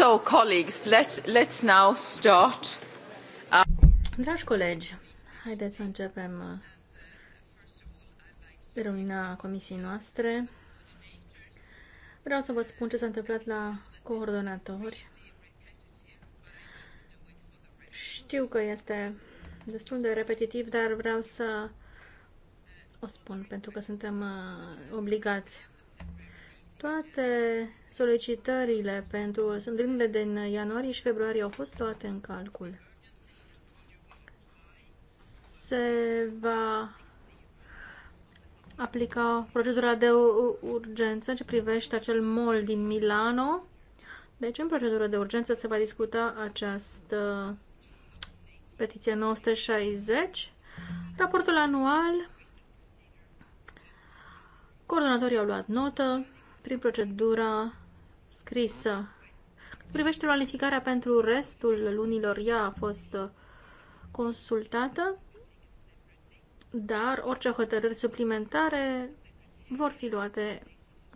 So, colleagues, let's, let's now start. Dragi colegi, haideți să începem uh, reuniunea comisiei noastre. Vreau să vă spun ce s-a întâmplat la coordonatori. Știu că este destul de repetitiv, dar vreau să o spun pentru că suntem uh, obligați toate solicitările pentru sândrinile din ianuarie și februarie au fost toate în calcul. Se va aplica procedura de urgență ce privește acel mol din Milano. Deci, în procedură de urgență se va discuta această petiție 960. Raportul anual, coordonatorii au luat notă prin procedura scrisă. Cât privește planificarea pentru restul lunilor, ea a fost uh, consultată, dar orice hotărâri suplimentare vor fi luate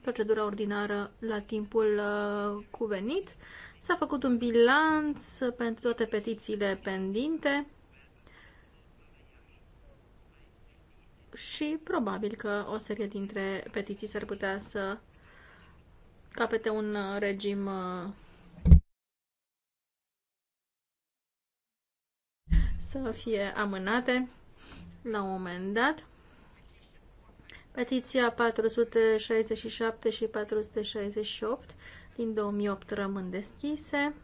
procedura ordinară la timpul uh, cuvenit. S-a făcut un bilanț pentru toate petițiile pendinte și probabil că o serie dintre petiții s-ar putea să capete un uh, regim uh, să fie amânate la un moment dat. Petiția 467 și 468 din 2008 rămân deschise.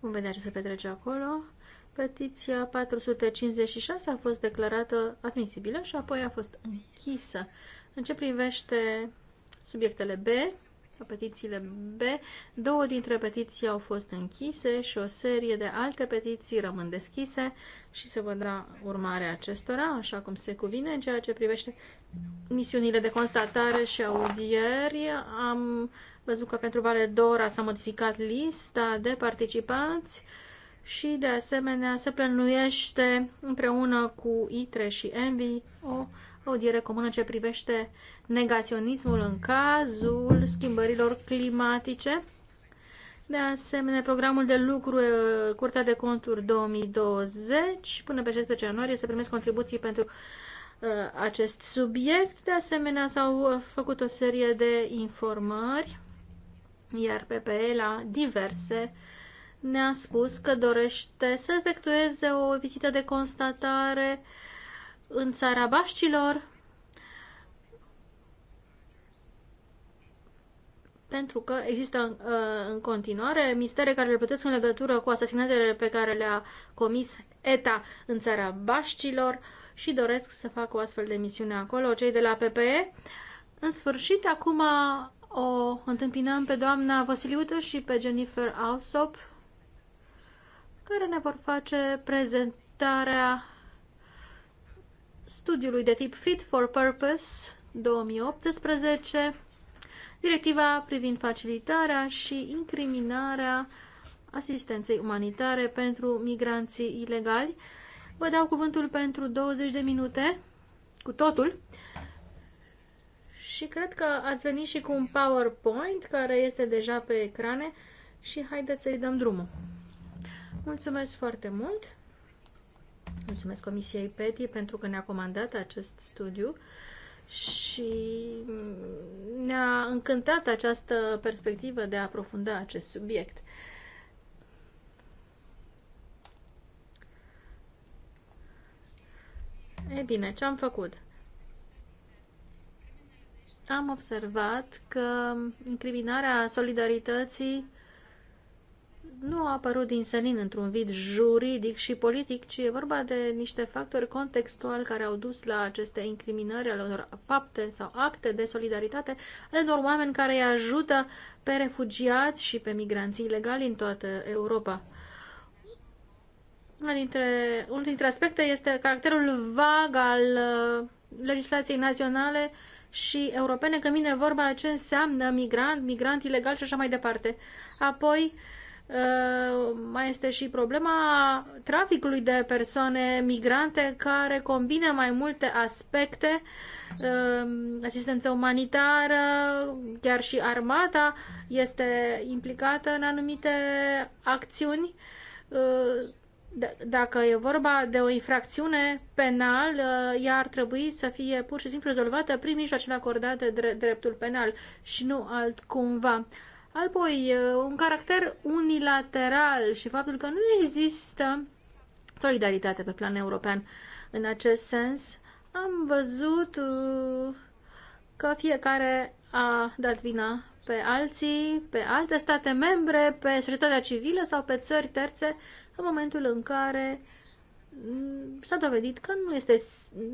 Vom vedea ce se petrece acolo. Petiția 456 a fost declarată admisibilă și apoi a fost închisă. În ce privește subiectele B, la petițiile B. Două dintre petiții au fost închise și o serie de alte petiții rămân deschise și se vă da urmarea acestora, așa cum se cuvine, în ceea ce privește misiunile de constatare și audieri. Am văzut că pentru Vale Dora s-a modificat lista de participanți și, de asemenea, se plănuiește împreună cu ITRE și ENVI o audiere comună ce privește negaționismul în cazul schimbărilor climatice. De asemenea, programul de lucru uh, Curtea de Conturi 2020 până pe 16 ianuarie se primesc contribuții pentru uh, acest subiect. De asemenea, s-au uh, făcut o serie de informări, iar PPE la diverse ne-a spus că dorește să efectueze o vizită de constatare în țara bașcilor, pentru că există uh, în continuare mistere care le plătesc în legătură cu asasinatele pe care le-a comis ETA în țara bașcilor și doresc să fac o astfel de misiune acolo, cei de la PPE. În sfârșit, acum o întâmpinăm pe doamna Vasiliută și pe Jennifer Alsop, care ne vor face prezentarea studiului de tip Fit for Purpose 2018, directiva privind facilitarea și incriminarea asistenței umanitare pentru migranții ilegali. Vă dau cuvântul pentru 20 de minute, cu totul, și cred că ați venit și cu un PowerPoint care este deja pe ecrane și haideți să-i dăm drumul. Mulțumesc foarte mult! Mulțumesc Comisiei PETI pentru că ne-a comandat acest studiu și ne-a încântat această perspectivă de a aprofunda acest subiect. E bine, ce am făcut? Am observat că incriminarea solidarității nu a apărut din senin într-un vid juridic și politic, ci e vorba de niște factori contextuali care au dus la aceste incriminări ale unor fapte sau acte de solidaritate ale unor oameni care îi ajută pe refugiați și pe migranții ilegali în toată Europa. Una dintre, unul dintre aspecte este caracterul vag al uh, legislației naționale și europene, că mine vorba ce înseamnă migrant, migrant ilegal și așa mai departe. Apoi, uh, mai este și problema traficului de persoane migrante care combine mai multe aspecte, um, asistență umanitară, chiar și armata este implicată în anumite acțiuni. Uh, dacă e vorba de o infracțiune penal, ea ar trebui să fie pur și simplu rezolvată prin mijloacele acordate dreptul penal și nu altcumva. Apoi, un caracter unilateral și faptul că nu există solidaritate pe plan european în acest sens, am văzut că fiecare a dat vina pe alții, pe alte state membre, pe societatea civilă sau pe țări terțe, în momentul în care mm, s-a dovedit că nu, este,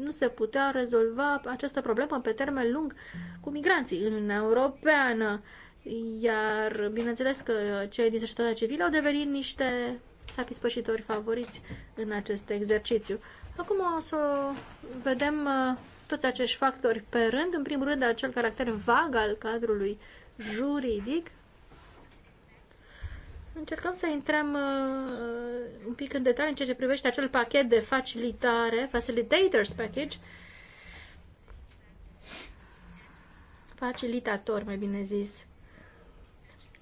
nu se putea rezolva această problemă pe termen lung cu migranții în Uniunea Europeană. Iar, bineînțeles că cei din societatea civilă au devenit niște satisfășitori spășitori favoriți în acest exercițiu. Acum o să vedem uh, toți acești factori pe rând. În primul rând, acel caracter vag al cadrului juridic. Încercăm să intrăm uh, un pic în detaliu în ceea ce privește acel pachet de facilitare, facilitators package, facilitator, mai bine zis.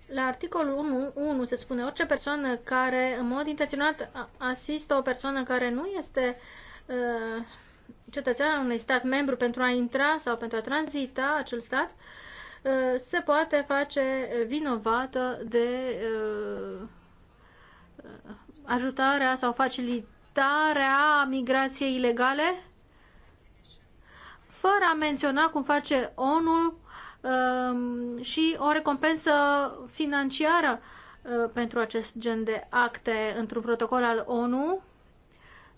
La articolul 1, 1 se spune orice persoană care în mod intenționat asistă o persoană care nu este uh, cetățean unui stat membru pentru a intra sau pentru a tranzita acel stat, uh, se poate face vinovată de uh, ajutarea sau facilitarea migrației ilegale, fără a menționa cum face ONU Um, și o recompensă financiară uh, pentru acest gen de acte într-un protocol al ONU.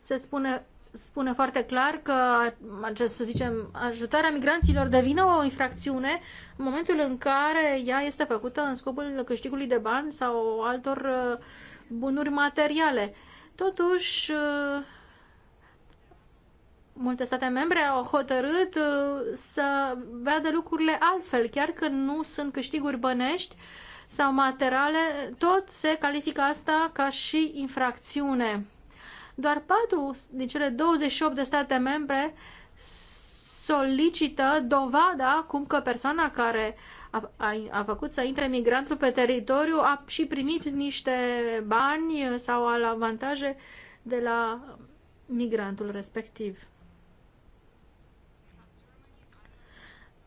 Se spune, spune foarte clar că, acest, să zicem, ajutarea migranților devine o infracțiune în momentul în care ea este făcută în scopul câștigului de bani sau altor uh, bunuri materiale. Totuși, uh, multe state membre au hotărât uh, să vadă lucrurile altfel, chiar că nu sunt câștiguri bănești sau materiale, tot se califică asta ca și infracțiune. Doar 4 din cele 28 de state membre solicită dovada cum că persoana care a, a, a făcut să intre migrantul pe teritoriu a și primit niște bani sau al avantaje de la migrantul respectiv.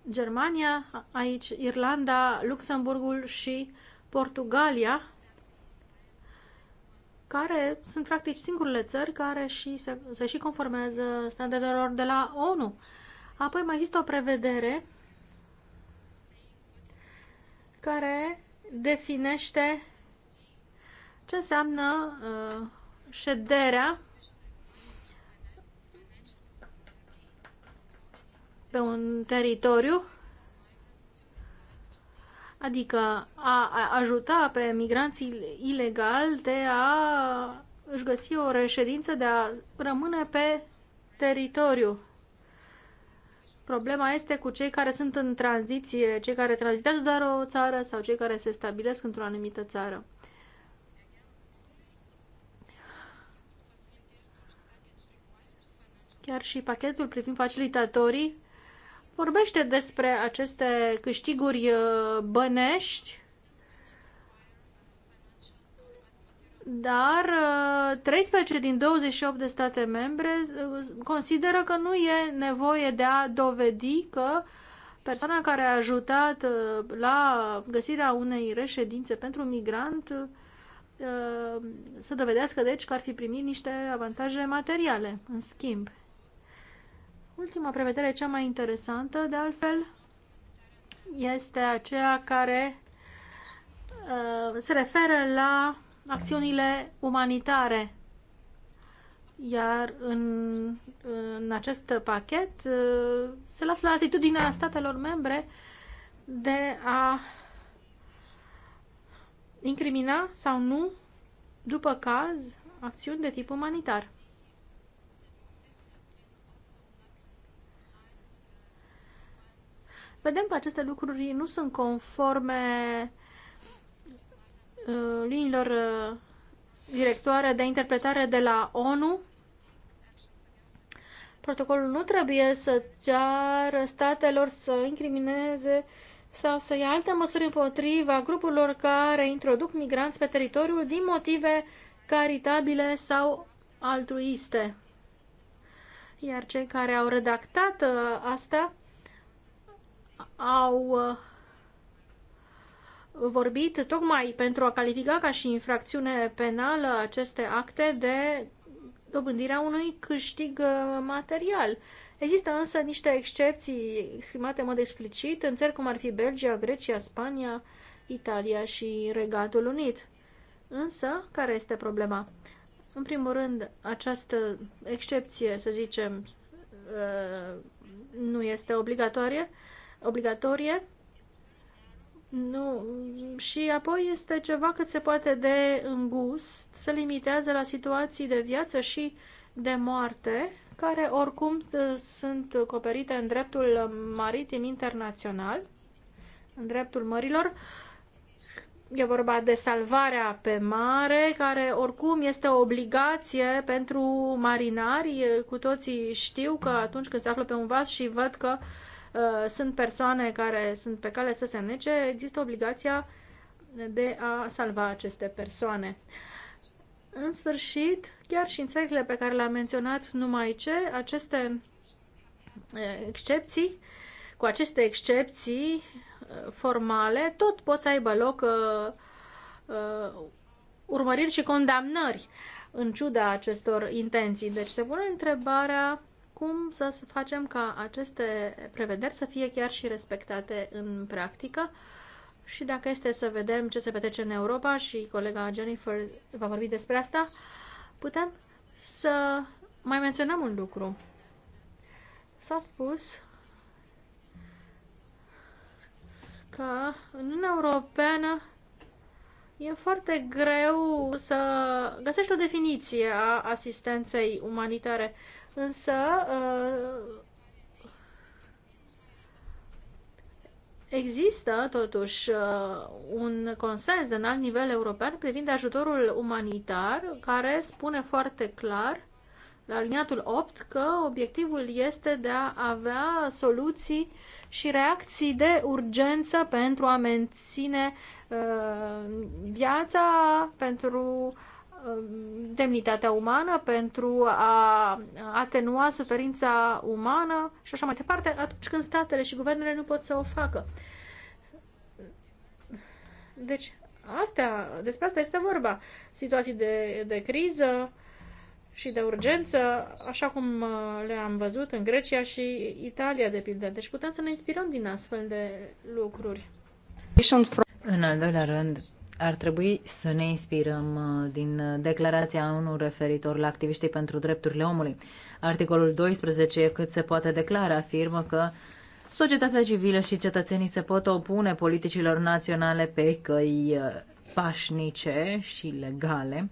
Germania, aici Irlanda, Luxemburgul și Portugalia, care sunt practic singurele țări care și se, se și conformează standardelor de la ONU. Apoi mai există o prevedere care definește ce înseamnă uh, șederea pe un teritoriu, adică a, ajuta pe migranții ilegali de a își găsi o reședință, de a rămâne pe teritoriu. Problema este cu cei care sunt în tranziție, cei care tranzitează doar o țară sau cei care se stabilesc într-o anumită țară. Chiar și pachetul privind facilitatorii vorbește despre aceste câștiguri uh, bănești, dar 13 uh, din 28 de state membre uh, consideră că nu e nevoie de a dovedi că persoana care a ajutat la găsirea unei reședințe pentru migrant să dovedească deci că ar fi primit niște avantaje materiale în schimb. Ultima prevedere, cea mai interesantă, de altfel, este aceea care uh, se referă la acțiunile umanitare. Iar în, în acest pachet uh, se lasă la atitudinea statelor membre de a incrimina sau nu, după caz, acțiuni de tip umanitar. vedem că aceste lucruri nu sunt conforme uh, liniilor uh, directoare de interpretare de la ONU. Protocolul nu trebuie să ceară statelor să incrimineze sau să ia alte măsuri împotriva grupurilor care introduc migranți pe teritoriul din motive caritabile sau altruiste. Iar cei care au redactat uh, asta au uh, vorbit tocmai pentru a califica ca și infracțiune penală aceste acte de dobândirea unui câștig uh, material. Există însă niște excepții exprimate în mod explicit în țări cum ar fi Belgia, Grecia, Spania, Italia și Regatul Unit. Însă, care este problema? În primul rând, această excepție, să zicem, uh, nu este obligatorie obligatorie. Nu. Și apoi este ceva cât se poate de îngust, se limitează la situații de viață și de moarte, care oricum uh, sunt coperite în dreptul maritim internațional, în dreptul mărilor. E vorba de salvarea pe mare, care oricum este o obligație pentru marinari. Cu toții știu că atunci când se află pe un vas și văd că uh, Uh, sunt persoane care sunt pe cale să se nece, există obligația de a salva aceste persoane. În sfârșit, chiar și în țările pe care le-am menționat numai ce, aceste uh, excepții, cu aceste excepții uh, formale, tot pot să aibă loc uh, uh, urmăriri și condamnări în ciuda acestor intenții. Deci se pune întrebarea cum să facem ca aceste prevederi să fie chiar și respectate în practică. Și dacă este să vedem ce se petrece în Europa și colega Jennifer va vorbi despre asta, putem să mai menționăm un lucru. S-a spus că în Uniunea Europeană e foarte greu să găsești o definiție a asistenței umanitare însă uh, Există, totuși, uh, un consens de înalt nivel european privind ajutorul umanitar, care spune foarte clar, la aliniatul 8, că obiectivul este de a avea soluții și reacții de urgență pentru a menține uh, viața, pentru Um, demnitatea umană, pentru a atenua suferința umană și așa mai departe, atunci când statele și guvernele nu pot să o facă. Deci, astea, despre asta este vorba. Situații de, de criză și de urgență, așa cum uh, le-am văzut în Grecia și Italia, de pildă. Deci putem să ne inspirăm din astfel de lucruri. În al doilea rând, ar trebui să ne inspirăm uh, din uh, declarația 1 referitor la activiștii pentru drepturile omului. Articolul 12, cât se poate declara, afirmă că societatea civilă și cetățenii se pot opune politicilor naționale pe căi uh, pașnice și legale,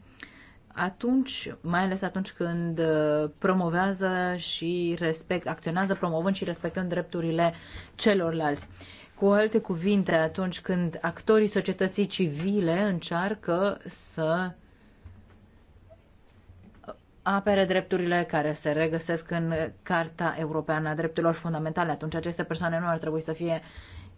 atunci, mai ales atunci când promovează și respect, acționează promovând și respectând drepturile celorlalți. Cu alte cuvinte, atunci când actorii societății civile încearcă să apere drepturile care se regăsesc în Carta Europeană a Drepturilor Fundamentale, atunci aceste persoane nu ar trebui să fie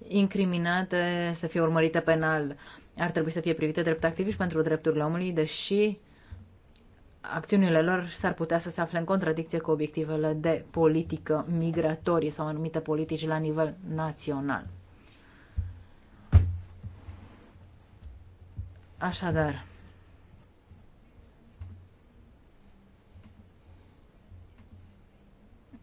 incriminate, să fie urmărite penal. Ar trebui să fie privite drept activiști pentru drepturile omului, deși acțiunile lor s-ar putea să se afle în contradicție cu obiectivele de politică migratorie sau anumite politici la nivel național. Așadar,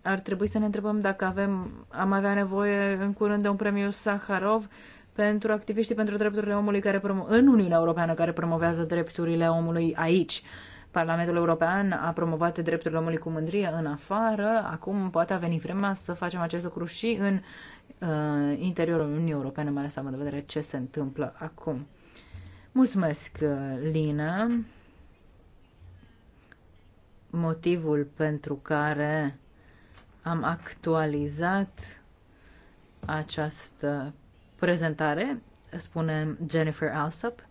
ar trebui să ne întrebăm dacă avem, am avea nevoie în curând de un premiu Saharov pentru activiștii pentru drepturile omului care promo- în Uniunea Europeană care promovează drepturile omului aici. Parlamentul European a promovat drepturile omului cu mândrie în afară, acum poate a venit vremea să facem acest lucru și în uh, interiorul Uniunii Europene, mai ales am de vedere ce se întâmplă acum. Mulțumesc, Lina. Motivul pentru care am actualizat această prezentare, spune Jennifer Alsop,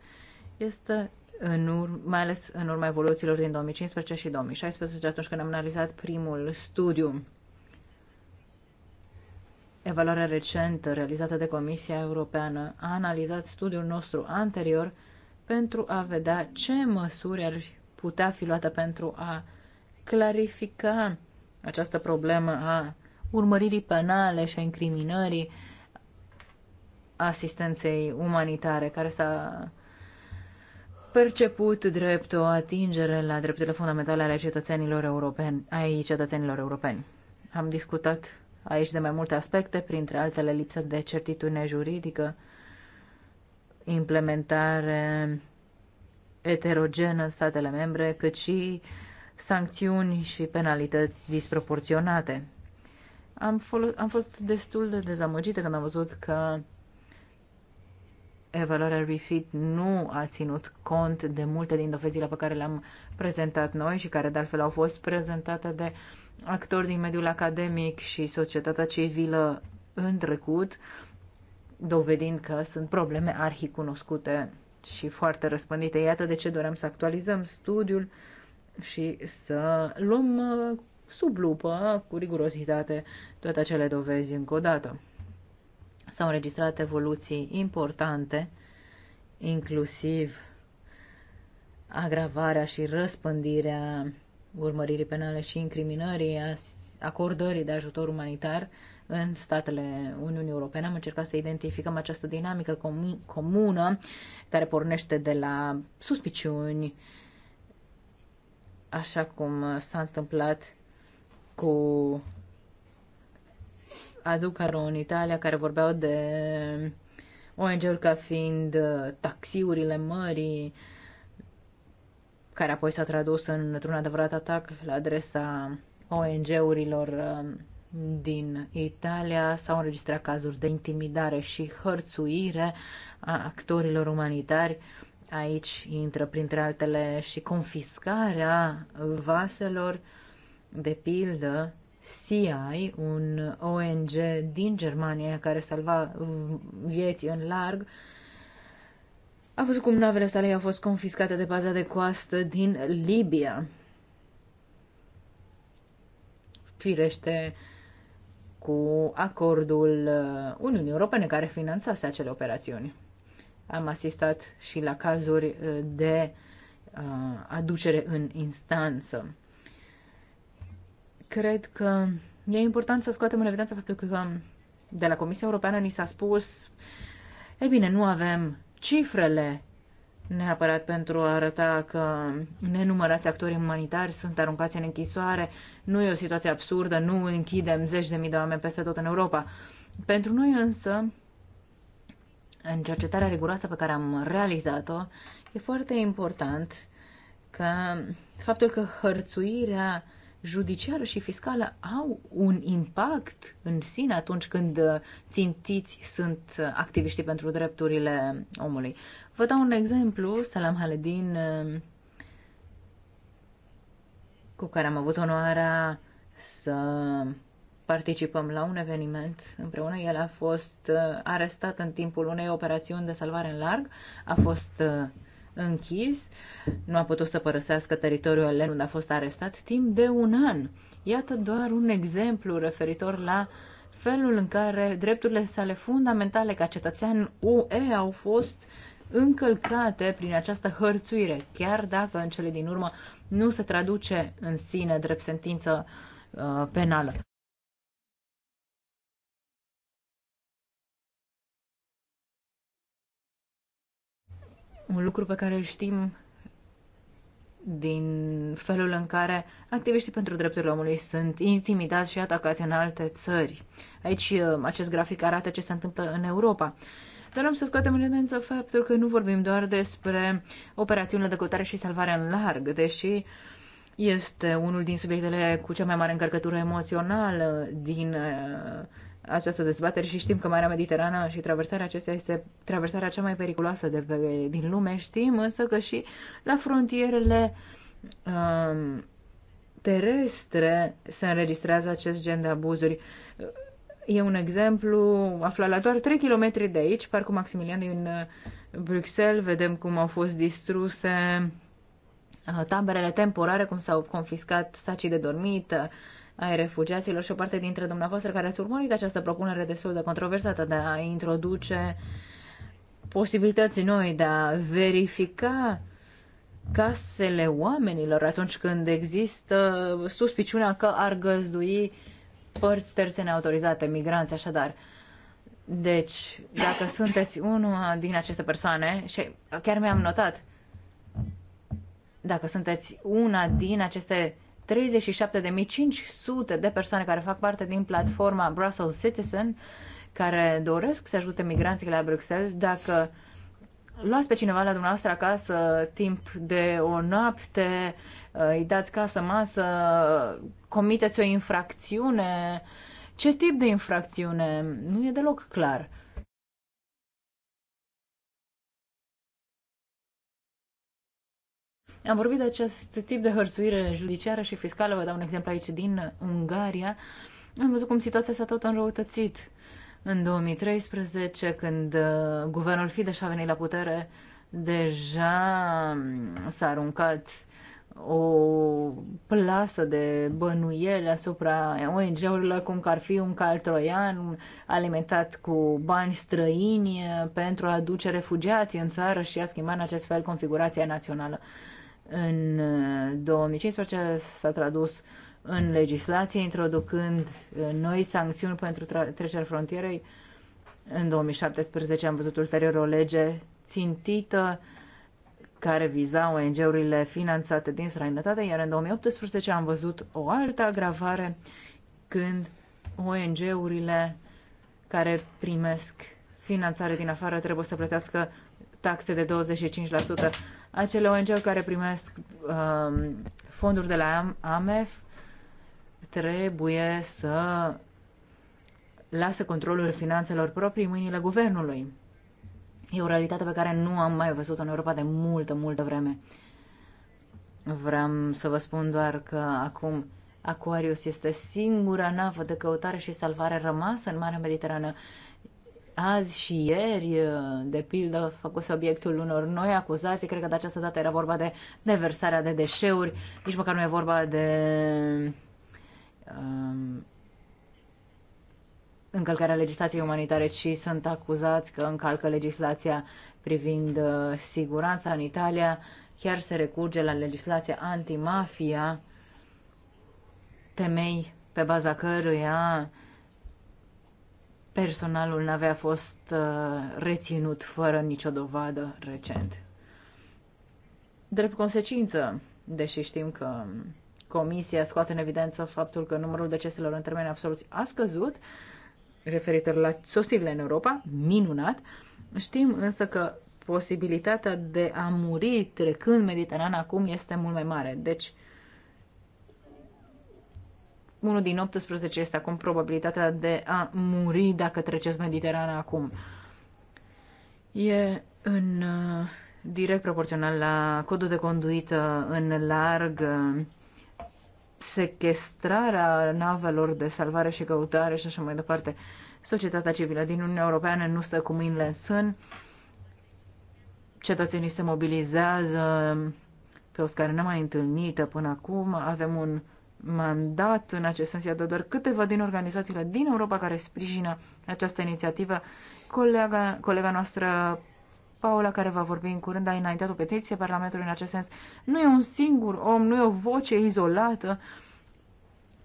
este în ur- mai ales în urma evoluțiilor din 2015 și 2016, atunci când am analizat primul studiu. Evaluarea recentă realizată de Comisia Europeană a analizat studiul nostru anterior pentru a vedea ce măsuri ar putea fi luate pentru a clarifica această problemă a urmăririi penale și a incriminării asistenței umanitare, care s-a perceput drept o atingere la drepturile fundamentale ale cetățenilor europeni, ai cetățenilor europeni. Am discutat aici de mai multe aspecte, printre altele lipsa de certitudine juridică, implementare eterogenă în statele membre, cât și sancțiuni și penalități disproporționate. Am, am fost destul de dezamăgită când am văzut că evaluarea refit nu a ținut cont de multe din dovezile pe care le-am prezentat noi și care de altfel au fost prezentate de actori din mediul academic și societatea civilă în trecut, dovedind că sunt probleme arhicunoscute și foarte răspândite. Iată de ce doream să actualizăm studiul și să luăm uh, sub lupă, cu rigurozitate, toate acele dovezi încă o dată. S-au înregistrat evoluții importante, inclusiv agravarea și răspândirea urmăririi penale și incriminării acordării de ajutor umanitar în statele Uniunii Europene. Am încercat să identificăm această dinamică comună care pornește de la suspiciuni, așa cum s-a întâmplat cu Azucaro în Italia, care vorbeau de ONG-uri ca fiind uh, taxiurile mării, care apoi s-a tradus într-un adevărat atac la adresa ONG-urilor um, din Italia s-au înregistrat cazuri de intimidare și hărțuire a actorilor umanitari. Aici intră printre altele și confiscarea vaselor, de pildă CI, un ONG din Germania care salva vieți în larg, a văzut cum navele sale au fost confiscate de paza de coastă din Libia firește cu acordul uh, Uniunii Europene care finanțase acele operațiuni. Am asistat și la cazuri uh, de uh, aducere în instanță. Cred că e important să scoatem în evidență faptul că de la Comisia Europeană ni s-a spus, ei bine, nu avem cifrele neapărat pentru a arăta că nenumărați actori umanitari sunt aruncați în închisoare. Nu e o situație absurdă, nu închidem zeci de mii de oameni peste tot în Europa. Pentru noi însă, în cercetarea riguroasă pe care am realizat-o, e foarte important că faptul că hărțuirea judiciară și fiscală au un impact în sine atunci când țintiți sunt activiștii pentru drepturile omului. Vă dau un exemplu, Salam Haledin, um, cu care am avut onoarea să participăm la un eveniment împreună. El a fost uh, arestat în timpul unei operațiuni de salvare în larg, a fost uh, închis, nu a putut să părăsească teritoriul elen unde a fost arestat timp de un an. Iată doar un exemplu referitor la felul în care drepturile sale fundamentale ca cetățean UE au fost uh, încălcate prin această hărțuire, chiar dacă în cele din urmă nu se traduce în sine drept sentință uh, penală. Un lucru pe care îl știm din felul în care activiștii pentru drepturile omului sunt intimidați și atacați în alte țări. Aici uh, acest grafic arată ce se întâmplă în Europa. Dorem să scoatem în evidență faptul că nu vorbim doar despre operațiunile de căutare și salvare în larg, deși este unul din subiectele cu cea mai mare încărcătură emoțională din uh, această dezbatere și știm că Marea Mediterană și traversarea acestea este traversarea cea mai periculoasă de pe, din lume. Știm însă că și la frontierele um, terestre se înregistrează acest gen de abuzuri. E un exemplu aflat la doar 3 km de aici, Parcul Maximilian din uh, Bruxelles. Vedem cum au fost distruse uh, taberele temporare, cum s-au confiscat sacii de dormit uh, ai refugiaților și o parte dintre dumneavoastră care ați urmărit această propunere destul de controversată de a introduce posibilități noi de a verifica casele oamenilor atunci când există suspiciunea că ar găzdui uh, părți terțe neautorizate, migranți așadar. Deci, dacă sunteți una din aceste persoane, și chiar mi-am notat, dacă sunteți una din aceste 37.500 de persoane care fac parte din platforma Brussels Citizen, care doresc să ajute migranții la Bruxelles, dacă luați pe cineva la dumneavoastră acasă timp de o noapte, îi dați casă, masă, comiteți o infracțiune. Ce tip de infracțiune? Nu e deloc clar. Am vorbit de acest tip de hărțuire judiciară și fiscală, vă dau un exemplu aici din Ungaria. Am văzut cum situația s-a tot înrăutățit. În 2013, când uh, guvernul Fidesz a venit la putere, deja s-a aruncat o plasă de bănuiele asupra ONG-urilor, cum că ar fi un cal troian alimentat cu bani străini pentru a aduce refugiații în țară și a schimba în acest fel configurația națională. În 2015 uh, s-a tradus în legislație, introducând uh, noi sancțiuni pentru trecerea frontierei. În 2017 am văzut ulterior o lege țintită care viza ONG-urile finanțate din străinătate, iar în 2018 am văzut o altă agravare când ONG-urile care primesc finanțare din afară trebuie să plătească taxe de 25%. Acele ONG-uri care primesc um, fonduri de la AMEF trebuie să lasă controlul finanțelor proprii mâinile guvernului. E o realitate pe care nu am mai văzut-o în Europa de multă, multă vreme. Vreau să vă spun doar că acum Aquarius este singura navă de căutare și salvare rămasă în Marea Mediterană. Azi și ieri, de pildă, făcuse obiectul unor noi acuzații. Cred că de această dată era vorba de deversarea de deșeuri. Nici măcar nu e vorba de um, încălcarea legislației umanitare, ci sunt acuzați că încalcă legislația privind uh, siguranța în Italia, chiar se recurge la legislația antimafia, temei pe baza căruia personalul n-avea fost uh, reținut fără nicio dovadă recent. Drept consecință, deși știm că comisia scoate în evidență faptul că numărul deceselor în termeni absoluți a scăzut, referitor la sosirile în Europa, minunat. Știm însă că posibilitatea de a muri trecând Mediterana acum este mult mai mare. Deci, unul din 18 este acum probabilitatea de a muri dacă treceți Mediterana acum. E în uh, direct proporțional la codul de conduită în larg uh, sequestrarea navelor de salvare și căutare și așa mai departe. Societatea civilă din Uniunea Europeană nu stă cu mâinile în sân. Cetățenii se mobilizează pe o scară nemai întâlnită până acum. Avem un mandat în acest sens, iată doar câteva din organizațiile din Europa care sprijină această inițiativă. Colega, colega noastră Paula, care va vorbi în curând, a înaintat o petiție Parlamentului în acest sens. Nu e un singur om, nu e o voce izolată,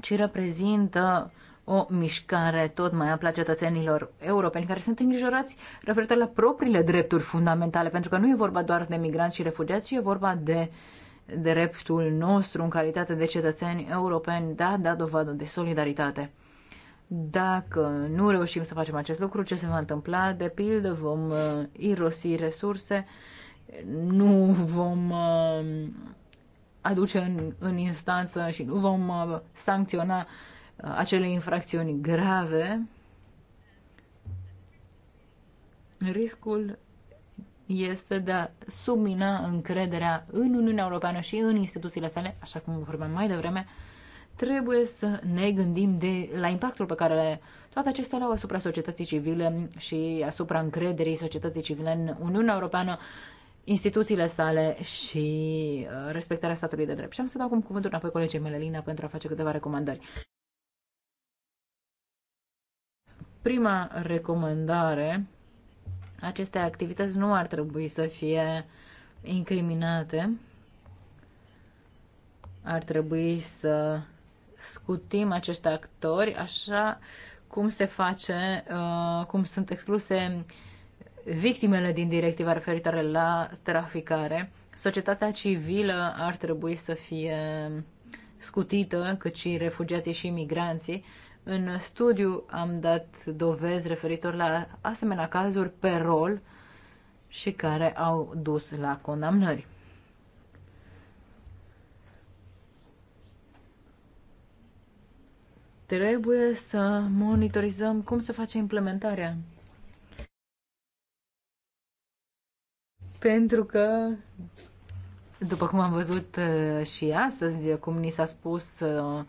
ci reprezintă o mișcare tot mai amplă a cetățenilor europeni care sunt îngrijorați referitor la propriile drepturi fundamentale, pentru că nu e vorba doar de migranți și refugiați, ci e vorba de dreptul nostru în calitate de cetățeni europeni de a da dovadă de solidaritate. Dacă nu reușim să facem acest lucru, ce se va întâmpla? De pildă, vom uh, irosi resurse, nu vom uh, aduce în, în instanță și nu vom uh, sancționa uh, acele infracțiuni grave. Riscul este de a submina încrederea în Uniunea Europeană și în instituțiile sale, așa cum vorbeam mai devreme, uh, trebuie să ne gândim de, la impactul pe care toate acestea le au asupra societății civile și asupra încrederii societății civile în Uniunea Europeană, instituțiile sale și uh, respectarea statului de drept. Și am să dau acum cuvântul înapoi colegii mele, Lina, pentru a face câteva recomandări. Prima recomandare, aceste activități nu ar trebui să fie incriminate, ar trebui să scutim acești actori, așa cum se face, uh, cum sunt excluse victimele din directiva referitoare la traficare. Societatea civilă ar trebui să fie scutită, cât și refugiații și imigranții. În studiu am dat dovezi referitor la asemenea cazuri pe rol și care au dus la condamnări. Trebuie să monitorizăm cum se face implementarea. Pentru că, după cum am văzut uh, și astăzi, cum ni s-a spus uh,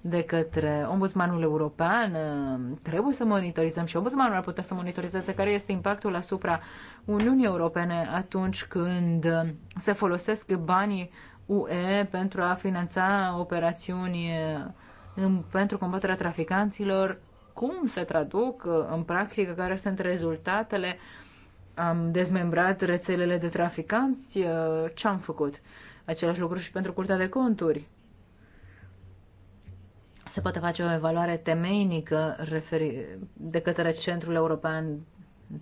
de către Ombudsmanul European, uh, trebuie să monitorizăm și Ombudsmanul ar putea să monitorizeze care este impactul asupra Uniunii Europene atunci când se folosesc banii UE pentru a finanța operațiuni în, pentru combaterea traficanților, cum se traduc uh, în practică, care sunt rezultatele, am dezmembrat rețelele de traficanți, uh, ce am făcut? Același lucru și pentru Curtea de Conturi. Se poate face o evaluare temeinică referi- de către Centrul European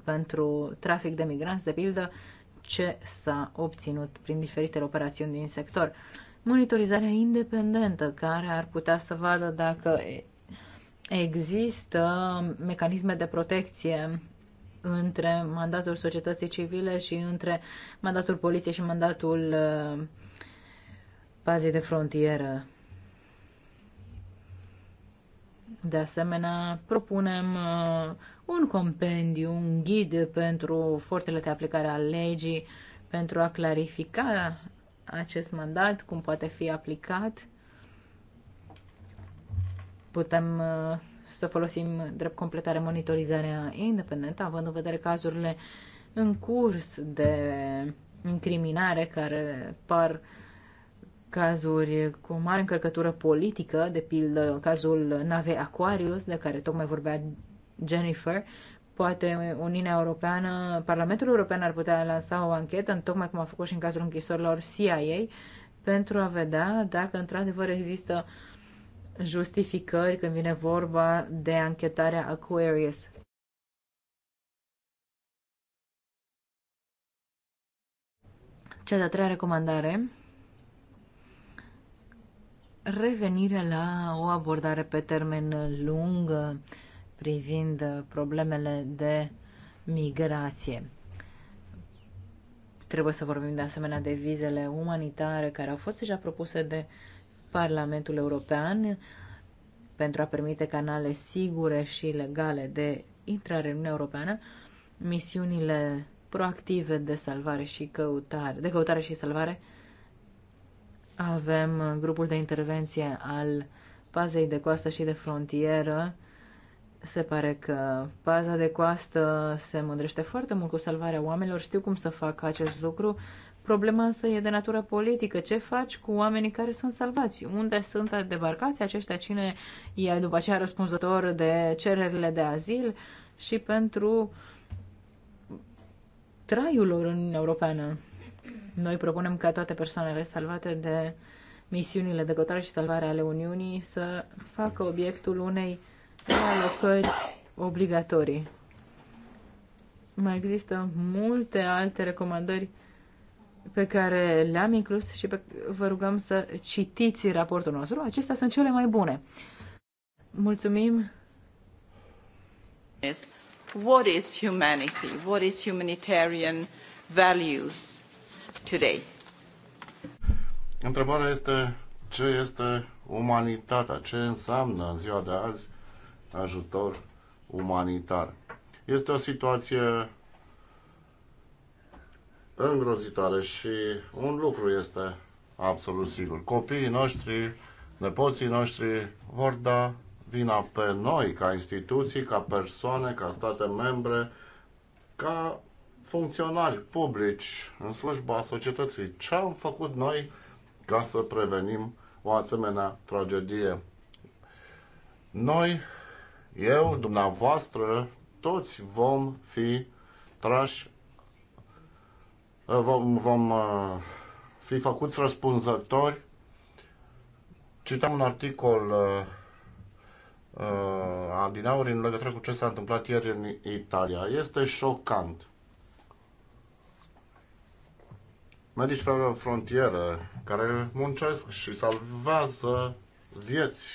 pentru Trafic de Migranți, de pildă, ce s-a obținut prin diferitele operațiuni din sector monitorizarea independentă care ar putea să vadă dacă există mecanisme de protecție între mandatul societății civile și între mandatul poliției și mandatul uh, pazei de frontieră. De asemenea, propunem uh, un compendiu, un ghid pentru forțele de aplicare a legii pentru a clarifica acest mandat, cum poate fi aplicat. Putem uh, să folosim drept completare monitorizarea independentă, având în vedere cazurile în curs de incriminare care par cazuri cu mare încărcătură politică, de pildă cazul navei Aquarius, de care tocmai vorbea Jennifer, Poate Uniunea Europeană, Parlamentul European ar putea lansa o anchetă, tocmai cum a făcut și în cazul închisorilor CIA, pentru a vedea dacă într-adevăr există justificări când vine vorba de anchetarea Aquarius. Cea de-a treia recomandare, revenire la o abordare pe termen lung privind uh, problemele de migrație. Trebuie să vorbim de asemenea de vizele umanitare care au fost deja propuse de Parlamentul European pentru a permite canale sigure și legale de intrare în Uniunea Europeană, misiunile proactive de salvare și căutare, de căutare și salvare. Avem uh, grupul de intervenție al pazei de coastă și de frontieră se pare că paza de coastă se mândrește foarte mult cu salvarea oamenilor, știu cum să fac acest lucru. Problema însă e de natură politică. Ce faci cu oamenii care sunt salvați? Unde sunt debarcați aceștia? Cine e după aceea răspunzător de cererile de azil și pentru traiul lor în Europeană? Noi propunem ca toate persoanele salvate de misiunile de gătare și salvare ale Uniunii să facă obiectul unei la alocări obligatorii. Mai există multe alte recomandări pe care le-am inclus și pe, vă rugăm să citiți raportul nostru. Acestea sunt cele mai bune. Mulțumim! What is humanity? What is humanitarian values today? Întrebarea este ce este umanitatea, ce înseamnă în ziua de azi ajutor umanitar. Este o situație îngrozitoare și un lucru este absolut sigur. Copiii noștri, nepoții noștri vor da vina pe noi ca instituții, ca persoane, ca state membre, ca funcționari publici în slujba societății. Ce am făcut noi ca să prevenim o asemenea tragedie? Noi eu, dumneavoastră, toți vom fi trași, vom, vom uh, fi făcuți răspunzători. Citam un articol uh, uh, adineauri în legătură cu ce s-a întâmplat ieri în Italia. Este șocant. Medici fără frontieră care muncesc și salvează vieți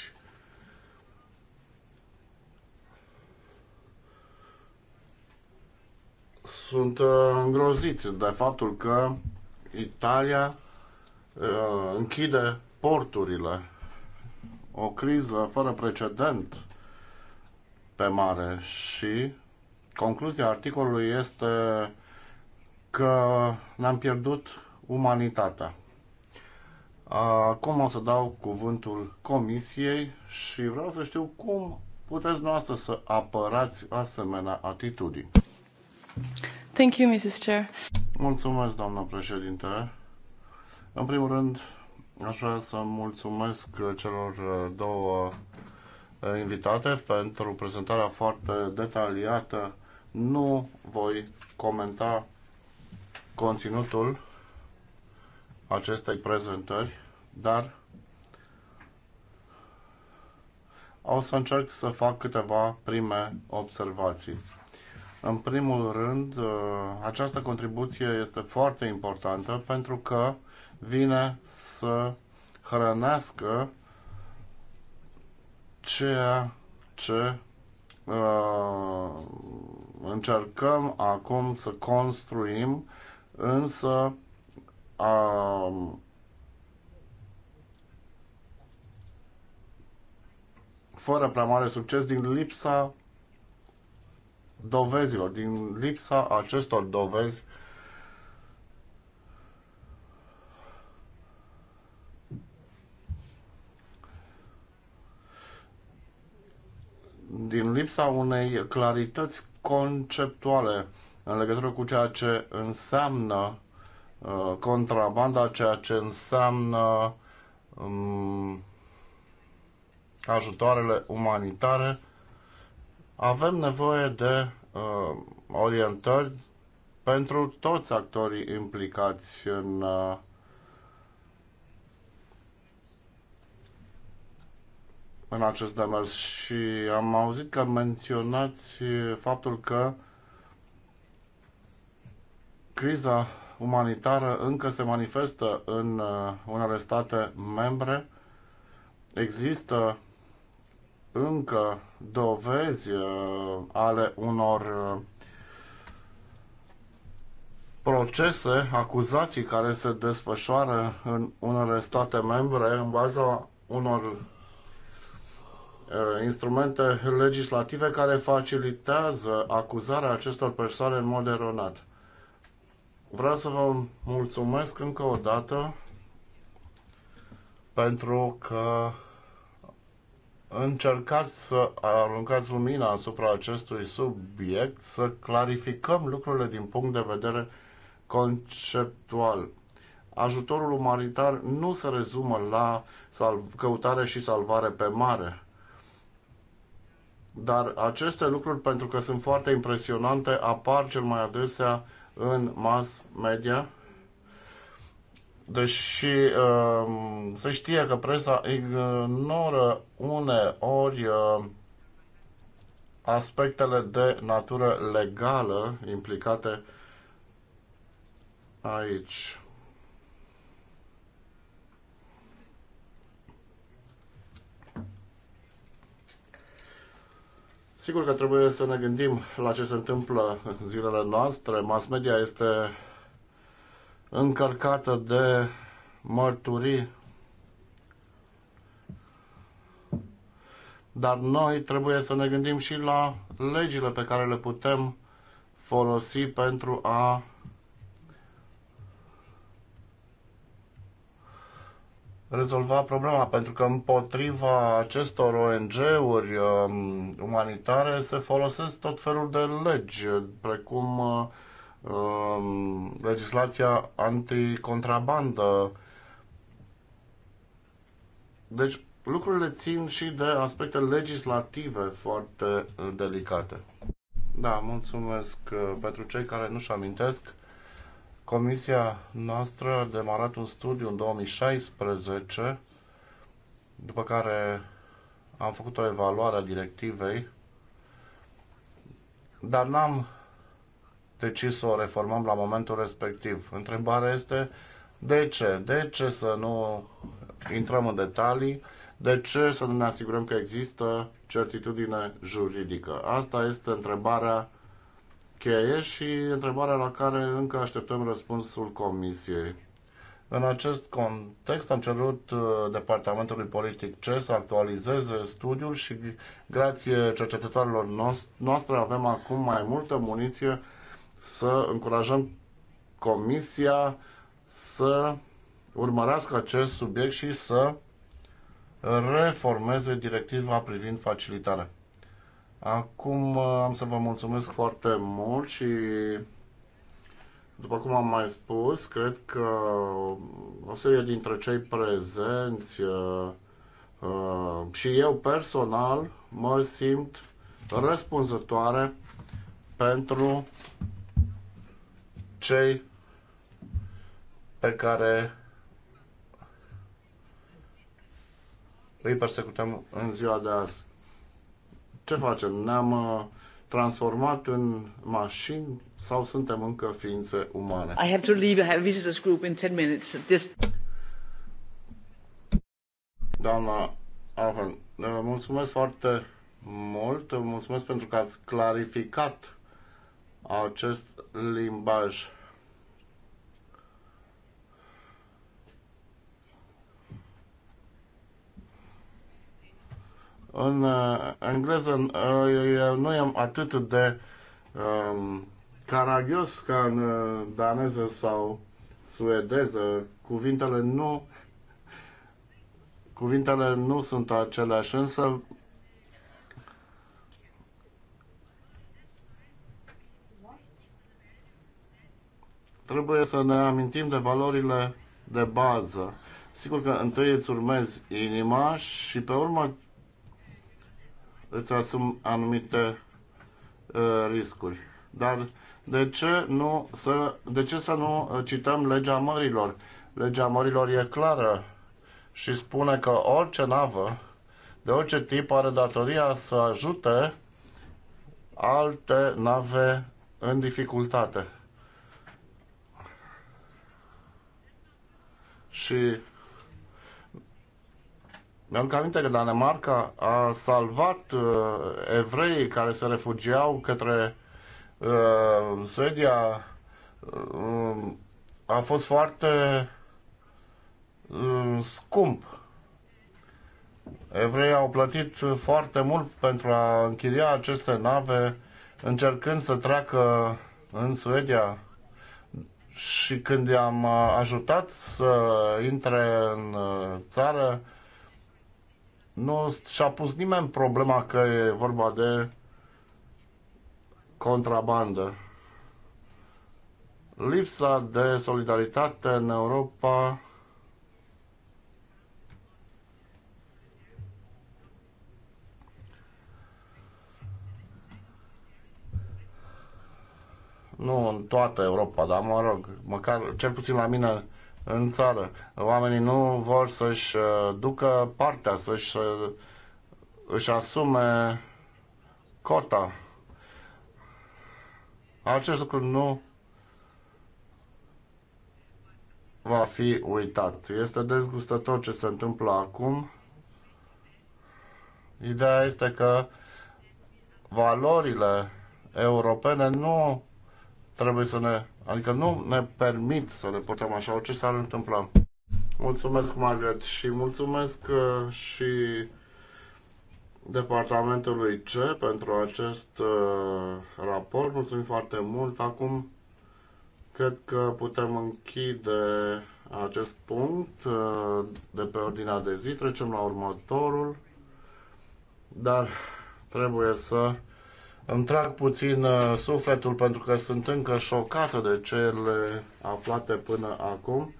sunt uh, îngroziți de faptul că Italia uh, închide porturile. O criză fără precedent pe mare și concluzia articolului este că ne-am pierdut umanitatea. Acum o să dau cuvântul comisiei și vreau să știu cum puteți noastră să apărați asemenea atitudini. Thank you, Mrs. Chair. Mulțumesc, doamna președinte. În primul rând, aș vrea să mulțumesc celor două invitate pentru prezentarea foarte detaliată. Nu voi comenta conținutul acestei prezentări, dar o să încerc să fac câteva prime observații. În primul rând, uh, această contribuție este foarte importantă pentru că vine să hrănească ceea ce uh, încercăm acum să construim, însă uh, fără prea mare succes din lipsa dovezilor. Din lipsa acestor dovezi, din lipsa unei clarități conceptuale în legătură cu ceea ce înseamnă uh, contrabanda, ceea ce înseamnă um, ajutoarele umanitare, avem nevoie de uh, orientări pentru toți actorii implicați în uh, în acest demers și am auzit că menționați faptul că criza umanitară încă se manifestă în uh, unele state membre. Există încă dovezi uh, ale unor uh, procese, acuzații care se desfășoară în unele state membre în baza unor uh, instrumente legislative care facilitează acuzarea acestor persoane în mod eronat. Vreau să vă mulțumesc încă o dată pentru că încercați să aruncați lumina asupra acestui subiect, să clarificăm lucrurile din punct de vedere conceptual. Ajutorul umanitar nu se rezumă la căutare și salvare pe mare. Dar aceste lucruri, pentru că sunt foarte impresionante, apar cel mai adesea în mass media deși um, se știe că presa ignoră uneori um, aspectele de natură legală implicate aici. Sigur că trebuie să ne gândim la ce se întâmplă în zilele noastre. Mass media este încărcată de mărturii, dar noi trebuie să ne gândim și la legile pe care le putem folosi pentru a rezolva problema, pentru că împotriva acestor ONG-uri um, umanitare se folosesc tot felul de legi, precum uh, Um, legislația anticontrabandă. Deci lucrurile țin și de aspecte legislative foarte delicate. Da, mulțumesc uh, pentru cei care nu-și amintesc. Comisia noastră a demarat un studiu în 2016, după care am făcut o evaluare a directivei, dar n-am decis să o reformăm la momentul respectiv. Întrebarea este de ce? De ce să nu intrăm în detalii? De ce să nu ne asigurăm că există certitudine juridică? Asta este întrebarea cheie și întrebarea la care încă așteptăm răspunsul Comisiei. În acest context am cerut uh, Departamentului Politic C să actualizeze studiul și grație cercetătorilor noastre avem acum mai multă muniție să încurajăm Comisia să urmărească acest subiect și să reformeze directiva privind facilitarea. Acum uh, am să vă mulțumesc foarte mult și după cum am mai spus, cred că o serie dintre cei prezenți uh, uh, și eu personal mă simt răspunzătoare pentru cei pe care îi persecutăm în ziua de azi. Ce facem? Ne-am uh, transformat în mașini sau suntem încă ființe umane? I have to leave. I have a visitors group in 10 minutes. This... Doamna Avan, uh, mulțumesc foarte mult. Mulțumesc pentru că ați clarificat acest limbaj. În uh, engleză uh, eu nu am atât de um, caragios ca în uh, daneză sau suedeză. Cuvintele nu cuvintele nu sunt aceleași, însă Trebuie să ne amintim de valorile de bază. Sigur că întâi îți urmezi inima și pe urmă îți asum anumite uh, riscuri. Dar de ce, nu să, de ce să nu uh, cităm legea mărilor? Legea mărilor e clară și spune că orice navă de orice tip are datoria să ajute alte nave în dificultate. și mi am aminte că Danemarca a salvat uh, evreii care se refugiau către uh, Suedia. Uh, a fost foarte uh, scump. Evreii au plătit foarte mult pentru a închiria aceste nave, încercând să treacă în Suedia și când i-am uh, ajutat să intre în uh, țară, nu și-a pus nimeni problema că e vorba de contrabandă. Lipsa de solidaritate în Europa Nu în toată Europa, dar mă rog, măcar cel puțin la mine în țară. Oamenii nu vor să-și uh, ducă partea, să-și uh, își asume cota. Acest lucru nu va fi uitat. Este dezgustător ce se întâmplă acum. Ideea este că valorile europene nu trebuie să ne, adică nu ne permit să ne purtăm așa, orice s-ar întâmpla. Mulțumesc, Margaret, și mulțumesc uh, și departamentului C pentru acest uh, raport. Mulțumim foarte mult. Acum cred că putem închide acest punct uh, de pe ordinea de zi. Trecem la următorul, dar trebuie să îmi trag puțin uh, sufletul pentru că sunt încă șocată de cele aflate până acum.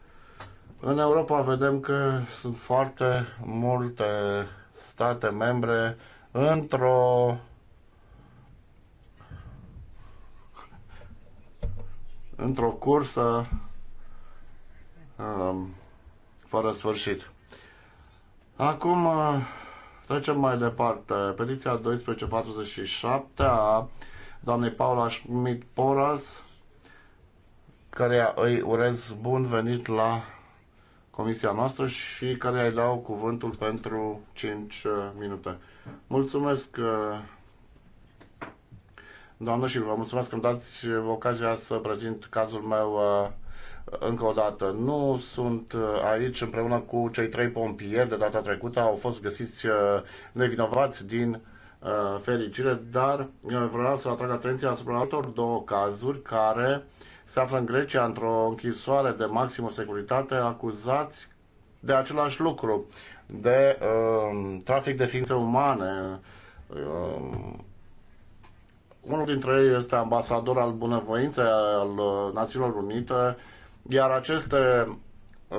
În Europa vedem că sunt foarte multe state membre într-o într-o cursă um, fără sfârșit. Acum uh, Trecem mai departe. Petiția 1247 a doamnei Paula Schmidt-Poras, care îi urez bun venit la comisia noastră și care îi dau cuvântul pentru 5 uh, minute. Mulțumesc, uh, doamnă, și vă mulțumesc că îmi dați ocazia să prezint cazul meu uh, încă o dată, nu sunt uh, aici împreună cu cei trei pompieri de data trecută, au fost găsiți uh, nevinovați din uh, fericire, dar vreau să atrag atenția asupra altor două cazuri care se află în Grecia într-o închisoare de maximă securitate, acuzați de același lucru, de um, trafic de ființe umane. Um, unul dintre ei este ambasador al bunăvoinței al Națiunilor Unite, iar aceste uh,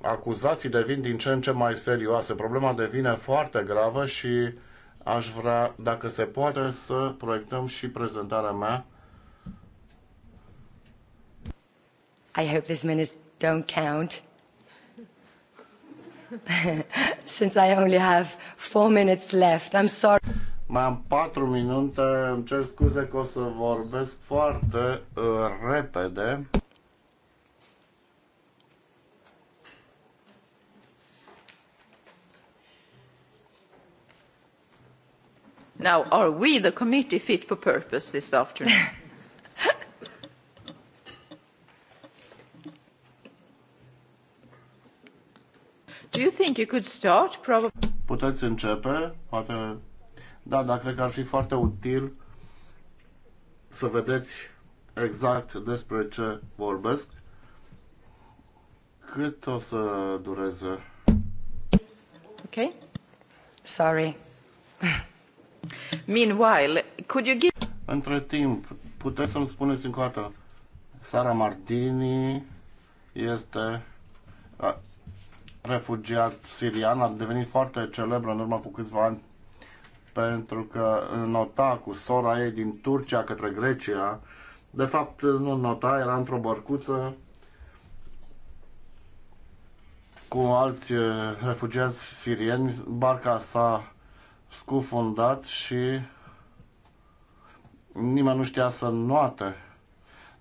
acuzații devin din ce în ce mai serioase. Problema devine foarte gravă și aș vrea, dacă se poate, să proiectăm și prezentarea mea. I hope these minutes don't count. Since I only have four minutes left, I'm sorry. Mai am patru minute, îmi cer scuze că o să vorbesc foarte uh, repede. Now, are we, the committee, fit for purpose this afternoon? Do you think you could start, probably? Puteți începe, poate... Da, dar cred că ar fi foarte util să vedeți exact despre ce vorbesc. Cât o să dureze? Ok. Sorry. Meanwhile, could you give... Între timp, puteți să-mi spuneți încă o dată, Sara Martini este refugiat sirian, a devenit foarte celebră în urmă cu câțiva ani pentru că nota cu sora ei din Turcia către Grecia. De fapt, nu nota, era într-o bărcuță cu alți eh, refugiați sirieni. Barca s-a scufundat și nimeni nu știa să noate.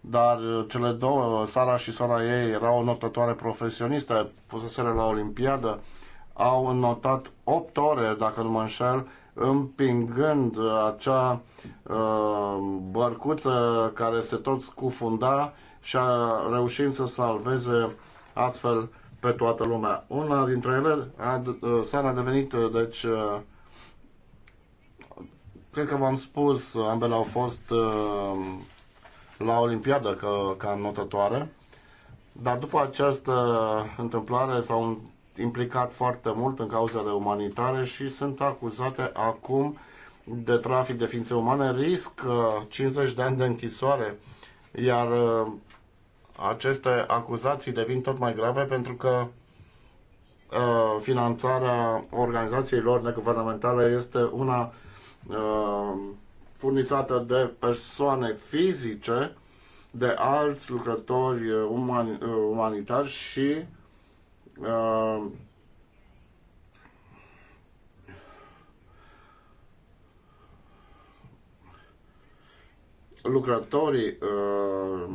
Dar uh, cele două, Sara și sora ei, erau notătoare profesioniste, fuseseră la Olimpiadă, au notat 8 ore, dacă nu mă înșel, împingând uh, acea uh, bărcuță care se tot scufunda și a reușit să salveze astfel pe toată lumea. Una dintre ele, a, uh, Sara a devenit, deci, uh, Cred că v-am spus, ambele au fost uh, la Olimpiadă ca, ca notătoare, dar după această întâmplare s-au implicat foarte mult în cauzele umanitare și sunt acuzate acum de trafic de ființe umane, risc 50 uh, de ani de închisoare, iar uh, aceste acuzații devin tot mai grave pentru că finanțarea organizațiilor neguvernamentale este una Uh, furnizată de persoane fizice, de alți lucrători uh, umani, uh, umanitari și uh, lucrătorii uh,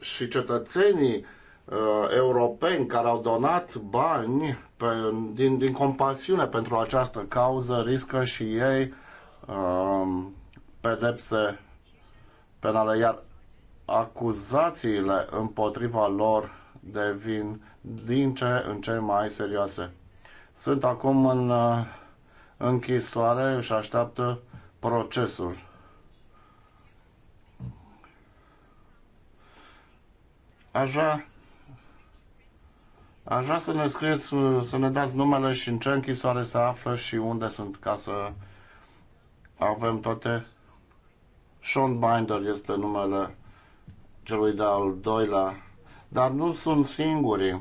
și cetățenii uh, europeni care au donat bani pe, din, din compasiune pentru această cauză, riscă și ei uh, pedepse penale, iar acuzațiile împotriva lor devin din ce în ce mai serioase. Sunt acum în uh, închisoare, și așteaptă procesul. Aș vrea Aș vrea să ne scrieți, să ne dați numele și în ce închisoare se află și unde sunt, ca să avem toate. Sean Binder este numele celui de-al doilea, dar nu sunt singurii.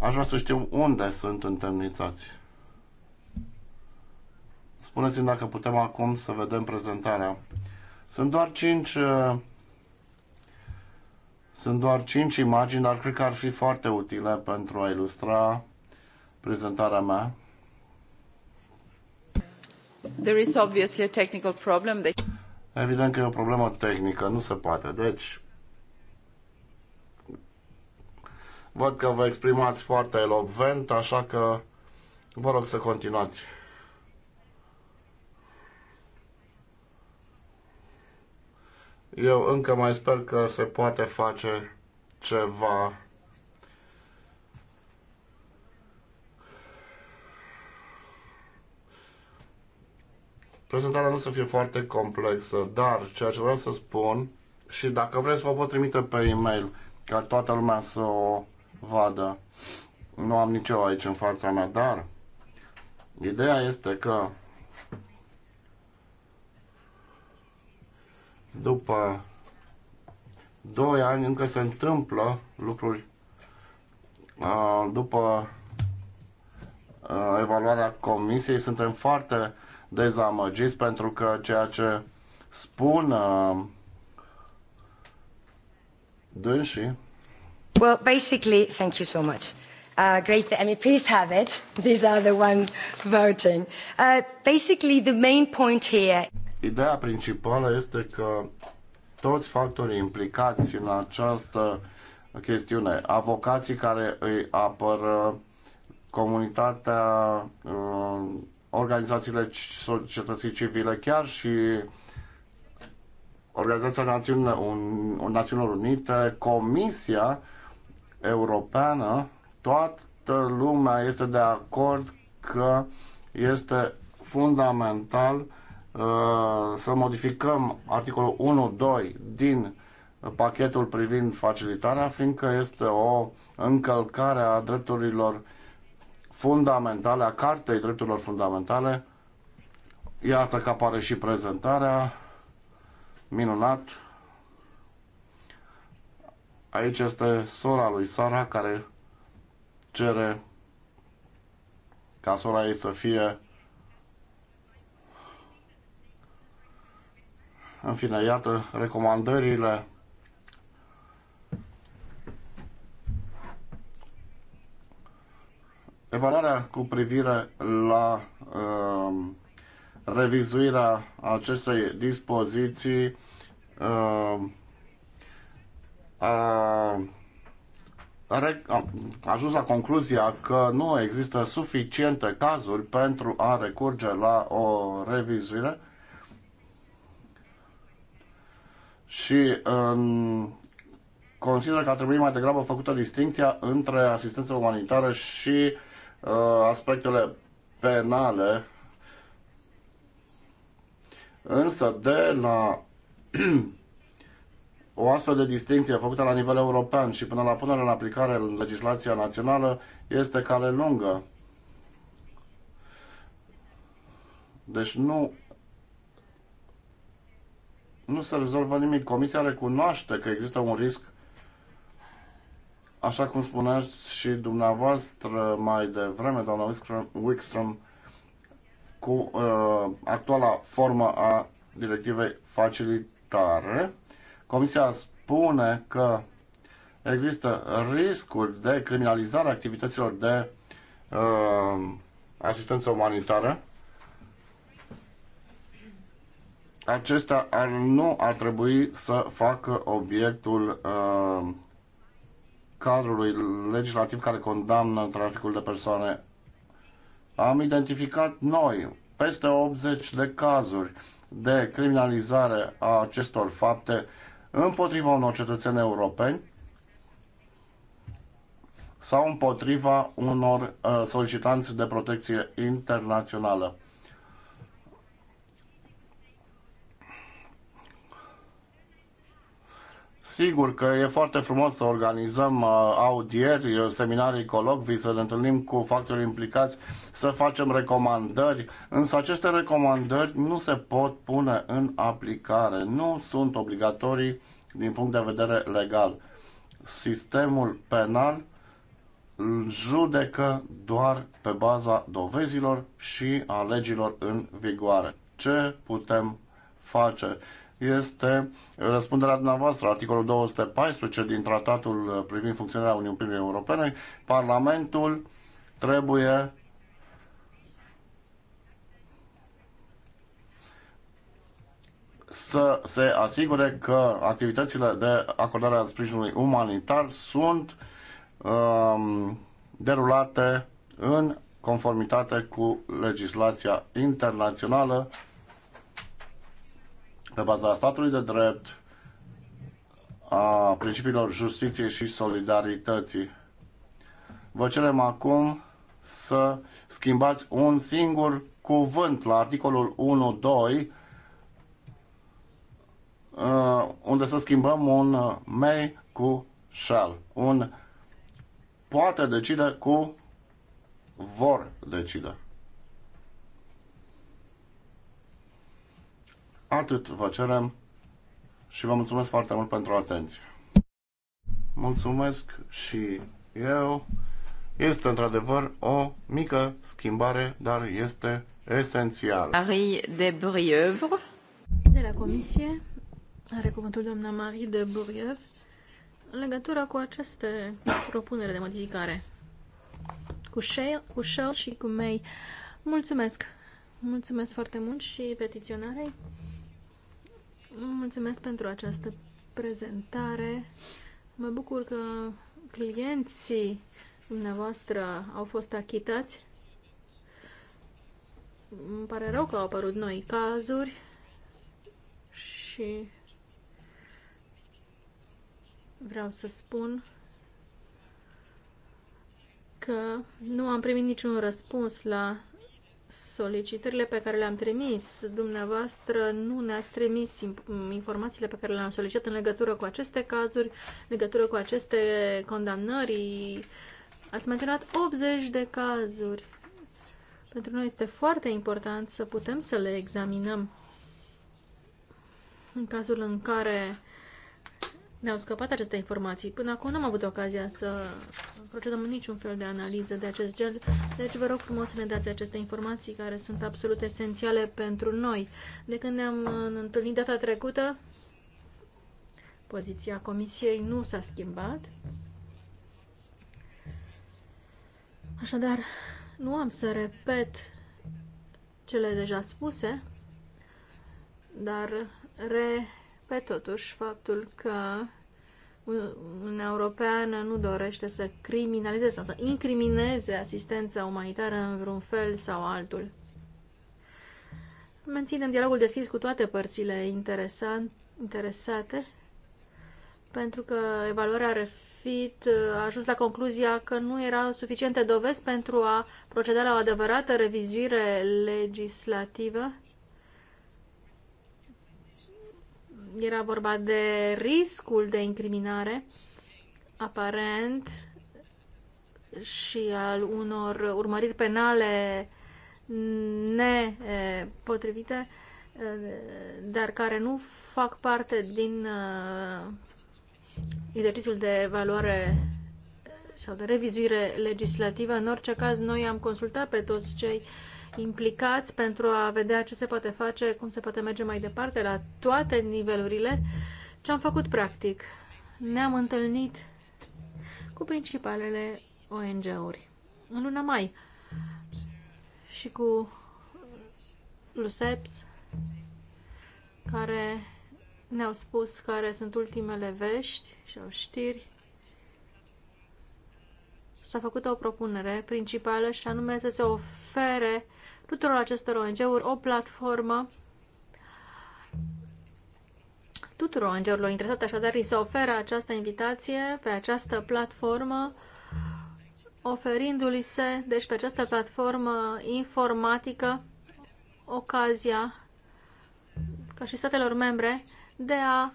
Aș vrea să știu unde sunt întemnițați. Spuneți-mi dacă putem acum să vedem prezentarea. Sunt doar 5 uh, sunt doar 5 imagini, dar cred că ar fi foarte utile pentru a ilustra prezentarea mea. There is obviously a technical problem. They... Evident că e o problemă tehnică, nu se poate. Deci, văd că vă exprimați foarte elocvent, așa că vă rog să continuați. Eu încă mai sper că se poate face ceva. Prezentarea nu să fie foarte complexă, dar ceea ce vreau să spun și dacă vreți vă pot trimite pe e-mail ca toată lumea să o vadă. Nu am nicio aici în fața mea, dar ideea este că după 2 ani încă se întâmplă lucruri după evaluarea comisiei suntem foarte dezamăgiți pentru că ceea ce spun dânsii Well, basically, thank you so much. Uh, great, the MEPs have it. These are the ones voting. Uh, basically, the main point here... Ideea principală este că toți factorii implicați în această chestiune, avocații care îi apără comunitatea, uh, organizațiile societății civile, chiar și Organizația Națiunilor Unite, Comisia Europeană, toată lumea este de acord că este fundamental Uh, să modificăm articolul 1.2 din pachetul privind facilitarea, fiindcă este o încălcare a drepturilor fundamentale, a cartei drepturilor fundamentale. Iată că apare și prezentarea. Minunat! Aici este sora lui Sara care cere ca sora ei să fie În fine, iată recomandările Evaluarea cu privire la uh, revizuirea acestei dispoziții uh, uh, a ajuns la concluzia că nu există suficiente cazuri pentru a recurge la o revizuire și um, consider că ar trebui mai degrabă făcută distinția între asistență umanitară și uh, aspectele penale. Însă de la o astfel de distinție făcută la nivel european și până la punerea în aplicare în legislația națională este cale lungă. Deci nu nu se rezolvă nimic. Comisia recunoaște că există un risc, așa cum spuneați și dumneavoastră mai devreme, doamna Wickstrom, cu uh, actuala formă a directivei facilitare. Comisia spune că există riscuri de criminalizare a activităților de uh, asistență umanitară acesta ar, nu ar trebui să facă obiectul uh, cadrului legislativ care condamnă traficul de persoane. Am identificat noi peste 80 de cazuri de criminalizare a acestor fapte împotriva unor cetățeni europeni sau împotriva unor uh, solicitanți de protecție internațională. Sigur că e foarte frumos să organizăm uh, audieri, uh, seminarii, colocvii, să ne întâlnim cu factorii implicați, să facem recomandări, însă aceste recomandări nu se pot pune în aplicare, nu sunt obligatorii din punct de vedere legal. Sistemul penal judecă doar pe baza dovezilor și a legilor în vigoare. Ce putem face? este răspunderea dumneavoastră. Articolul 214 din tratatul privind funcționarea Uniunii Europene, Parlamentul trebuie să se asigure că activitățile de acordare a sprijinului umanitar sunt um, derulate în conformitate cu legislația internațională pe baza statului de drept, a principiilor justiției și solidarității. Vă cerem acum să schimbați un singur cuvânt la articolul 1.2 uh, unde să schimbăm un may cu shall. Un poate decide cu vor decide. Atât vă cerem și vă mulțumesc foarte mult pentru atenție. Mulțumesc și eu. Este într-adevăr o mică schimbare, dar este esențială. Marie de Burieuvre. De la Comisie are cuvântul doamna Marie de Burieuvre în legătură cu aceste propunere de modificare. Cu Shell, cu Shell și cu May. Mulțumesc! Mulțumesc foarte mult și petiționarei. Mulțumesc pentru această prezentare. Mă bucur că clienții dumneavoastră au fost achitați. Îmi pare rău că au apărut noi cazuri și vreau să spun că nu am primit niciun răspuns la solicitările pe care le-am trimis. Dumneavoastră nu ne-ați trimis informațiile pe care le-am solicitat în legătură cu aceste cazuri, în legătură cu aceste condamnări. Ați menționat 80 de cazuri. Pentru noi este foarte important să putem să le examinăm în cazul în care ne-au scăpat aceste informații. Până acum n-am avut ocazia să procedăm niciun fel de analiză de acest gel, deci vă rog frumos să ne dați aceste informații care sunt absolut esențiale pentru noi. De când uh, ne-am întâlnit data trecută, poziția Comisiei nu s-a schimbat. Așadar, nu am să repet cele deja spuse, dar re pe totuși faptul că un european nu dorește să criminalizeze sau să incrimineze asistența umanitară în vreun fel sau altul. Menținem dialogul deschis cu toate părțile interesate, pentru că evaluarea refit a ajuns la concluzia că nu erau suficiente dovezi pentru a proceda la o adevărată revizuire legislativă era vorba de riscul de incriminare aparent și al unor urmăriri penale nepotrivite, dar care nu fac parte din uh, exercițiul de evaluare sau de revizuire legislativă. În orice caz, noi am consultat pe toți cei uh, implicați pentru a vedea ce se poate face, cum se poate merge mai departe la toate nivelurile. Ce am făcut practic? Ne-am întâlnit cu principalele ONG-uri în luna mai și cu Luseps care ne-au spus care sunt ultimele vești și au știri. S-a făcut o propunere principală și anume să se ofere tuturor acestor ONG-uri o platformă tuturor ONG-urilor interesate, așadar îi se oferă această invitație pe această platformă oferindu-li se, deci pe această platformă informatică, ocazia ca și statelor membre de a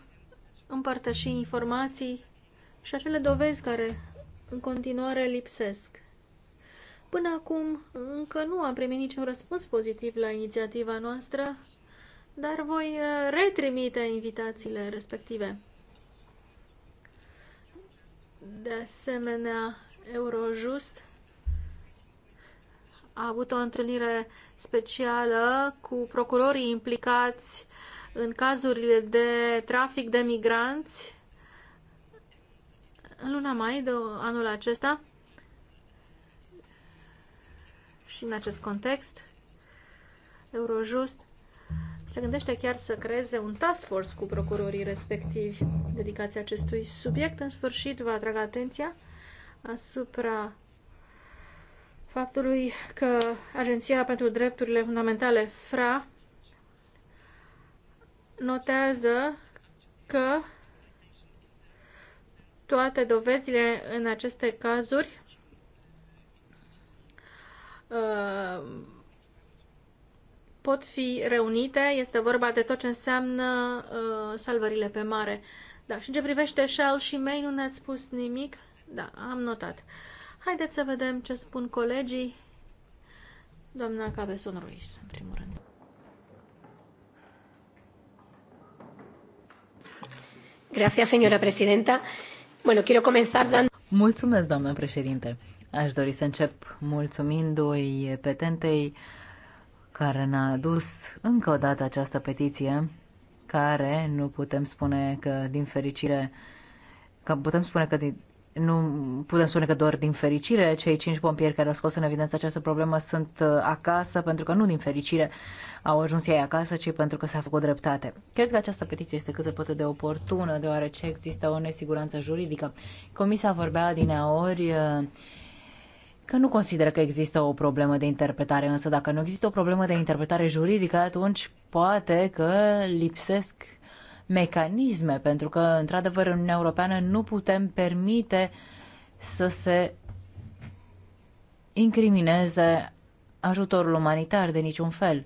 împărtăși informații și acele dovezi care în continuare lipsesc. Până acum încă nu am primit niciun răspuns pozitiv la inițiativa noastră, dar voi uh, retrimite invitațiile respective. De asemenea, Eurojust a avut o întâlnire specială cu procurorii implicați în cazurile de trafic de migranți în luna mai de anul acesta și în acest context, Eurojust se gândește chiar să creeze un task force cu procurorii respectivi dedicați acestui subiect. În sfârșit, vă atrag atenția asupra faptului că Agenția pentru Drepturile Fundamentale, FRA, notează că toate dovezile în aceste cazuri Uh, pot fi reunite. Este vorba de tot ce înseamnă uh, salvările pe mare. Da, și în ce privește Shell și May, nu ne-ați spus nimic? Da, am notat. Haideți să vedem ce spun colegii. Doamna Cabeson Ruiz, în primul rând. Gracias, señora presidenta. Bueno, quiero comenzar dando... Mulțumesc, doamnă președinte. Aș dori să încep mulțumindu-i petentei care ne-a adus încă o dată această petiție, care nu putem spune că din fericire, că putem spune că din, nu putem spune că doar din fericire cei cinci pompieri care au scos în evidență această problemă sunt uh, acasă, pentru că nu din fericire au ajuns ei acasă, ci pentru că s-a făcut dreptate. Cred că această petiție este cât se poate de oportună, deoarece există o nesiguranță juridică. Comisia vorbea din aori uh, că nu consideră că există o problemă de interpretare, însă dacă nu există o problemă de interpretare juridică, atunci poate că lipsesc mecanisme, pentru că, într-adevăr, în Uniunea Europeană nu putem permite să se incrimineze ajutorul umanitar de niciun fel.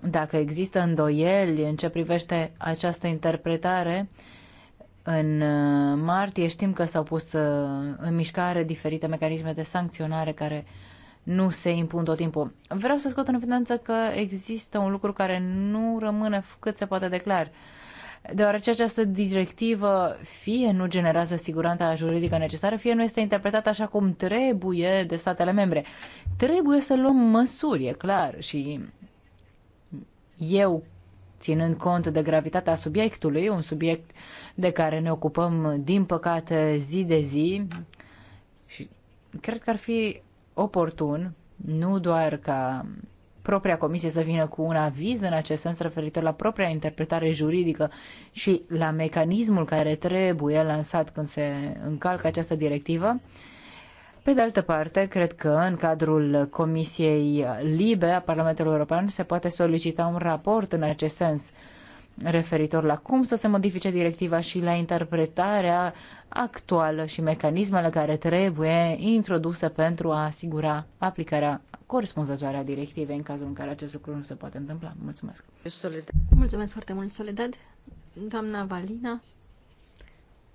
Dacă există îndoieli în ce privește această interpretare, uh, în uh, martie știm că s-au pus uh, în mișcare diferite mecanisme de sancționare care nu se impun tot timpul. Vreau să scot în evidență că există un lucru care nu rămâne cât se poate declar. clar. Deoarece această directivă fie nu generează siguranța juridică necesară, fie nu este interpretată așa cum trebuie de statele membre. Trebuie să luăm măsuri, e clar, și eu, ținând cont de gravitatea subiectului, un subiect uh, de care ne ocupăm, din păcate, zi de zi. Și cred că ar fi oportun, nu doar ca propria comisie să vină cu un aviz în acest sens referitor la propria interpretare juridică și la mecanismul care trebuie lansat când se încalcă această directivă. Pe de altă parte, cred că în cadrul Comisiei Libe a Parlamentului European se poate solicita un raport în acest sens referitor la cum să se modifice directiva și la interpretarea actuală și mecanismele care trebuie introduse pentru a asigura aplicarea corespunzătoare a directivei în cazul în care acest lucru nu se poate întâmpla. Mulțumesc! Mulțumesc foarte mult, Soledad, doamna Valina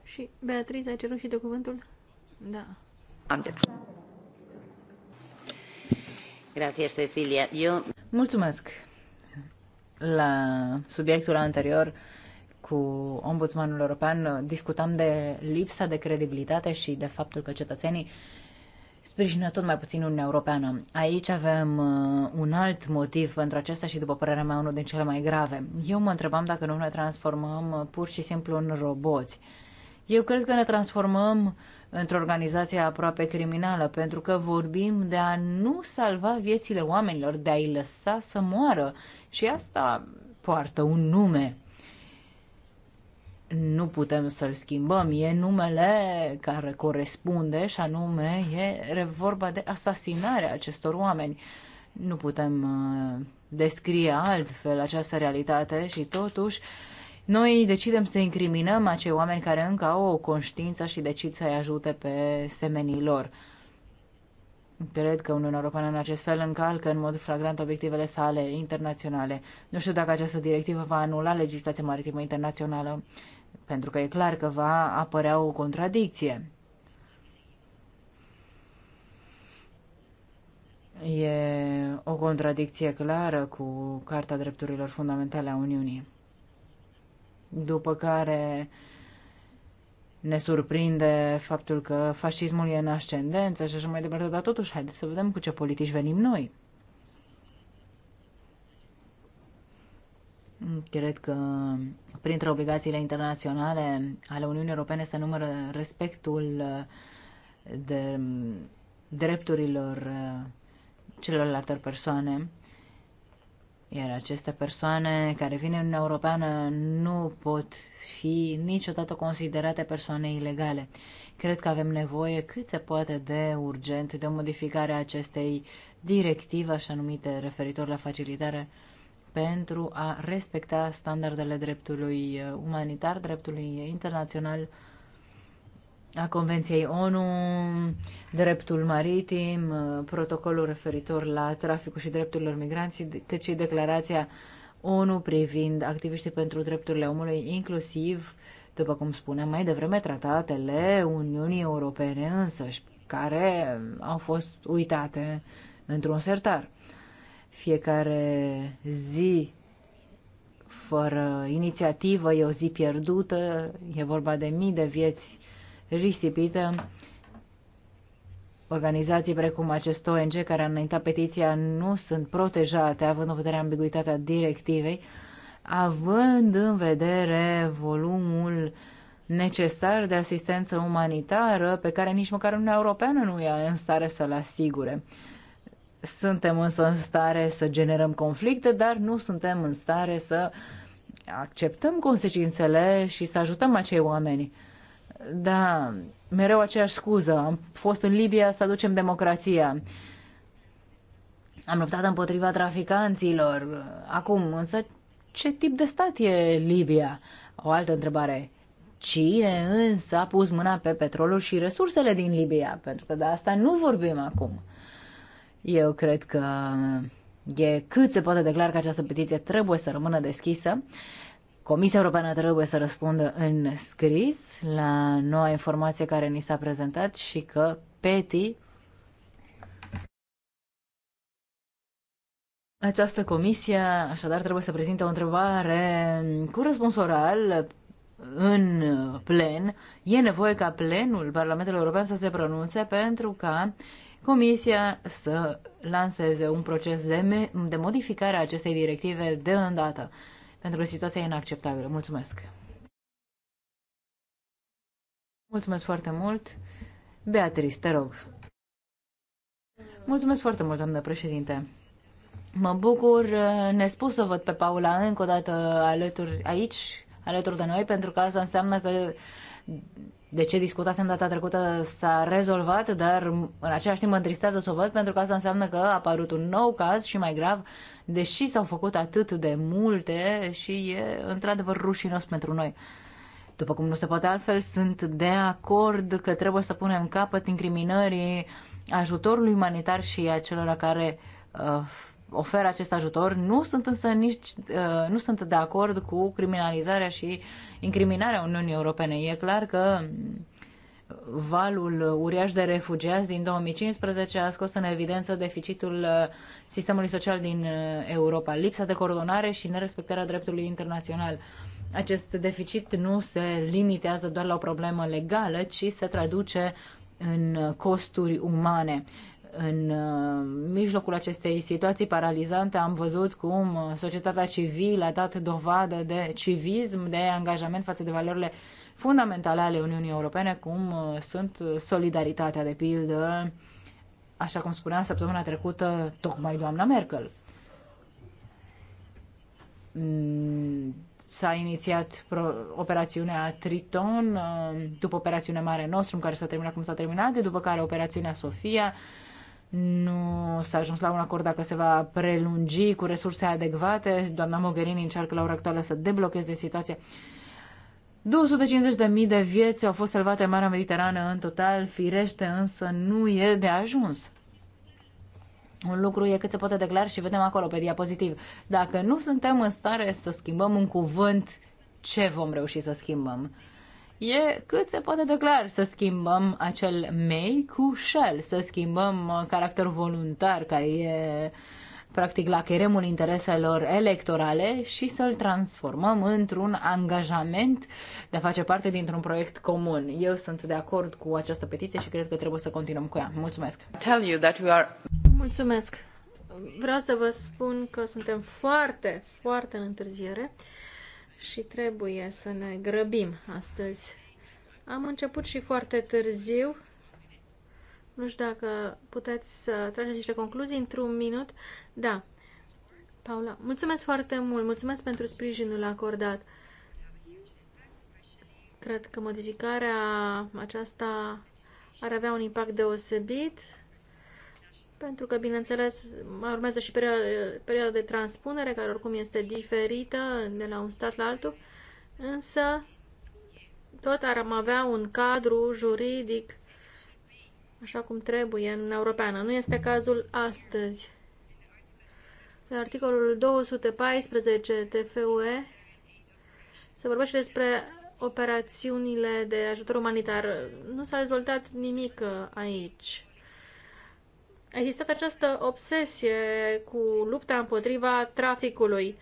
și Beatrice, ai cerut și de cuvântul? Da. Ander. Grazie, Cecilia. Eu... Mulțumesc! la subiectul anterior cu Ombudsmanul European, discutam de lipsa de credibilitate și de faptul că cetățenii sprijină tot mai puțin Uniunea Europeană. Aici avem uh, un alt motiv pentru acesta și, după părerea mea, unul din cele mai grave. Eu mă întrebam dacă nu ne transformăm uh, pur și simplu în roboți. Eu cred că ne transformăm într-o organizație aproape criminală, pentru că vorbim de a nu salva viețile oamenilor, de a-i lăsa să moară. Și asta poartă un nume. Nu putem să-l schimbăm, e numele care corespunde și anume e vorba de asasinarea acestor oameni. Nu putem uh, descrie altfel această realitate și totuși uh, noi decidem să incriminăm acei oameni care încă au o conștiință și decid să-i ajute pe semenii lor. Cred că Uniunea Europeană în acest fel încalcă în mod flagrant obiectivele sale internaționale. Nu știu dacă această directivă va anula legislația maritimă internațională, pentru că e clar că va apărea o contradicție. E o contradicție clară cu Carta Drepturilor Fundamentale a Uniunii după care ne surprinde faptul că fascismul e în ascendență și așa mai departe, dar totuși, haideți să vedem cu ce politici venim noi. Cred că printre obligațiile internaționale ale Uniunii Europene se numără respectul de drepturilor celorlalte persoane iar aceste persoane care vin în Uniunea Europeană nu pot fi niciodată considerate persoane ilegale. Cred că avem nevoie cât se poate de urgent de o modificare a acestei directive, așa numite, referitor la facilitare pentru a respecta standardele dreptului uh, umanitar, dreptului internațional a Convenției ONU, dreptul maritim, protocolul referitor la traficul și drepturile migranții, cât și declarația ONU privind activiștii pentru drepturile omului, inclusiv, după cum spuneam mai devreme, tratatele Uniunii Europene însăși, care au fost uitate într-un sertar. Fiecare zi fără inițiativă e o zi pierdută, e vorba de mii de vieți risipită. Organizații precum acest ONG care a înaintat petiția nu sunt protejate, având în vedere ambiguitatea directivei, având în vedere volumul necesar de asistență umanitară pe care nici măcar Uniunea Europeană nu e în stare să-l asigure. Suntem însă în stare să generăm conflicte, dar nu suntem în stare să acceptăm consecințele și să ajutăm acei oameni. Da, mereu aceeași scuză. Am fost în Libia să aducem democrația. Am luptat împotriva traficanților. Acum, însă, ce tip de stat e Libia? O altă întrebare. Cine însă a pus mâna pe petrolul și resursele din Libia? Pentru că de asta nu vorbim acum. Eu cred că e cât se poate declara că această petiție trebuie să rămână deschisă Comisia Europeană trebuie să răspundă în scris la noua informație care ni s-a prezentat și că PETI, această comisie, așadar trebuie să prezinte o întrebare cu răspuns oral în plen. E nevoie ca plenul Parlamentului European să se pronunțe pentru ca Comisia să lanseze un proces de, de modificare a acestei directive de îndată pentru că situația e inacceptabilă. Mulțumesc! Mulțumesc foarte mult! Beatrice, te rog! Mulțumesc foarte mult, doamnă președinte! Mă bucur nespus să văd pe Paula încă o dată alături aici, alături de noi, pentru că asta înseamnă că de ce discutasem data trecută s-a rezolvat, dar în același timp mă întristează să o văd pentru că asta înseamnă că a apărut un nou caz și mai grav, deși s-au făcut atât de multe și e într-adevăr rușinos pentru noi. După cum nu se poate altfel, sunt de acord că trebuie să punem capăt incriminării ajutorului umanitar și acelora care uh, oferă acest ajutor, nu sunt însă nici uh, nu sunt de acord cu criminalizarea și incriminarea Uniunii Europene. E clar că valul uriaș de refugiați din 2015 a scos în evidență deficitul uh, sistemului social din uh, Europa, lipsa de coordonare și nerespectarea dreptului internațional. Acest deficit nu se limitează doar la o problemă legală, ci se traduce în costuri umane. În uh, mijlocul acestei situații paralizante am văzut cum uh, societatea civilă a dat dovadă de civism, de angajament față de valorile fundamentale ale Uniunii Europene, cum uh, sunt solidaritatea, de pildă, așa cum spuneam săptămâna trecută, tocmai doamna Merkel. Mm, s-a inițiat operațiunea Triton, după operațiunea Mare Nostrum, care s-a terminat cum s-a terminat, după care operațiunea Sofia, nu s-a ajuns la un acord dacă se va prelungi cu resurse adecvate. Doamna Mogherini încearcă la ora actuală să deblocheze situația. 250.000 de vieți au fost salvate în Marea Mediterană în total, firește însă nu e de ajuns. Un lucru e cât se poate declara și vedem acolo pe diapozitiv. Dacă nu suntem în stare să schimbăm un cuvânt, ce vom reuși să schimbăm? e cât se poate de clar să schimbăm acel mei cu shall, să schimbăm uh, caracterul voluntar care e practic la cheremul intereselor electorale și să-l transformăm într-un angajament de a face parte dintr-un proiect comun. Eu sunt de acord cu această petiție și cred că trebuie să continuăm cu ea. Mulțumesc! Tell you that we are... Mulțumesc! Vreau să vă spun că suntem foarte, foarte în întârziere și trebuie să ne grăbim astăzi. Am început și foarte târziu. Nu știu dacă puteți să trageți niște concluzii într-un minut. Da, Paula, mulțumesc foarte mult, mulțumesc pentru sprijinul acordat. Cred că modificarea aceasta ar avea un impact deosebit pentru că, bineînțeles, mai urmează și perioada, perioada de transpunere, care oricum este diferită de la un stat la altul, însă tot ar avea un cadru juridic așa cum trebuie în europeană. Nu este cazul astăzi. În articolul 214 TFUE se vorbește despre operațiunile de ajutor umanitar. Nu s-a dezvoltat nimic aici a existat această obsesie cu lupta împotriva traficului.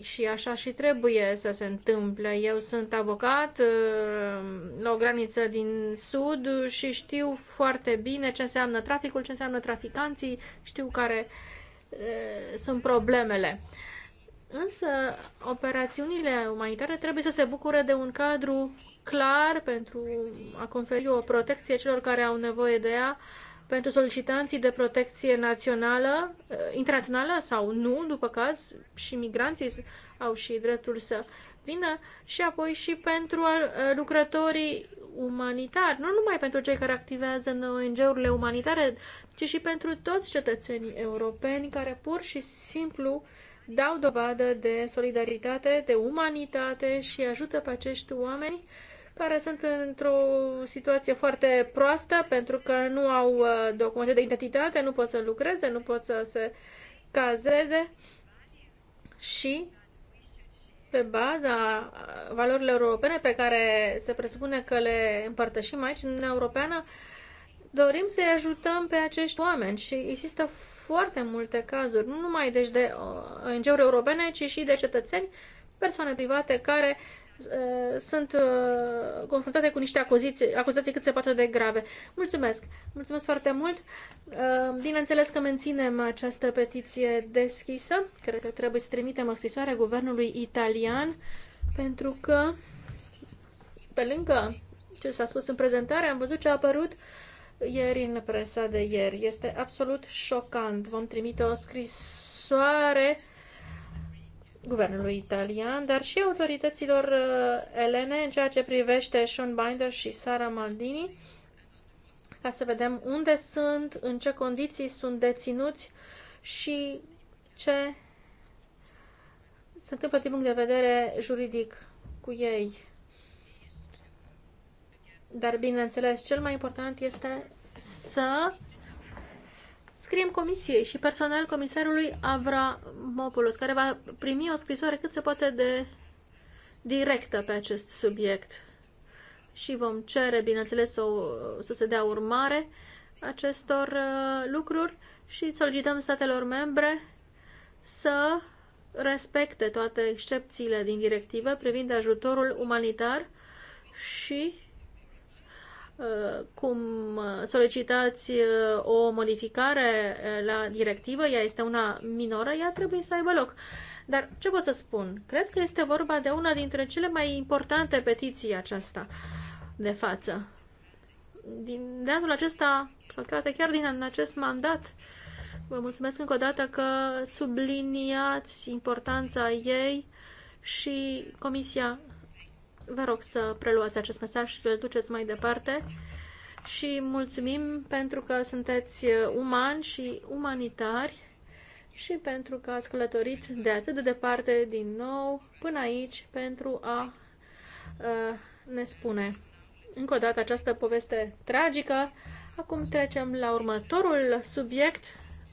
Și așa și trebuie să se întâmple. Eu sunt avocat uh, la o graniță din sud și știu foarte bine ce înseamnă traficul, ce înseamnă traficanții, știu care e, uh, sunt problemele. Însă, operațiunile umanitare trebuie să se bucure de un cadru clar pentru a conferi o protecție celor care au nevoie de ea pentru solicitanții de protecție națională, eh, internațională sau nu, după caz, și migranții au și dreptul să vină, și apoi și pentru eh, lucrătorii umanitari, nu numai pentru cei care activează în ONG-urile umanitare, ci și pentru toți cetățenii europeni care pur și simplu dau dovadă de solidaritate, de umanitate și ajută pe acești oameni uh, care sunt într-o situație foarte proastă pentru că nu au uh, documente de identitate, nu pot să lucreze, nu pot să se cazeze și pe baza valorilor europene pe care se presupune că le împărtășim aici în Uniunea Europeană, dorim să-i ajutăm pe acești oameni și există foarte multe cazuri, nu numai deci de uh, ONG-uri europene, ci și de cetățeni, persoane private care Uh, sunt uh, confruntate cu niște acuziții, acuzații cât se poate de grave. Mulțumesc! Mulțumesc foarte mult! Uh, bineînțeles că menținem această petiție deschisă. Cred că trebuie să trimitem o scrisoare guvernului italian pentru că pe lângă ce s-a spus în prezentare, am văzut ce a apărut ieri în presa de ieri. Este absolut șocant. Vom trimite o scrisoare guvernului italian, dar și autorităților uh, elene în ceea ce privește Sean Binder și Sara Maldini, ca să vedem unde sunt, în ce condiții sunt deținuți și ce se întâmplă din punct de vedere juridic cu ei. Dar, bineînțeles, cel mai important este să scriem comisiei și personal comisarului Avramopoulos, care va primi o scrisoare cât se poate de directă pe acest subiect. Și vom cere, bineînțeles, să, să se dea urmare acestor uh, lucruri și solicităm statelor membre să respecte toate excepțiile din directivă privind ajutorul umanitar și Uh, cum uh, solicitați uh, o modificare la directivă, ea este una minoră, ea trebuie să aibă loc. Dar ce pot să spun? Cred că este vorba de una dintre cele mai importante petiții aceasta de față. Din, de anul acesta, sau poate chiar din anul acest mandat, vă mulțumesc încă o dată că subliniați importanța ei și Comisia Vă rog să preluați acest mesaj și să-l duceți mai departe. Și mulțumim pentru că sunteți umani și umanitari și pentru că ați călătorit de atât de departe din nou până aici pentru a uh, ne spune încă o dată această poveste tragică. Acum trecem la următorul subiect,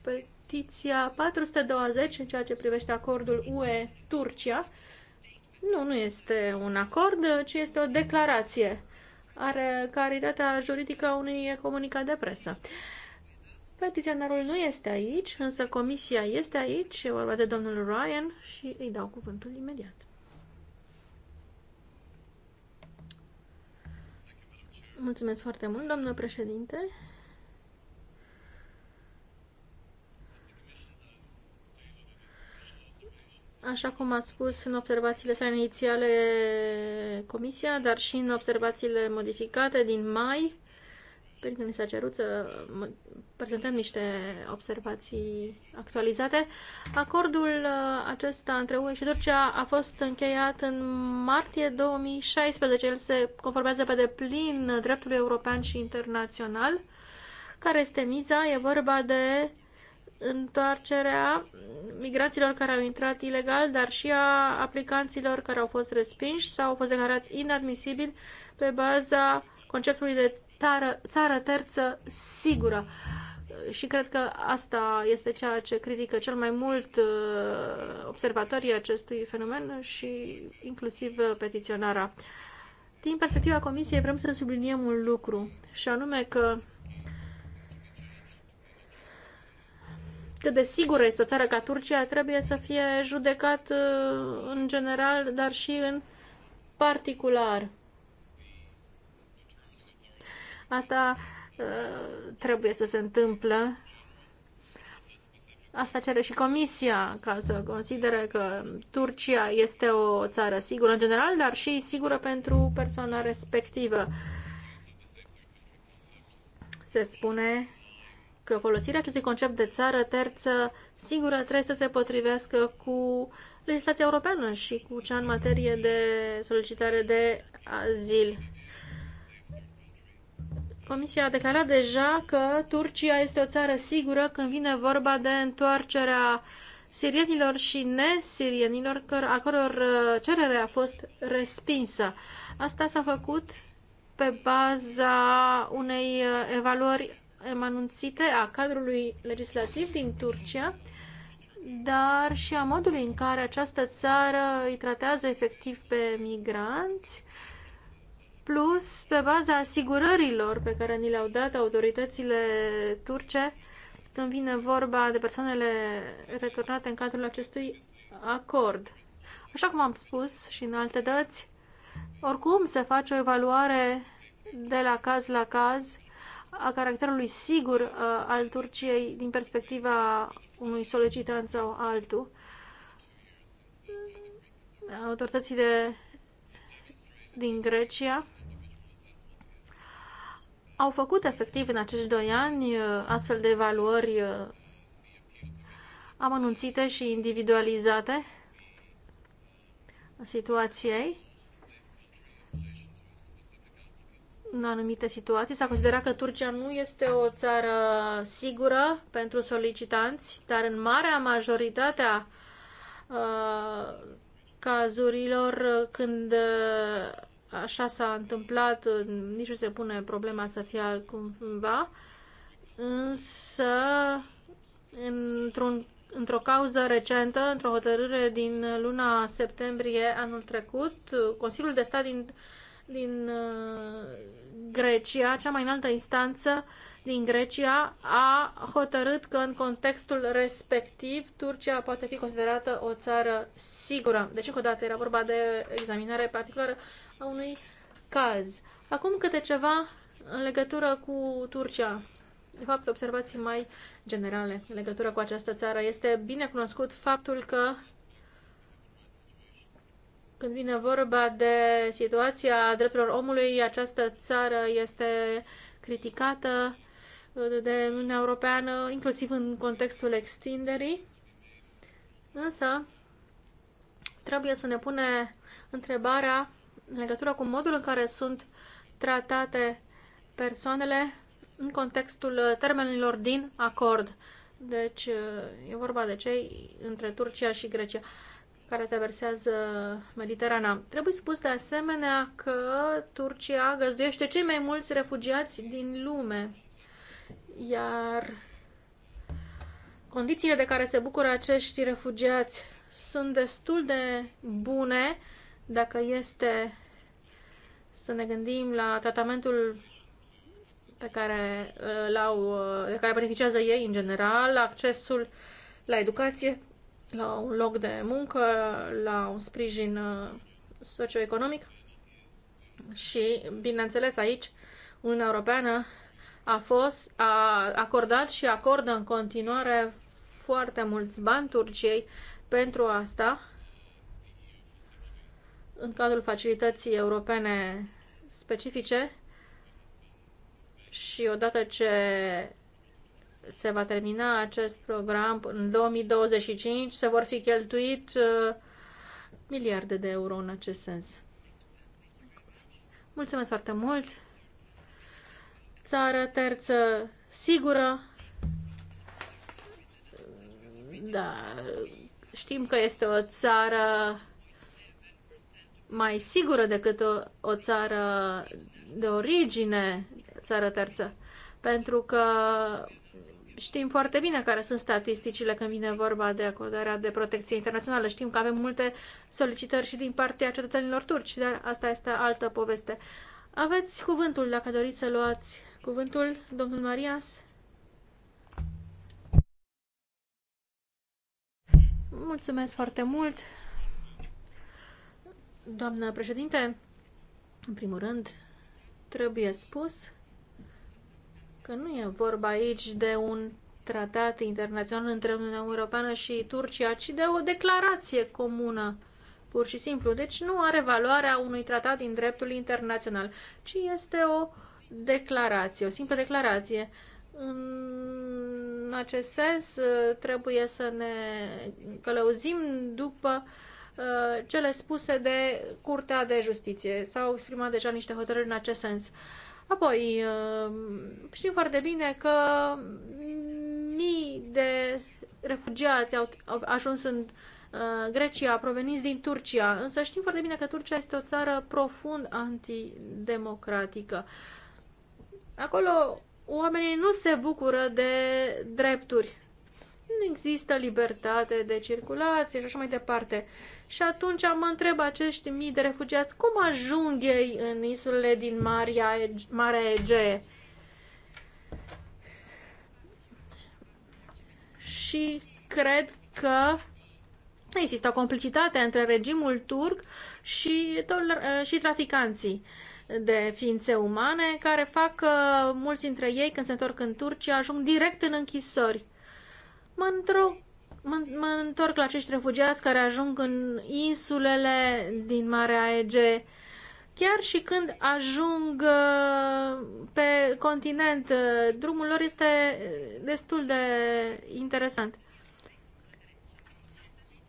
petiția 420 în ceea ce privește acordul UE-Turcia. Nu, nu este un acord, ci este o declarație. Are caritatea juridică a unui comunicat de presă. Petiționarul nu este aici, însă comisia este aici, e vorba de domnul Ryan și îi dau cuvântul imediat. Mulțumesc foarte mult, doamnă președinte. Așa cum a spus în observațiile sale inițiale Comisia, dar și în observațiile modificate din mai, pentru că mi s-a cerut să prezentăm niște observații actualizate. Acordul uh, acesta între UE și Turcia a fost încheiat în martie 2016. El se conformează pe deplin dreptului european și internațional. Care este miza? E vorba de întoarcerea migraților care au intrat ilegal, dar și a aplicanților care au fost respinși sau au fost declarați inadmisibili pe baza conceptului de tară, țară terță sigură. Și cred că asta este ceea ce critică cel mai mult uh, observatorii acestui fenomen și inclusiv uh, petiționarea. Din perspectiva Comisiei vrem să subliniem un lucru, și anume că cât de sigură este o țară ca Turcia trebuie să fie judecat uh, în general, dar și în particular. Asta uh, trebuie să se întâmple. Asta cere și Comisia ca să considere că Turcia este o țară sigură în general, dar și sigură pentru persoana respectivă. Se spune că folosirea acestui concept de țară terță singură trebuie să se potrivească cu legislația europeană și cu cea în materie de solicitare de azil. Comisia a declarat deja că Turcia este o țară sigură când vine vorba de întoarcerea sirienilor și nesirienilor, a căror uh, cerere a fost respinsă. Asta s-a făcut pe baza unei uh, evaluări emanunțite a cadrului legislativ din Turcia, dar și a modului în care această țară îi tratează efectiv pe migranți, plus pe baza asigurărilor pe care ni le-au dat autoritățile turce când vine vorba de persoanele returnate în cadrul acestui acord. Așa cum am spus și în alte dăți, oricum se face o evaluare de la caz la caz a caracterului sigur uh, al Turciei din perspectiva unui solicitant sau altul. Autoritățile din Grecia au făcut efectiv în acești doi ani uh, astfel de evaluări uh, amănunțite și individualizate situației în anumite situații. S-a considerat că Turcia nu este o țară sigură pentru solicitanți, dar în marea majoritate a uh, cazurilor, când uh, așa s-a întâmplat, nici nu se pune problema să fie cumva, însă într-un, într-o cauză recentă, într-o hotărâre din luna septembrie anul trecut, Consiliul de Stat din din uh, Grecia, cea mai înaltă instanță din Grecia, a hotărât că în contextul respectiv Turcia poate fi considerată o țară sigură. Deci, încă o dată, era vorba de examinare particulară a unui caz. Acum câte ceva în legătură cu Turcia. De fapt, observații mai generale în legătură cu această țară. Este bine cunoscut faptul că când vine vorba de situația drepturilor omului, această țară este criticată de Uniunea Europeană, inclusiv în contextul extinderii. Însă, trebuie să ne pune întrebarea în legătură cu modul în care sunt tratate persoanele în contextul termenilor din acord. Deci, e vorba de cei între Turcia și Grecia care traversează Mediterana. Trebuie spus de asemenea că Turcia găzduiește cei mai mulți refugiați din lume, iar condițiile de care se bucură acești refugiați sunt destul de bune dacă este să ne gândim la tratamentul pe care, uh, l-au, uh, de care beneficiază ei în general, accesul la educație la un loc de muncă, la un sprijin uh, socioeconomic și, bineînțeles, aici Uniunea Europeană a fost, a acordat și acordă în continuare foarte mulți bani Turciei pentru asta în cadrul facilității europene specifice și odată ce se va termina acest program în 2025, se vor fi cheltuit uh, miliarde de euro în acest sens. Mulțumesc foarte mult! Țară terță sigură. Da, știm că este o țară mai sigură decât o, o țară de origine, țară terță, pentru că Știm foarte bine care sunt statisticile când vine vorba de acordarea de protecție internațională. Știm că avem multe solicitări și din partea cetățenilor turci, dar asta este altă poveste. Aveți cuvântul, dacă doriți să luați cuvântul, domnul Marias. Mulțumesc foarte mult, doamnă președinte. În primul rând, trebuie spus că nu e vorba aici de un tratat internațional între Uniunea Europeană și Turcia, ci de o declarație comună, pur și simplu. Deci nu are valoarea unui tratat din dreptul internațional, ci este o declarație, o simplă declarație. În acest sens, trebuie să ne călăuzim după uh, cele spuse de Curtea de Justiție. S-au exprimat deja niște hotărâri în acest sens. Apoi, um, știm foarte bine că mii de refugiați au ajuns în uh, Grecia, proveniți din Turcia, însă știm foarte bine că Turcia este o țară profund antidemocratică. Acolo oamenii nu se bucură de drepturi nu există libertate de circulație și așa mai departe. Și atunci mă întreb acești mii de refugiați, cum ajung ei în insulele din Maria, Marea Egee? Și cred că există o complicitate între regimul turc și, eh, și traficanții de ființe umane care fac eh, mulți dintre ei când se întorc în Turcia ajung direct în închisori Mă întorc, mă, mă întorc la acești refugiați care ajung în insulele din Marea Ege, chiar și când ajung uh, pe continent, uh, drumul lor este destul de interesant.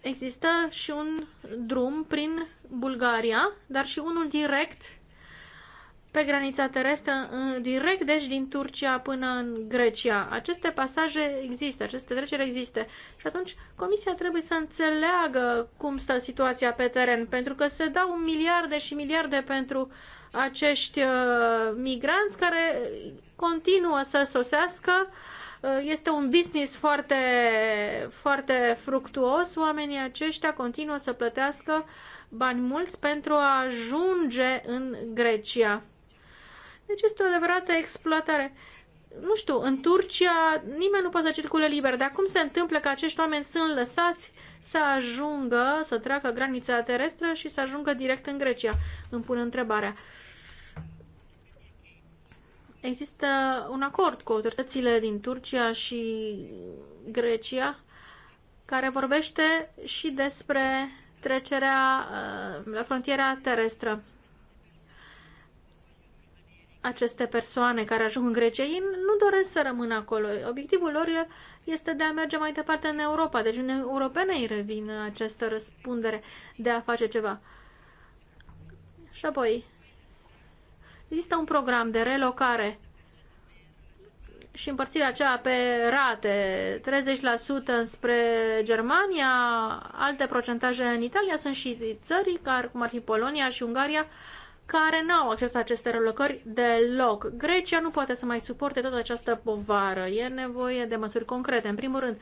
Există și un drum prin Bulgaria, dar și unul direct pe granița terestră, direct deci din Turcia până în Grecia. Aceste pasaje există, aceste treceri există și atunci Comisia trebuie să înțeleagă cum stă situația pe teren, pentru că se dau miliarde și miliarde pentru acești uh, migranți care continuă să sosească. Uh, este un business foarte, foarte fructuos. Oamenii aceștia continuă să plătească bani mulți pentru a ajunge în Grecia. Deci este o adevărată exploatare. Nu știu, în Turcia nimeni nu poate să circule liber, dar cum se întâmplă că acești oameni sunt lăsați să ajungă, să treacă granița terestră și să ajungă direct în Grecia? Îmi pun întrebarea. Există un acord cu autoritățile din Turcia și Grecia care vorbește și despre trecerea uh, la frontiera terestră aceste persoane care ajung în Grecia, ei nu doresc să rămână acolo. Obiectivul lor este de a merge mai departe în Europa. Deci în europene îi revin această răspundere de a face ceva. Și apoi, există un program de relocare și împărțirea aceea pe rate, 30% spre Germania, alte procentaje în Italia, sunt și țări, care, cum ar fi Polonia și Ungaria, care n-au acceptat aceste relocări deloc. Grecia nu poate să mai suporte toată această povară. E nevoie de măsuri concrete. În primul rând,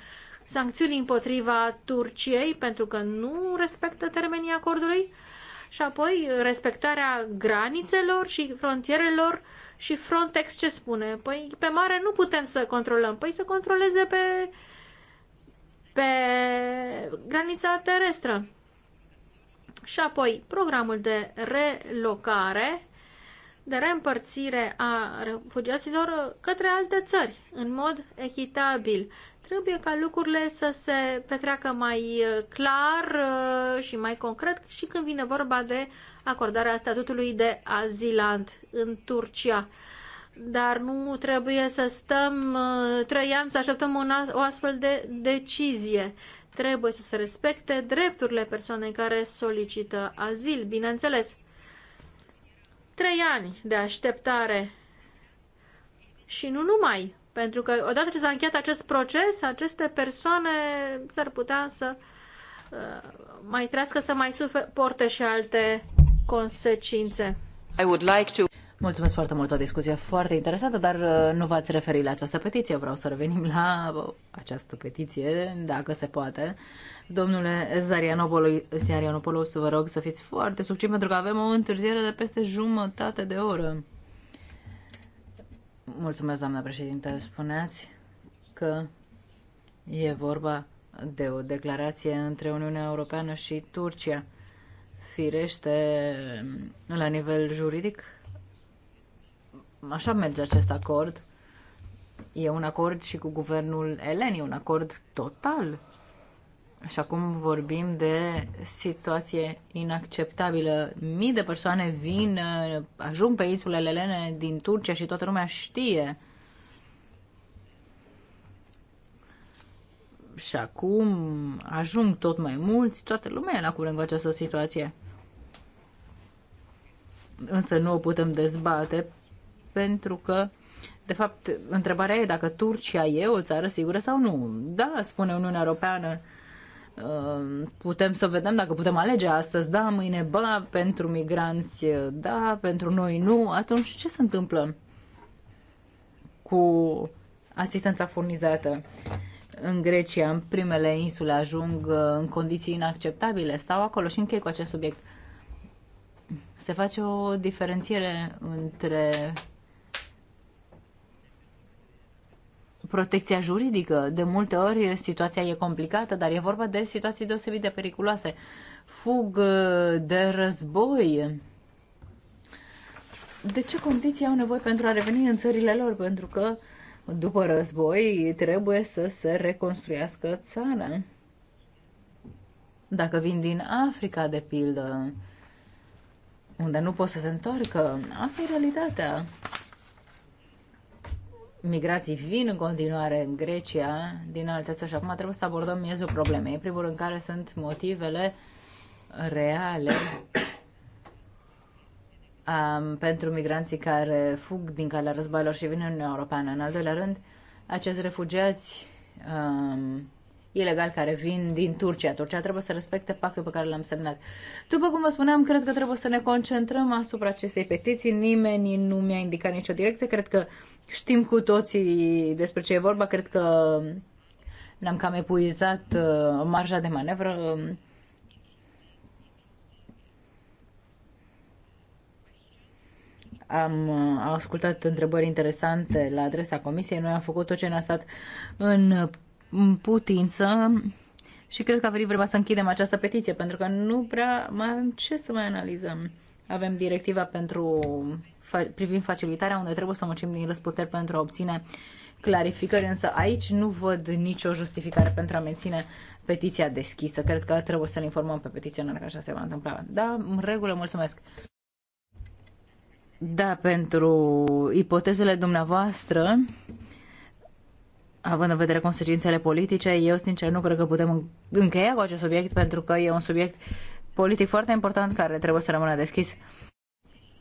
sancțiuni împotriva Turciei pentru că nu respectă termenii acordului și apoi respectarea granițelor și frontierelor și Frontex ce spune? Păi pe mare nu putem să controlăm. Păi să controleze pe, pe granița terestră și apoi programul de relocare, de reîmpărțire a refugiaților către alte țări, în mod echitabil. Trebuie ca lucrurile să se petreacă mai uh, clar uh, și mai concret și când vine vorba de acordarea statutului de azilant în Turcia dar nu trebuie să stăm uh, trei ani să așteptăm o astfel de decizie trebuie să se respecte drepturile persoanei care solicită azil, bineînțeles. Trei ani de așteptare și nu numai, pentru că odată ce s-a încheiat acest proces, aceste persoane s-ar putea să uh, mai trească să mai suporte și alte consecințe. I would like to... Mulțumesc foarte mult, o discuție foarte interesantă, dar uh, nu v-ați referit la această petiție. Vreau să revenim la uh, această petiție, dacă se poate. Domnule Zarianopoulos, vă rog să fiți foarte succint, pentru că avem o întârziere de peste jumătate de oră. Mulțumesc, doamna președinte. Spuneați că e vorba de o declarație între Uniunea Europeană și Turcia. Firește, la nivel juridic, Așa merge acest acord. E un acord și cu guvernul elen, e un acord total. Și acum vorbim de situație inacceptabilă. Mii de persoane vin, ajung pe insulele elene din Turcia și toată lumea știe. Și acum ajung tot mai mulți, toată lumea e la curând cu această situație. Însă nu o putem dezbate pentru că de fapt, întrebarea e dacă Turcia e o țară sigură sau nu. Da, spune Uniunea Europeană, uh, putem să vedem dacă putem alege astăzi, da, mâine, ba, pentru migranți, da, pentru noi, nu. Atunci ce se întâmplă cu asistența furnizată? În Grecia, în primele insule, ajung uh, în condiții inacceptabile, stau acolo și închei cu acest subiect. Se face o diferențiere între protecția juridică. De multe ori situația e complicată, dar e vorba de situații deosebit de periculoase. Fug uh, de război. De ce condiții au nevoie pentru a reveni în țările lor? Pentru că după război trebuie să se reconstruiască țara. Dacă vin din Africa, de pildă, unde nu pot să se întoarcă, asta e realitatea migrații vin în continuare în Grecia din alte țări și acum trebuie să abordăm miezul problemei. În primul rând, care sunt motivele reale um, pentru migranții care fug din calea războiilor și vin în Uniunea Europeană. În al doilea rând, acești refugiați um, ilegali care vin din Turcia. Turcia trebuie să respecte pactul pe care l-am semnat. După cum vă spuneam, cred că trebuie să ne concentrăm asupra acestei petiții. Nimeni nu mi-a indicat nicio direcție. Cred că știm cu toții despre ce e vorba. Cred că ne-am cam epuizat uh, marja de manevră. am uh, ascultat întrebări interesante la adresa comisiei, noi am făcut tot ce ne-a stat în putință și cred că a venit vremea să închidem această petiție, pentru că nu prea mai avem ce să mai analizăm. Avem directiva pentru privind facilitarea, unde trebuie să muncim din răsputeri pentru a obține clarificări, însă aici nu văd nicio justificare pentru a menține petiția deschisă. Cred că trebuie să-l informăm pe petiționar că așa se va întâmpla. Da, în regulă, mulțumesc. Da, pentru ipotezele dumneavoastră, având în vedere consecințele politice, eu sincer nu cred că putem încheia cu acest subiect pentru că e un subiect politic foarte important care trebuie să rămână deschis.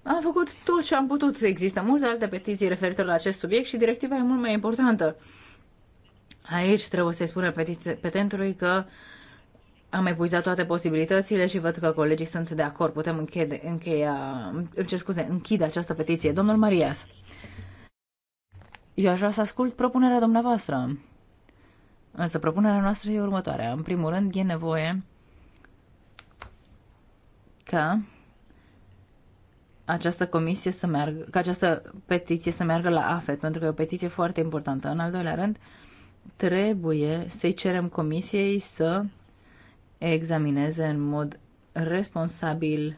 Am făcut tot ce am putut. Există multe alte petiții referitor la acest subiect și directiva e mult mai importantă. Aici trebuie să-i spună petentului că am epuizat toate posibilitățile și văd că colegii sunt de acord. Putem închide, încheia, ce scuze, închide această petiție. Domnul Marias. Eu aș vrea să ascult propunerea dumneavoastră. Însă propunerea noastră e următoarea. În primul rând, e nevoie ca această comisie să meargă, ca această petiție să meargă la AFET, pentru că e o petiție foarte importantă. În al doilea rând, trebuie să-i cerem comisiei să examineze în mod responsabil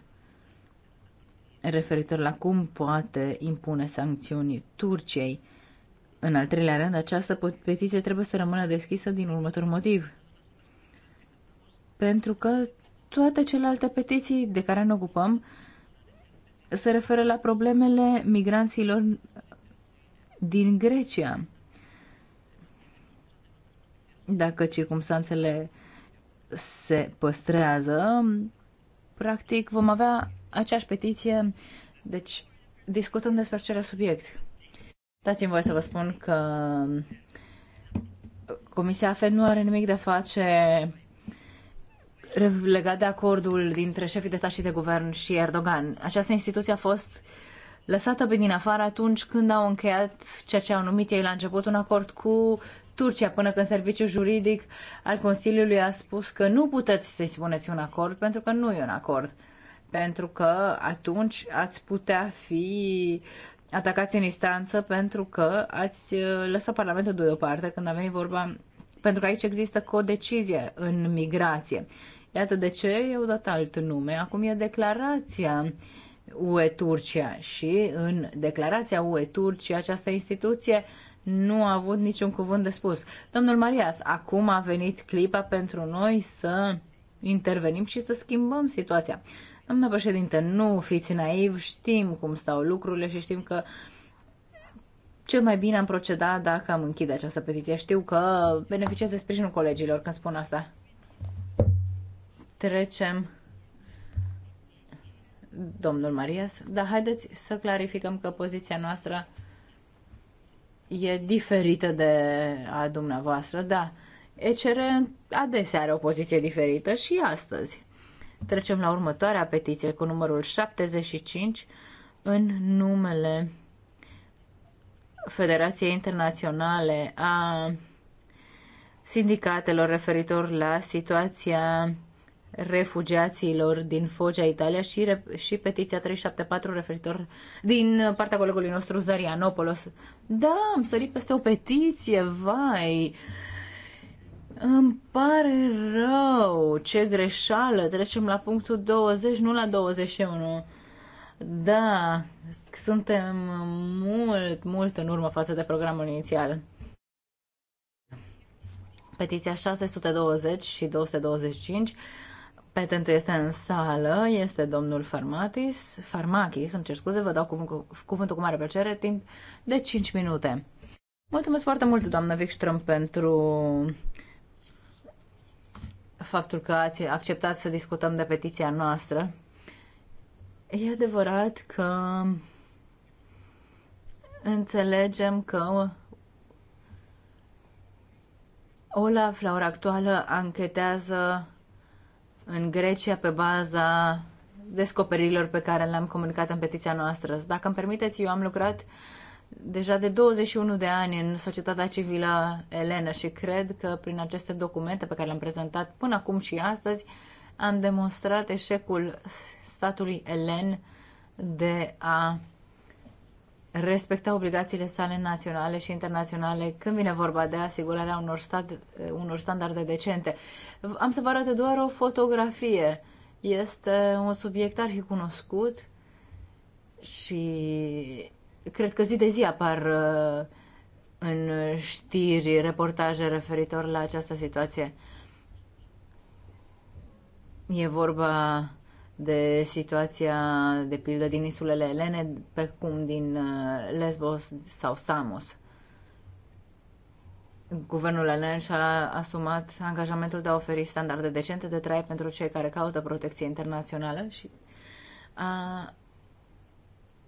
referitor la cum poate impune sancțiuni Turciei în al treilea rând, această petiție trebuie să rămână deschisă din următor motiv. Pentru că toate celelalte petiții de care ne ocupăm se referă la problemele migranților din Grecia. Dacă circumstanțele se păstrează, practic vom avea aceeași petiție, deci discutăm despre același subiect. Dați-mi voie să vă spun că Comisia FED nu are nimic de face legat de acordul dintre șefii de stat și de guvern și Erdogan. Această instituție a fost lăsată pe din afară atunci când au încheiat ceea ce au numit ei la început un acord cu Turcia, până când serviciul juridic al Consiliului a spus că nu puteți să-i spuneți un acord pentru că nu e un acord. Pentru că atunci ați putea fi atacați în instanță pentru că ați uh, lăsat Parlamentul deoparte când a venit vorba, pentru că aici există codecizie în migrație. Iată de ce eu dat alt nume. Acum e declarația UE-Turcia și în declarația UE-Turcia această instituție nu a avut niciun cuvânt de spus. Domnul Marias, acum a venit clipa pentru noi să intervenim și să schimbăm situația. Doamna președinte, nu fiți naiv, știm cum stau lucrurile și știm că cel mai bine am procedat dacă am închide această petiție. Știu că beneficiez de sprijinul colegilor când spun asta. Trecem. Domnul Marias, dar haideți să clarificăm că poziția noastră e diferită de a dumneavoastră, da. ECR adesea are o poziție diferită și astăzi. Trecem la următoarea petiție cu numărul 75 în numele Federației Internaționale a sindicatelor referitor la situația refugiaților din Foggia, Italia și, și petiția 374 referitor din partea colegului nostru Zarianopoulos. Da, am sărit peste o petiție, vai! Îmi pare rău, ce greșeală, trecem la punctul 20, nu la 21. Da, suntem mult, mult în urmă față de programul inițial. Petiția 620 și 225 Petentul este în sală, este domnul Farmatis, Farmachis, îmi cer scuze, vă dau cuvânt, cuvântul cu mare plăcere, timp de 5 minute. Mulțumesc foarte mult, doamnă Wikström, pentru faptul că ați acceptat să discutăm de petiția noastră. E adevărat că înțelegem că Olaf, la ora actuală, anchetează în Grecia pe baza descoperirilor pe care le-am comunicat în petiția noastră. Dacă îmi permiteți, eu am lucrat uh, deja de 21 de ani în societatea civilă elenă și cred că prin aceste documente pe care le-am prezentat până acum și astăzi am demonstrat eșecul statului elen de a respecta obligațiile sale naționale și internaționale când vine vorba de asigurarea unor, stat, unor standarde decente. Am să vă arăt doar o fotografie. Este un subiect arhi cunoscut și cred că zi de zi apar uh, în știri reportaje referitor la această situație. E vorba de situația, de pildă, din insulele Elene, pe cum din uh, Lesbos sau Samos. Guvernul elen și-a asumat angajamentul de a oferi standarde decente de trai pentru cei care caută protecție internațională și a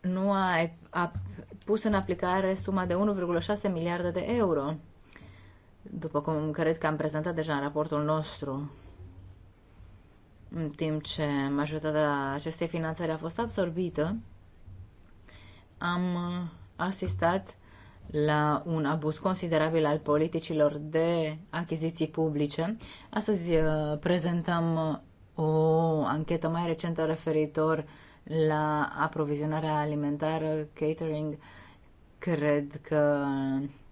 nu a, a pus în aplicare suma de 1,6 miliarde de euro, după cum cred că am prezentat deja în raportul nostru, în timp ce majoritatea acestei finanțări a fost absorbită, am asistat la un abuz considerabil al politicilor de achiziții publice. Astăzi uh, prezentăm uh, o anchetă mai recentă referitor uh, la aprovizionarea alimentară, catering, cred că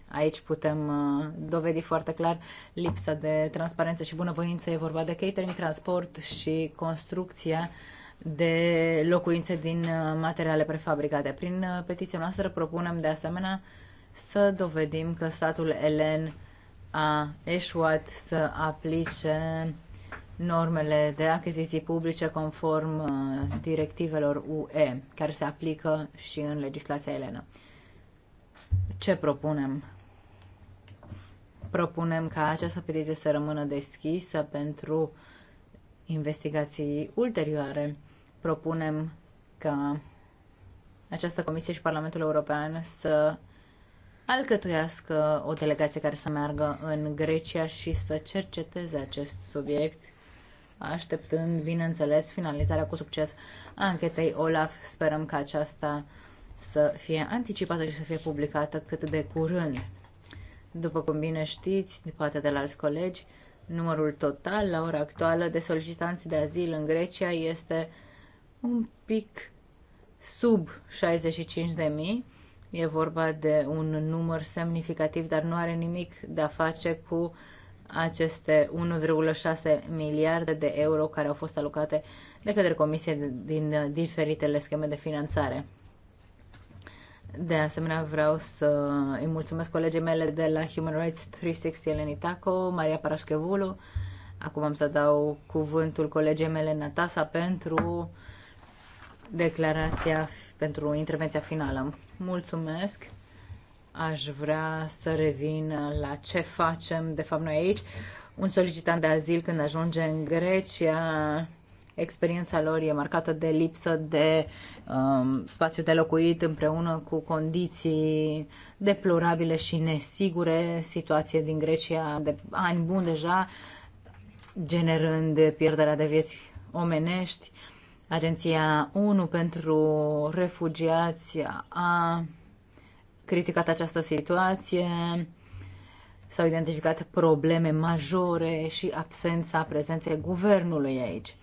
aici putem uh, dovedi foarte clar lipsa de transparență și bunăvoință. E vorba de catering, transport și construcția de locuințe din uh, materiale prefabricate. Prin uh, petiția noastră propunem de asemenea să dovedim că statul elen a eșuat să aplice normele de achiziții publice conform uh, directivelor UE, care se aplică și în legislația elenă. Ce propunem? Propunem ca această petiție să rămână deschisă pentru investigații ulterioare. Propunem ca această Comisie și Parlamentul European să alcătuiască o delegație care să meargă în Grecia și să cerceteze acest subiect așteptând, bineînțeles, finalizarea cu succes a anchetei OLAF. Sperăm că aceasta să fie anticipată și să fie publicată cât de curând. După cum bine știți, poate de la alți colegi, numărul total la ora actuală de solicitanți de azil în Grecia este un pic sub 65.000. E vorba de un număr semnificativ, dar nu are nimic de a face cu uh, aceste 1,6 miliarde de euro care au fost alocate de către comisie din diferitele scheme de finanțare. De asemenea, vreau să îi mulțumesc colegii mele de la Human Rights 360, Eleni Taco, Maria Parașchevulu. Acum am să dau cuvântul colegii mele, Natasa, pentru declarația, pentru intervenția finală. Mulțumesc! Aș vrea să revin la ce facem, de fapt, noi aici. Un solicitant de azil, când ajunge în Grecia, experiența lor e marcată de lipsă de um, spațiu de locuit împreună cu condiții deplorabile și nesigure, situație din Grecia de ani buni deja, generând pierderea de vieți omenești. Agenția ONU pentru refugiați a criticat această situație, s-au identificat probleme majore și absența prezenței guvernului aici.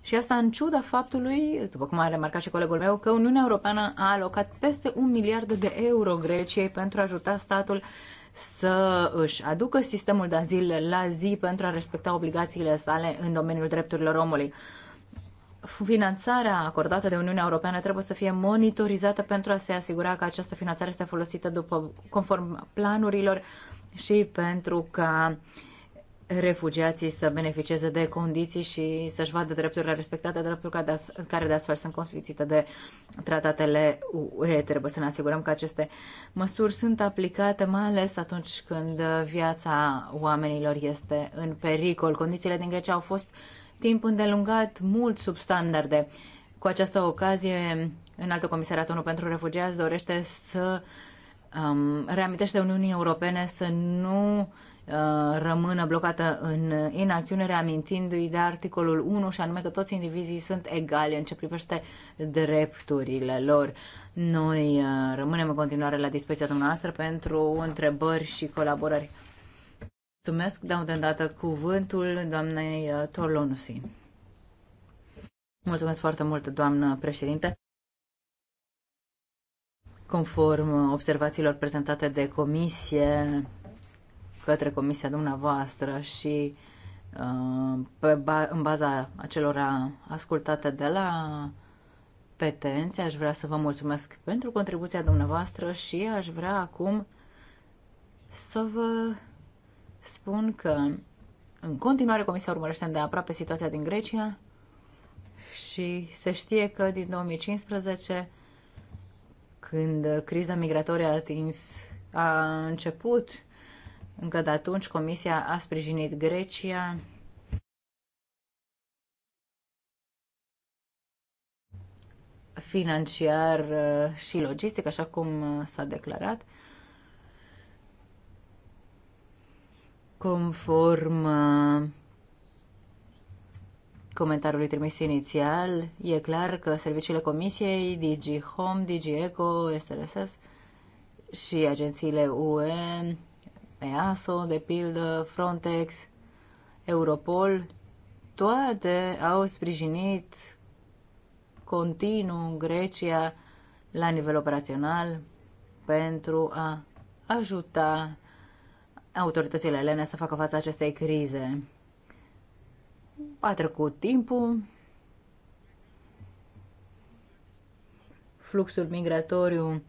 Și asta în ciuda faptului, după cum a remarcat și colegul meu, că Uniunea Europeană a alocat peste un miliard de euro Greciei pentru a ajuta statul să își aducă sistemul de azil la zi pentru a respecta obligațiile sale în domeniul drepturilor omului finanțarea acordată de Uniunea Europeană trebuie să fie monitorizată pentru a se asigura că această finanțare este folosită după conform planurilor și pentru ca refugiații să beneficieze de condiții și să-și vadă drepturile respectate, drepturi care de astfel sunt consfințite de tratatele UE. Trebuie să ne asigurăm că aceste măsuri sunt aplicate, mai ales atunci când viața oamenilor este în pericol. Condițiile din Grecia au fost uh, timp îndelungat, mult sub standarde. Cu această ocazie, Înaltul Comisariat ONU pentru Refugiați dorește să um, reamintește Uniunii Europene să nu uh, rămână blocată în inacțiune, reamintindu-i de articolul 1 și anume că toți indivizii sunt egali în ce privește drepturile lor. Noi uh, rămânem în continuare la dispoziția dumneavoastră pentru întrebări și colaborări. Mulțumesc, dau de îndată cuvântul doamnei uh, Torlonusi. Mulțumesc foarte mult, doamnă președinte. Conform uh, observațiilor prezentate de comisie către comisia dumneavoastră și uh, pe ba- în baza acelora ascultate de la petenți, aș vrea să vă mulțumesc pentru contribuția dumneavoastră și aș vrea acum să vă spun că în continuare Comisia urmărește aproape situația din Grecia și se știe că din 2015, când criza migratorie a atins, a început, încă de atunci Comisia a sprijinit Grecia financiar uh, și logistic, așa cum uh, s-a declarat. Conform uh, comentariului trimis inițial, e clar că serviciile Comisiei, DG Home, DG Eco, SRSS și agențiile UE, EASO, de pildă, Frontex, Europol, toate au sprijinit continuu Grecia la nivel operațional pentru a ajuta autoritățile elene să facă față acestei crize. A trecut timpul, fluxul migratoriu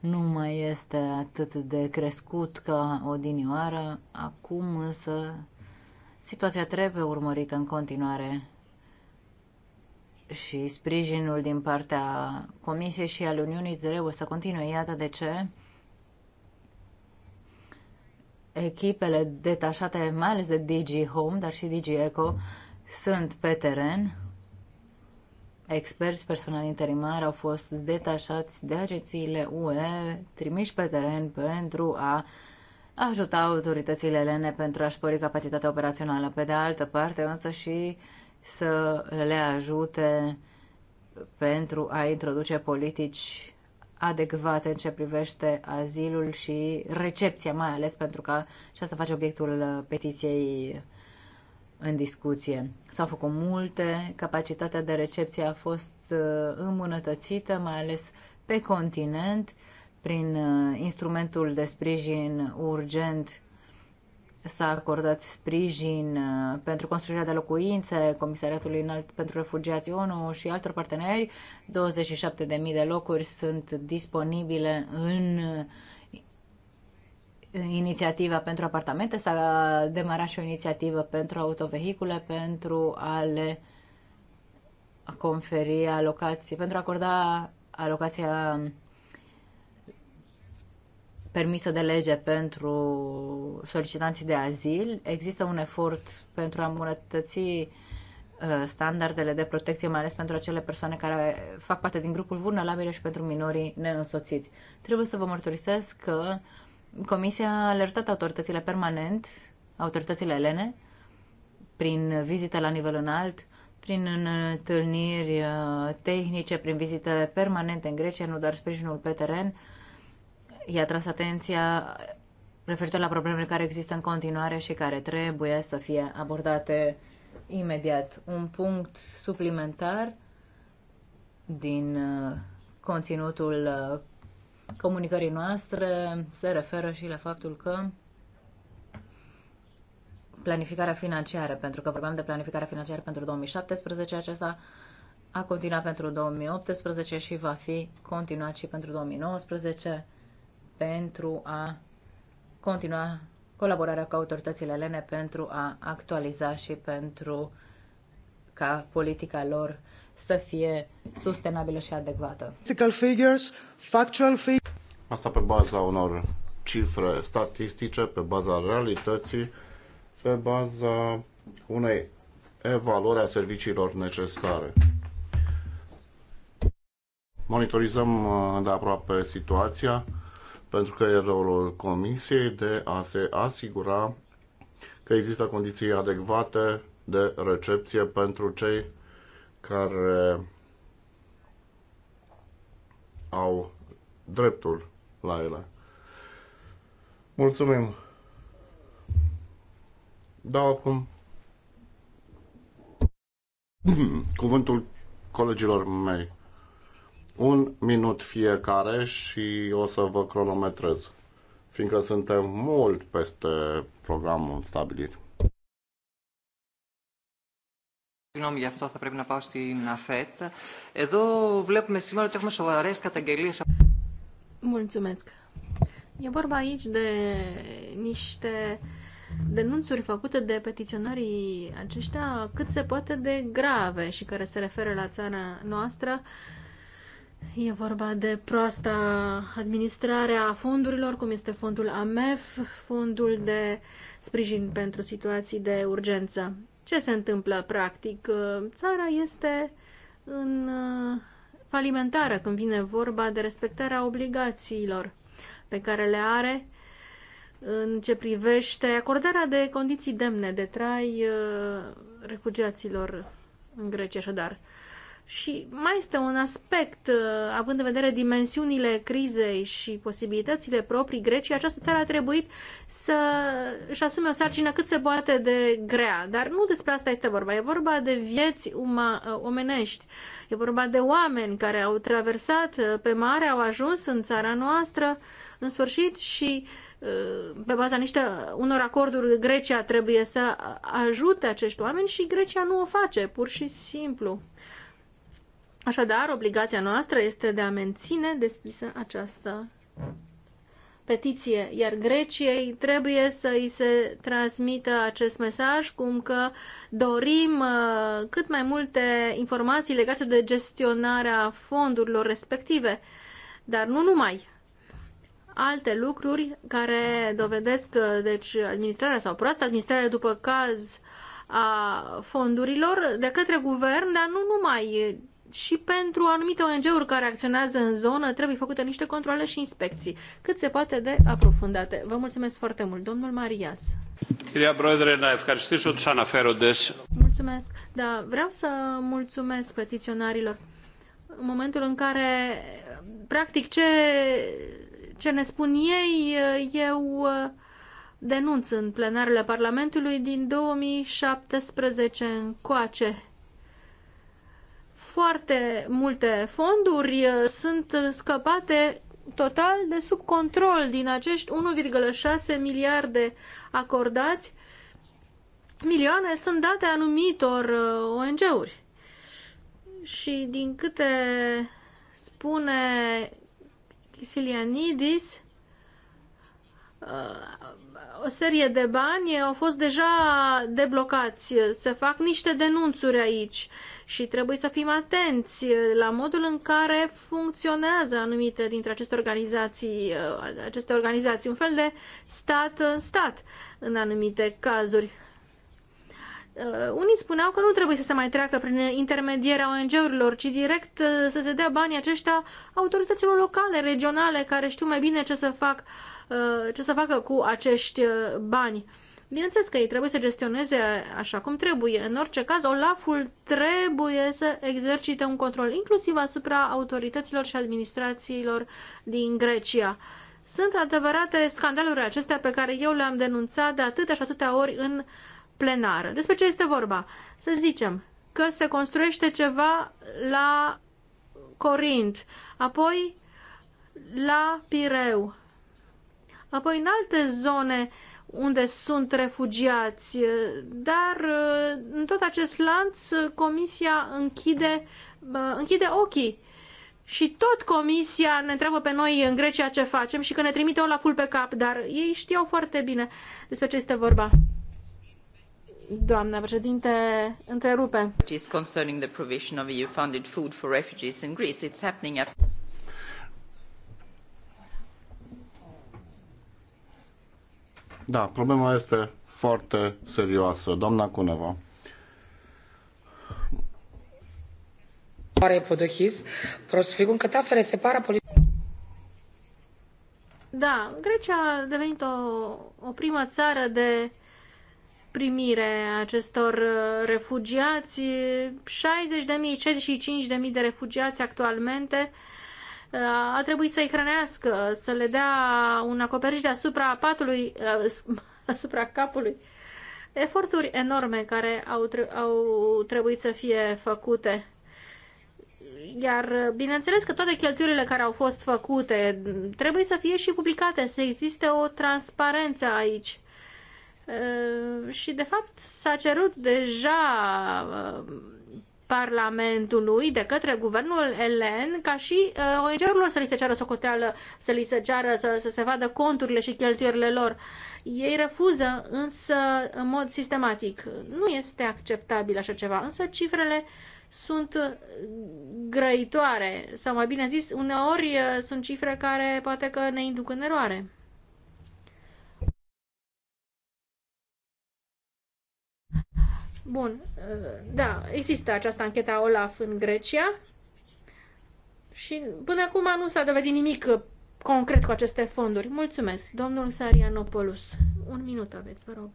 nu mai este atât de crescut ca odinioară, acum însă situația trebuie urmărită în continuare și sprijinul din partea Comisiei și al Uniunii trebuie să continue. Iată de ce echipele detașate, mai ales de Digi Home, dar și Digi Eco, sunt pe teren. Experți, personal interimar au fost detașați de agențiile UE, trimiși pe teren pentru a ajuta autoritățile elene pentru a spori capacitatea operațională. Pe de altă parte, însă și să le ajute pentru a introduce politici adecvate în ce privește azilul și recepția, mai ales pentru că și asta face obiectul uh, petiției în discuție. S-au făcut multe, capacitatea de recepție a fost uh, îmbunătățită, mai ales pe continent, prin uh, instrumentul de sprijin urgent s-a acordat sprijin uh, pentru construirea de locuințe Comisariatului Înalt pentru Refugiații ONU și altor parteneri. 27.000 de locuri sunt disponibile în uh, inițiativa pentru apartamente. S-a demarat și o inițiativă pentru autovehicule pentru a le conferi alocații, pentru a acorda alocația permisă de lege pentru solicitanții de azil. Există un efort pentru a îmbunătăți uh, standardele de protecție, mai ales pentru acele persoane care fac parte din grupul vulnerabil și pentru minorii neînsoțiți. Trebuie să vă mărturisesc că Comisia a alertat autoritățile permanent, autoritățile elene, prin vizite la nivel înalt, prin întâlniri uh, tehnice, prin vizite permanente în Grecia, nu doar sprijinul pe teren, i-a tras atenția referitor la problemele care există în continuare și care trebuie să fie abordate imediat. Un punct suplimentar din uh, conținutul uh, comunicării noastre se referă și la faptul că planificarea financiară, pentru că vorbeam de planificarea financiară pentru 2017, aceasta a continuat pentru 2018 și va fi continuat și pentru 2019 pentru a continua colaborarea cu autoritățile elene pentru a actualiza și pentru ca politica lor să fie sustenabilă și adecvată. Figures, factual figures. Asta pe baza unor cifre statistice, pe baza realității, pe baza unei evaluări a serviciilor necesare. Monitorizăm uh, de aproape situația pentru că e rolul Comisiei de a se asigura că există condiții adecvate de recepție pentru cei care au dreptul la ele. Mulțumim! Dau acum cuvântul colegilor mei un minut fiecare și o să vă cronometrez, fiindcă suntem mult peste programul stabilit. Συγγνώμη γι' αυτό, θα πρέπει να πάω στην ΑΦΕΤ. Εδώ βλέπουμε σήμερα ότι έχουμε σοβαρέ καταγγελίε. Μουλτσουμέτσκα. Για vorba aici de niște denunțuri făcute de petiționarii aceștia cât se poate de grave și care se referă la țara noastră. E vorba de proasta administrare a fondurilor, cum este fondul AMEF, fondul de sprijin pentru situații de urgență. Ce se întâmplă practic? Țara este în uh, falimentară când vine vorba de respectarea obligațiilor pe care le are în ce privește acordarea de condiții demne de trai uh, refugiaților în Grecia, așadar. Și mai este un aspect, uh, având în vedere dimensiunile crizei și posibilitățile proprii Greciei, această țară a trebuit să își asume o sarcină cât se poate de grea. Dar nu despre asta este vorba. E vorba de vieți uma, uh, omenești. E vorba de oameni care au traversat uh, pe mare, au ajuns în țara noastră în sfârșit și pe baza niște, unor acorduri Grecia trebuie să ajute acești oameni și Grecia nu o face, pur și simplu. Așadar, obligația noastră este de a menține deschisă această petiție, iar Greciei trebuie să îi se transmită acest mesaj, cum că dorim uh, cât mai multe informații legate de gestionarea fondurilor respective, dar nu numai. Alte lucruri care dovedesc, uh, deci, administrarea sau proastă administrarea după caz a fondurilor de către guvern, dar nu numai și pentru anumite ONG-uri care acționează în zonă trebuie făcute niște controle și inspecții, cât se poate de aprofundate. Vă mulțumesc foarte mult, domnul Marias. Mulțumesc. Da, vreau să mulțumesc petiționarilor. În momentul în care, practic, ce, ce ne spun ei, eu denunț în plenarele Parlamentului din 2017 încoace foarte multe fonduri uh, sunt scăpate total de sub control din acești 1,6 miliarde acordați. Milioane sunt date anumitor uh, ONG-uri. Și din câte spune Kisilianidis, uh, o serie de bani au fost deja deblocați. Se fac niște denunțuri aici și trebuie să fim atenți la modul în care funcționează anumite dintre aceste organizații, uh, aceste organizații, un fel de stat în stat în anumite cazuri. Uh, unii spuneau că nu trebuie să se mai treacă prin intermedierea ONG-urilor, ci direct uh, să se dea banii aceștia autorităților locale, regionale, care știu mai bine ce să fac Uh, ce să facă cu acești uh, bani. Bineînțeles că ei trebuie să gestioneze așa cum trebuie. În orice caz, Olaful trebuie să exercite un control inclusiv asupra autorităților și administrațiilor din Grecia. Sunt adevărate scandaluri acestea pe care eu le-am denunțat de atâtea și atâtea ori în plenară. Despre ce este vorba? Să zicem că se construiește ceva la Corint, apoi la Pireu, apoi în alte zone unde sunt refugiați, eh, dar eh, în tot acest lanț eh, comisia închide, închide ochii. Și tot comisia ne întreabă pe noi în Grecia ce facem și că ne trimite ful pe cap, dar ei știau foarte bine despre ce este vorba. Doamna președinte, întrerupe. It is concerning the provision of EU-funded food for refugees in Greece. It's happening at... Da, problema este foarte serioasă. Doamna Cuneva. Da, Grecia a devenit o, o primă țară de primire a acestor uh, refugiați. 60.000, 65.000 de refugiați actualmente uh, Uh, a trebuit să-i hrănească, să le dea un acoperiș deasupra patului, uh, asupra capului. Eforturi enorme care au, au trebuit să fie făcute. Iar uh, bineînțeles că toate cheltuielile care au fost făcute trebuie să fie și publicate, să existe o transparență aici. Și de fapt s-a cerut deja Parlamentului de către guvernul elen ca și uh, ONG-urilor să li se ceară socoteală, să li se ceară să, să se vadă conturile și cheltuierile lor. Ei refuză însă în mod sistematic. Nu este acceptabil așa ceva, însă cifrele sunt grăitoare sau mai bine zis, uneori uh, sunt cifre care poate că ne induc în eroare. Bun, uh, da, există această anchetă a OLAF în Grecia și până acum nu s-a dovedit nimic concret cu aceste fonduri. Mulțumesc, domnul Sarianopoulos. Un minut aveți, vă rog.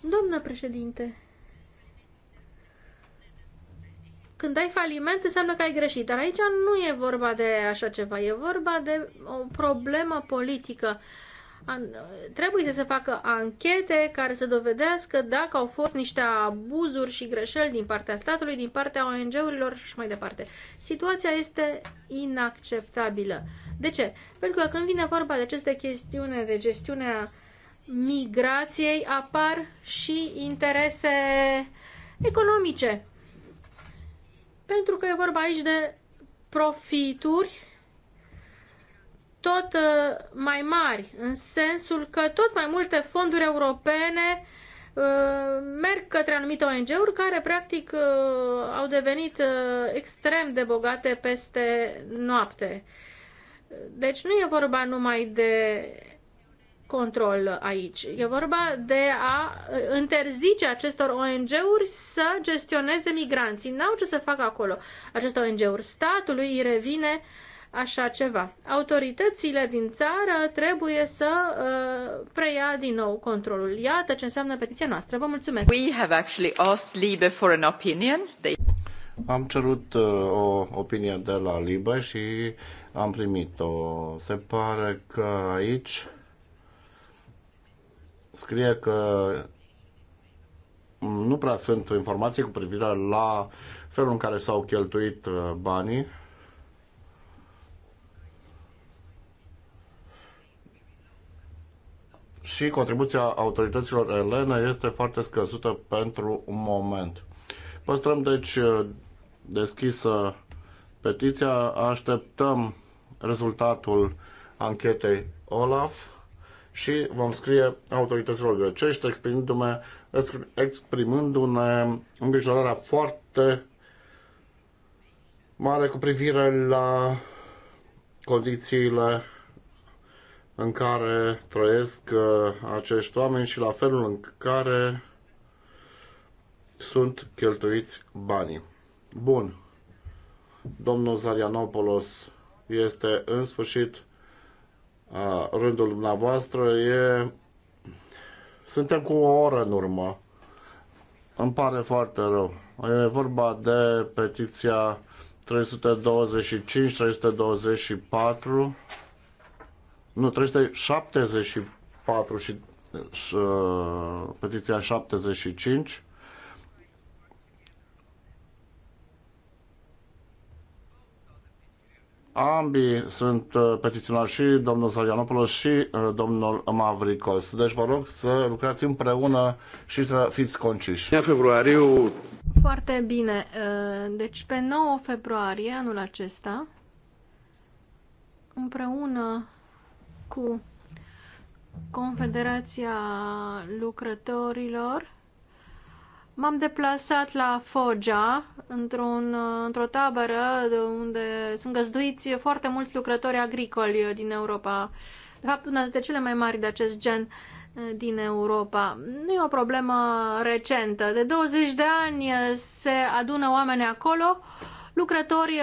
Domnă președinte, când ai faliment înseamnă că ai greșit, dar aici nu e vorba de așa ceva, e vorba de o problemă politică. Uh, trebuie să se facă anchete care să dovedească dacă au fost niște abuzuri și greșeli din partea statului, din partea ONG-urilor și mai departe. Situația este inacceptabilă. De ce? Pentru că când vine vorba de aceste chestiune de gestiunea migrației, apar și interese economice. Pentru că e vorba aici de profituri tot uh, mai mari, în sensul că tot mai multe fonduri europene uh, merg către anumite ONG-uri care practic uh, au devenit extrem de bogate peste noapte. Deci nu e vorba numai de control aici. E vorba de a interzice acestor ONG-uri să gestioneze migranții. N-au ce să facă acolo. Aceste ONG-uri statului îi revine uh, așa ceva. Autoritățile din țară trebuie să uh, preia din nou controlul. Iată ce înseamnă petiția noastră. Vă mulțumesc! We have actually asked Libe for an opinion. They... Am cerut uh, o opinie de la Libe și am primit-o. Se pare că aici scrie că nu prea sunt informații cu privire la felul în care s-au cheltuit uh, banii și contribuția autorităților elene este foarte scăzută pentru un moment. Păstrăm deci deschisă petiția, așteptăm rezultatul anchetei OLAF și vom scrie autorităților grecești exprimându-ne, exprimându-ne îngrijorarea foarte mare cu privire la condițiile în care trăiesc uh, acești oameni și la felul în care sunt cheltuiți banii. Bun. Domnul Zarianopoulos este în sfârșit uh, rândul dumneavoastră. E... Suntem cu o oră în urmă. Îmi pare foarte rău. E vorba de petiția 325-324 nu, 374 și uh, petiția 75 Ambii sunt uh, petiționari și domnul Sarianopoulos și uh, domnul Mavricos. Deci vă rog să lucrați împreună și să fiți conciși. În februarie... Foarte bine. Uh, deci pe 9 februarie anul acesta, împreună cu Confederația Lucrătorilor. M-am deplasat la Foggia, într-un, într-o tabără de unde sunt găzduiți foarte mulți lucrători agricoli din Europa. De fapt, una dintre cele mai mari de acest gen eh, din Europa. Nu e o problemă recentă. De 20 de ani se adună oameni acolo uh, lucrători uh,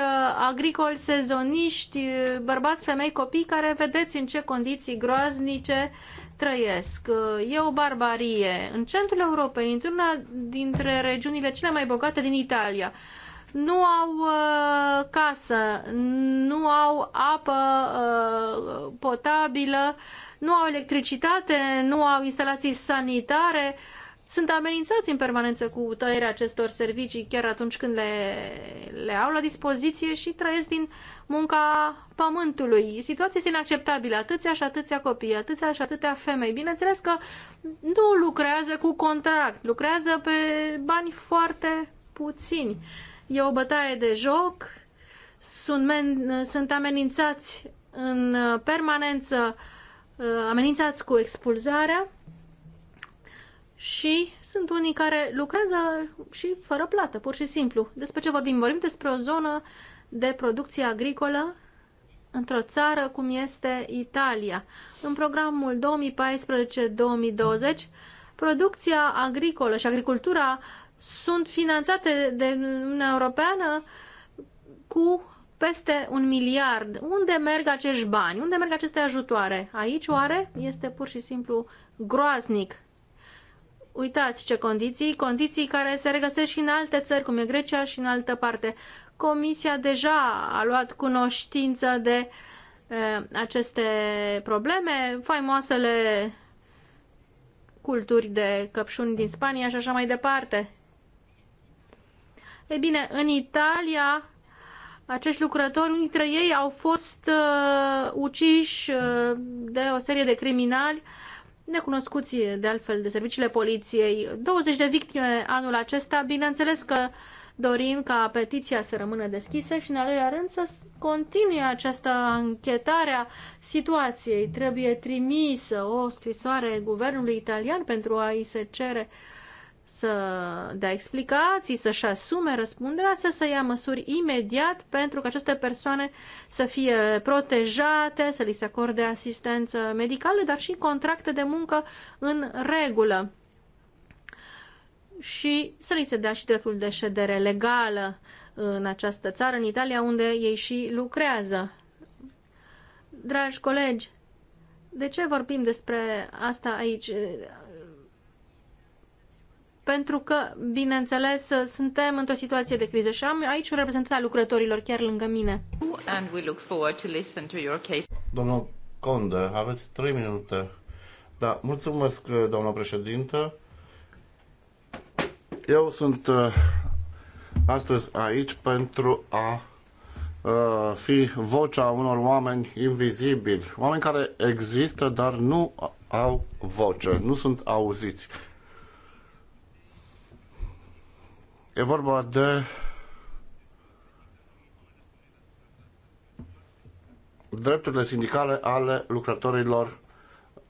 agricoli, sezoniști, uh, bărbați, femei, copii, care vedeți în ce condiții groaznice trăiesc. Uh, e o barbarie. În centrul Europei, într-una dintre regiunile cele mai bogate din Italia, nu au casă, nu au apă potabilă, nu au electricitate, nu au instalații sanitare, sunt amenințați în permanență cu tăierea acestor servicii chiar atunci când le, le au la dispoziție și trăiesc din munca pământului. Situația este inacceptabilă. Atâția și atâția copii, atâția și atâtea femei. Bineînțeles că nu lucrează cu contract, lucrează pe bani foarte puțini. E o bătaie de joc, sunt, men, sunt amenințați în permanență, amenințați cu expulzarea și sunt unii care lucrează și fără plată, pur și simplu. Despre ce vorbim? Vorbim despre o zonă de producție agricolă într-o țară cum este Italia. În programul 2014-2020, producția agricolă și agricultura sunt finanțate de Uniunea Europeană cu peste un miliard. Unde merg acești bani? Unde merg aceste ajutoare? Aici oare este pur și simplu groaznic. Uitați ce condiții, condiții care se regăsesc și în alte țări, cum e Grecia și în altă parte. Comisia deja a luat cunoștință de e, aceste probleme, faimoasele culturi de căpșuni din Spania și așa mai departe. Ei bine, în Italia, acești lucrători, unii dintre ei au fost uh, uciși uh, de o serie de criminali uh, necunoscuți de altfel de serviciile poliției. 20 de victime anul acesta, bineînțeles că dorim ca petiția să rămână deschisă și în al doilea rând să continue această anchetare a situației. Trebuie trimisă o scrisoare guvernului italian pentru a-i se cere uh, să dea explicații, să-și asume răspunderea, să se ia măsuri imediat pentru că aceste persoane să fie protejate, să li se acorde asistență medicală, dar și contracte de muncă în regulă și să li se dea și dreptul de ședere legală în această țară, în Italia, unde ei și lucrează. Dragi colegi, de ce vorbim despre asta aici? pentru că, bineînțeles, suntem într-o situație de criză și am aici un reprezentant al lucrătorilor chiar lângă mine. And we look forward to listen to your case. Domnul Condă, aveți 3 minute. Da, mulțumesc, doamna președintă. Eu sunt uh, astăzi aici pentru a uh, fi vocea unor oameni invizibili, oameni care există, dar nu au voce, nu sunt auziți. E vorba de drepturile sindicale ale lucrătorilor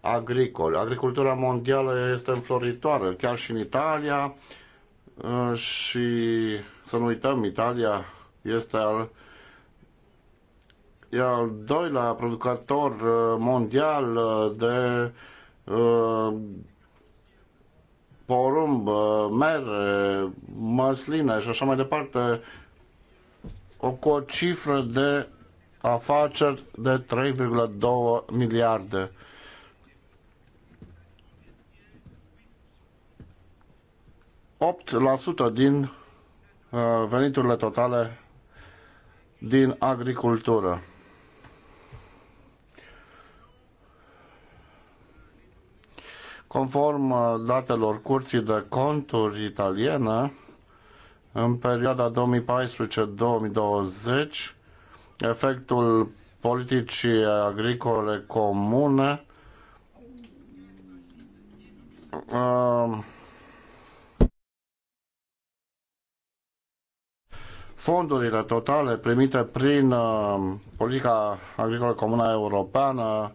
agricoli. Agricultura mondială este înfloritoare, chiar și în Italia uh, și să nu uităm, Italia este al e al doilea producător uh, mondial uh, de porumb, mere, măsline și așa mai departe, o, cu o cifră de afaceri de 3,2 miliarde. sută din uh, veniturile totale din agricultură. Conform uh, datelor Curții de Conturi italiene, în perioada 2014-2020, efectul politicii agricole comune uh, fondurile totale primite prin uh, politica agricolă comună europeană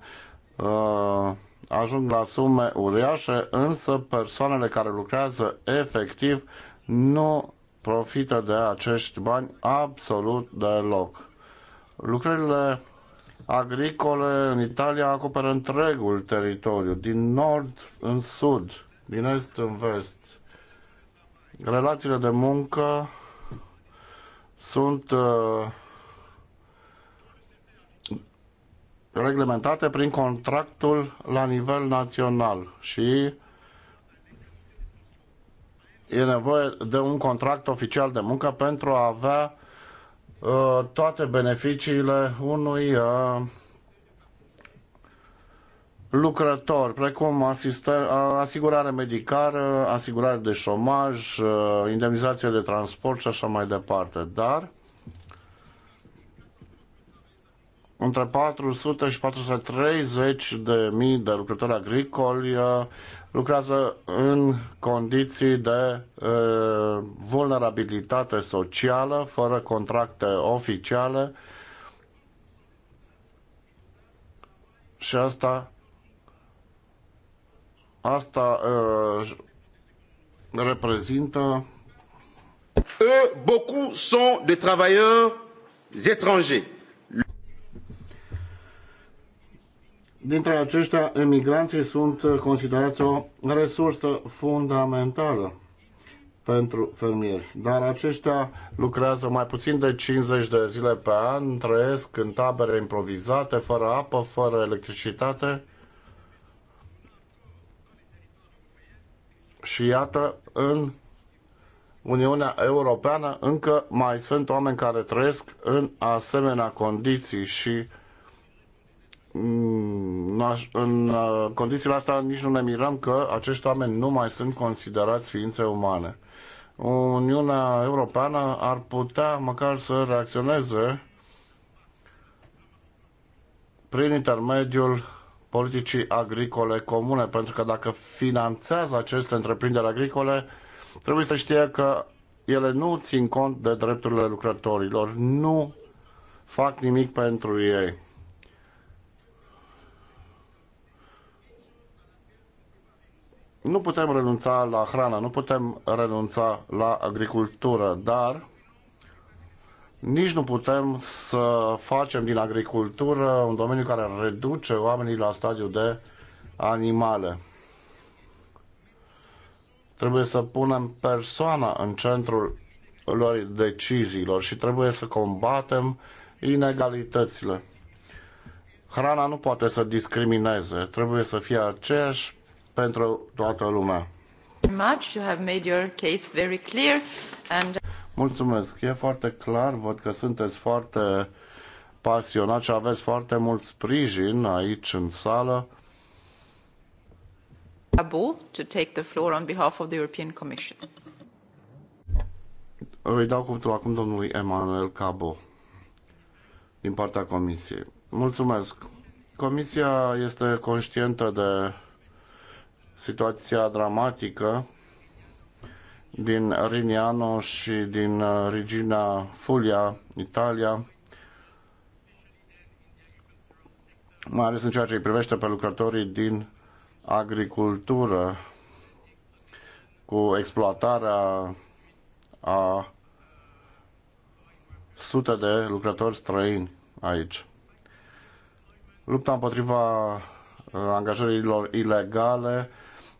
ajung la sume uriașe, însă persoanele care lucrează efectiv nu profită de acești bani absolut deloc. Lucrările agricole în Italia acoperă întregul teritoriu, din nord în sud, din est în vest. Relațiile de muncă sunt uh, reglementate prin contractul la nivel național și e nevoie de un contract oficial de muncă pentru a avea uh, toate beneficiile unui uh, lucrător, precum uh, asigurare medicală, asigurare de șomaj, uh, indemnizație de transport și așa mai departe. Dar între 400 și 430 de mii de lucrători agricoli uh, lucrează în condiții de uh, vulnerabilitate socială, fără contracte oficiale și asta asta uh, reprezintă Eux, beaucoup sont de travailleurs étrangers Dintre aceștia, emigranții sunt uh, considerați o resursă fundamentală pentru fermieri, dar aceștia lucrează mai puțin de 50 de zile pe an, trăiesc în tabere improvizate, fără apă, fără electricitate. Și iată, în Uniunea Europeană încă mai sunt oameni care trăiesc în asemenea condiții și în uh, condițiile astea nici nu ne mirăm că acești oameni nu mai sunt considerați ființe umane. Uniunea Europeană ar putea măcar să reacționeze prin intermediul politicii agricole comune, pentru că dacă finanțează aceste întreprinderi agricole, trebuie să știe că ele nu țin cont de drepturile lucrătorilor, nu fac nimic pentru ei. Nu putem renunța la hrană, nu putem renunța la agricultură, dar nici nu putem să facem din agricultură un domeniu care reduce oamenii la stadiu de animale. Trebuie să punem persoana în centrul lor deciziilor și trebuie să combatem inegalitățile. Hrana nu poate să discrimineze, trebuie să fie aceeași pentru toată lumea. Much. You have made your case very clear and... Mulțumesc, e foarte clar, văd că sunteți foarte pasionat și aveți foarte mult sprijin aici în sală. Abu to take the floor on behalf of the European Commission. Îi dau cuvântul acum domnului Emanuel Cabo din partea Comisiei. Mulțumesc. Comisia este conștientă de situația dramatică din Rignano și din uh, Regina Fulia, Italia, mai ales în ceea ce îi privește pe lucrătorii din agricultură, cu exploatarea a sute de lucrători străini aici. Lupta împotriva uh, angajărilor ilegale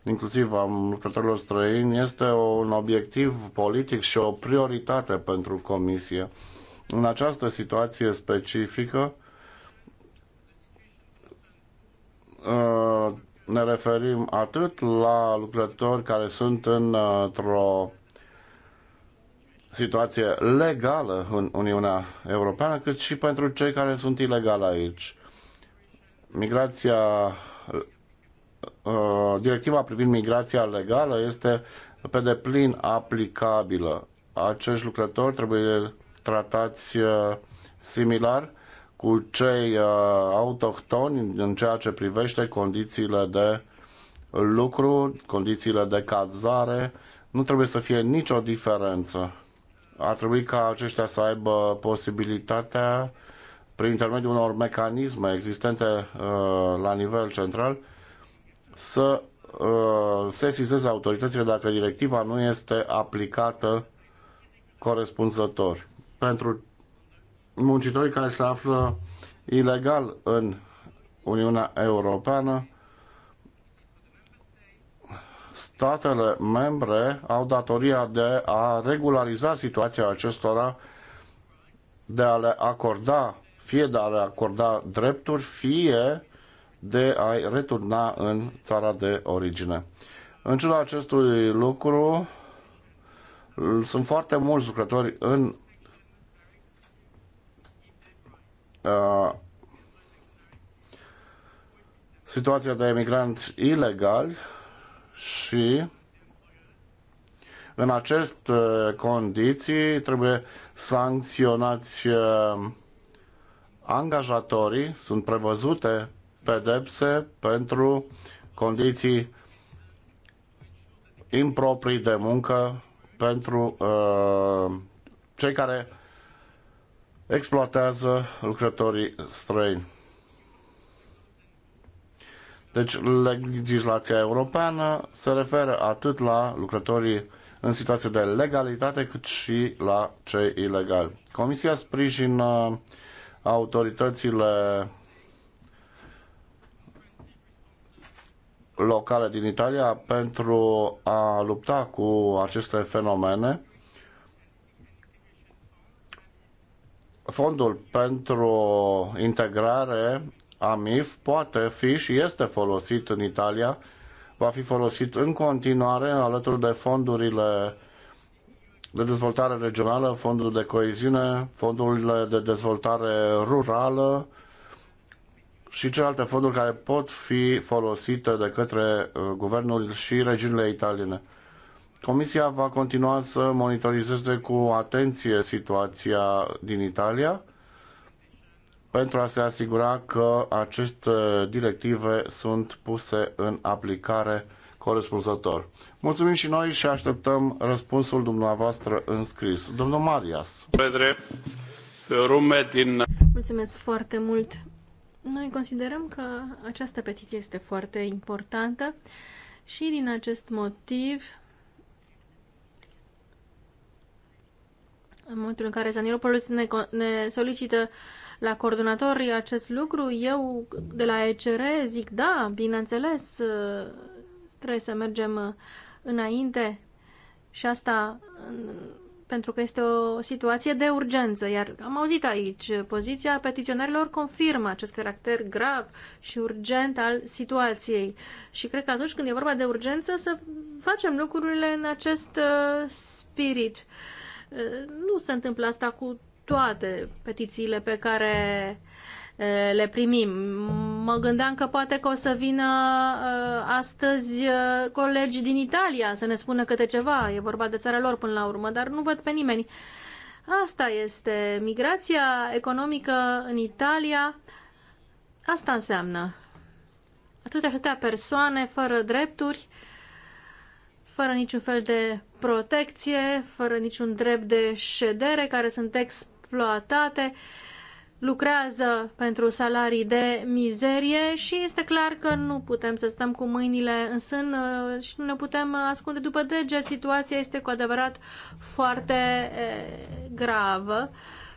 inclusiv a lucrătorilor străini, este un obiectiv politic și o prioritate pentru Comisie. În această situație specifică, uh, ne referim atât la lucrători care sunt într-o situație legală în Uniunea Europeană, cât și pentru cei care sunt ilegali aici. Migrația Uh, directiva privind migrația legală este pe deplin aplicabilă. Acești lucrători trebuie tratați uh, similar cu cei uh, autohtoni în ceea ce privește condițiile de lucru, condițiile de cazare. Nu trebuie să fie nicio diferență. Ar trebui ca aceștia să aibă posibilitatea prin intermediul unor mecanisme existente la nivel central să uh, sesizeze autoritățile dacă directiva nu este aplicată corespunzător. Pentru muncitorii care se află ilegal în Uniunea Europeană, statele membre au datoria de a regulariza situația acestora, de a le acorda, fie de a le acorda drepturi, fie de a-i returna în țara de origine. În ciuda acestui lucru, sunt foarte mulți lucrători în uh, situația de emigranți ilegali și în aceste condiții trebuie sancționați angajatorii, sunt prevăzute pedepse pentru condiții improprii de muncă pentru uh, cei care exploatează lucrătorii străini. Deci legislația europeană se referă atât la lucrătorii în situație de legalitate cât și la cei ilegali. Comisia sprijină autoritățile locale din Italia pentru a lupta cu aceste fenomene. Fondul pentru integrare AMIF poate fi și este folosit în Italia, va fi folosit în continuare alături de fondurile de dezvoltare regională, fondul de coeziune, fondurile de dezvoltare rurală, și celelalte fonduri care pot fi folosite de către uh, guvernul și regiunile italiene. Comisia va continua să monitorizeze cu atenție situația din Italia pentru a se asigura că aceste directive sunt puse în aplicare corespunzător. Mulțumim și noi și așteptăm răspunsul dumneavoastră în scris. Domnul Marias. Mulțumesc foarte mult. Noi considerăm că această petiție este foarte importantă și din acest motiv, în momentul în care Zaniropoulos ne, ne solicită la coordonatorii acest lucru, eu de la ECR zic da, bineînțeles, trebuie să mergem înainte și asta pentru că este o situație de urgență, iar am auzit aici, poziția petiționarilor confirmă acest caracter grav și urgent al situației. Și cred că atunci când e vorba de urgență, să facem lucrurile în acest uh, spirit. Uh, nu se întâmplă asta cu toate petițiile pe care Eh, le primim. Mă gândeam că poate că o să vină eh, astăzi eh, colegi din Italia să ne spună câte ceva. E vorba de țara lor până la urmă, dar nu văd pe nimeni. Asta este migrația economică în Italia. Asta înseamnă atâtea atâtea persoane fără drepturi, fără niciun fel de protecție, fără niciun drept de ședere, care sunt exploatate. Uh, lucrează pentru salarii de mizerie și este clar că nu putem să stăm cu mâinile în sân uh, și nu ne putem ascunde după deget. Situația este cu adevărat foarte eh, gravă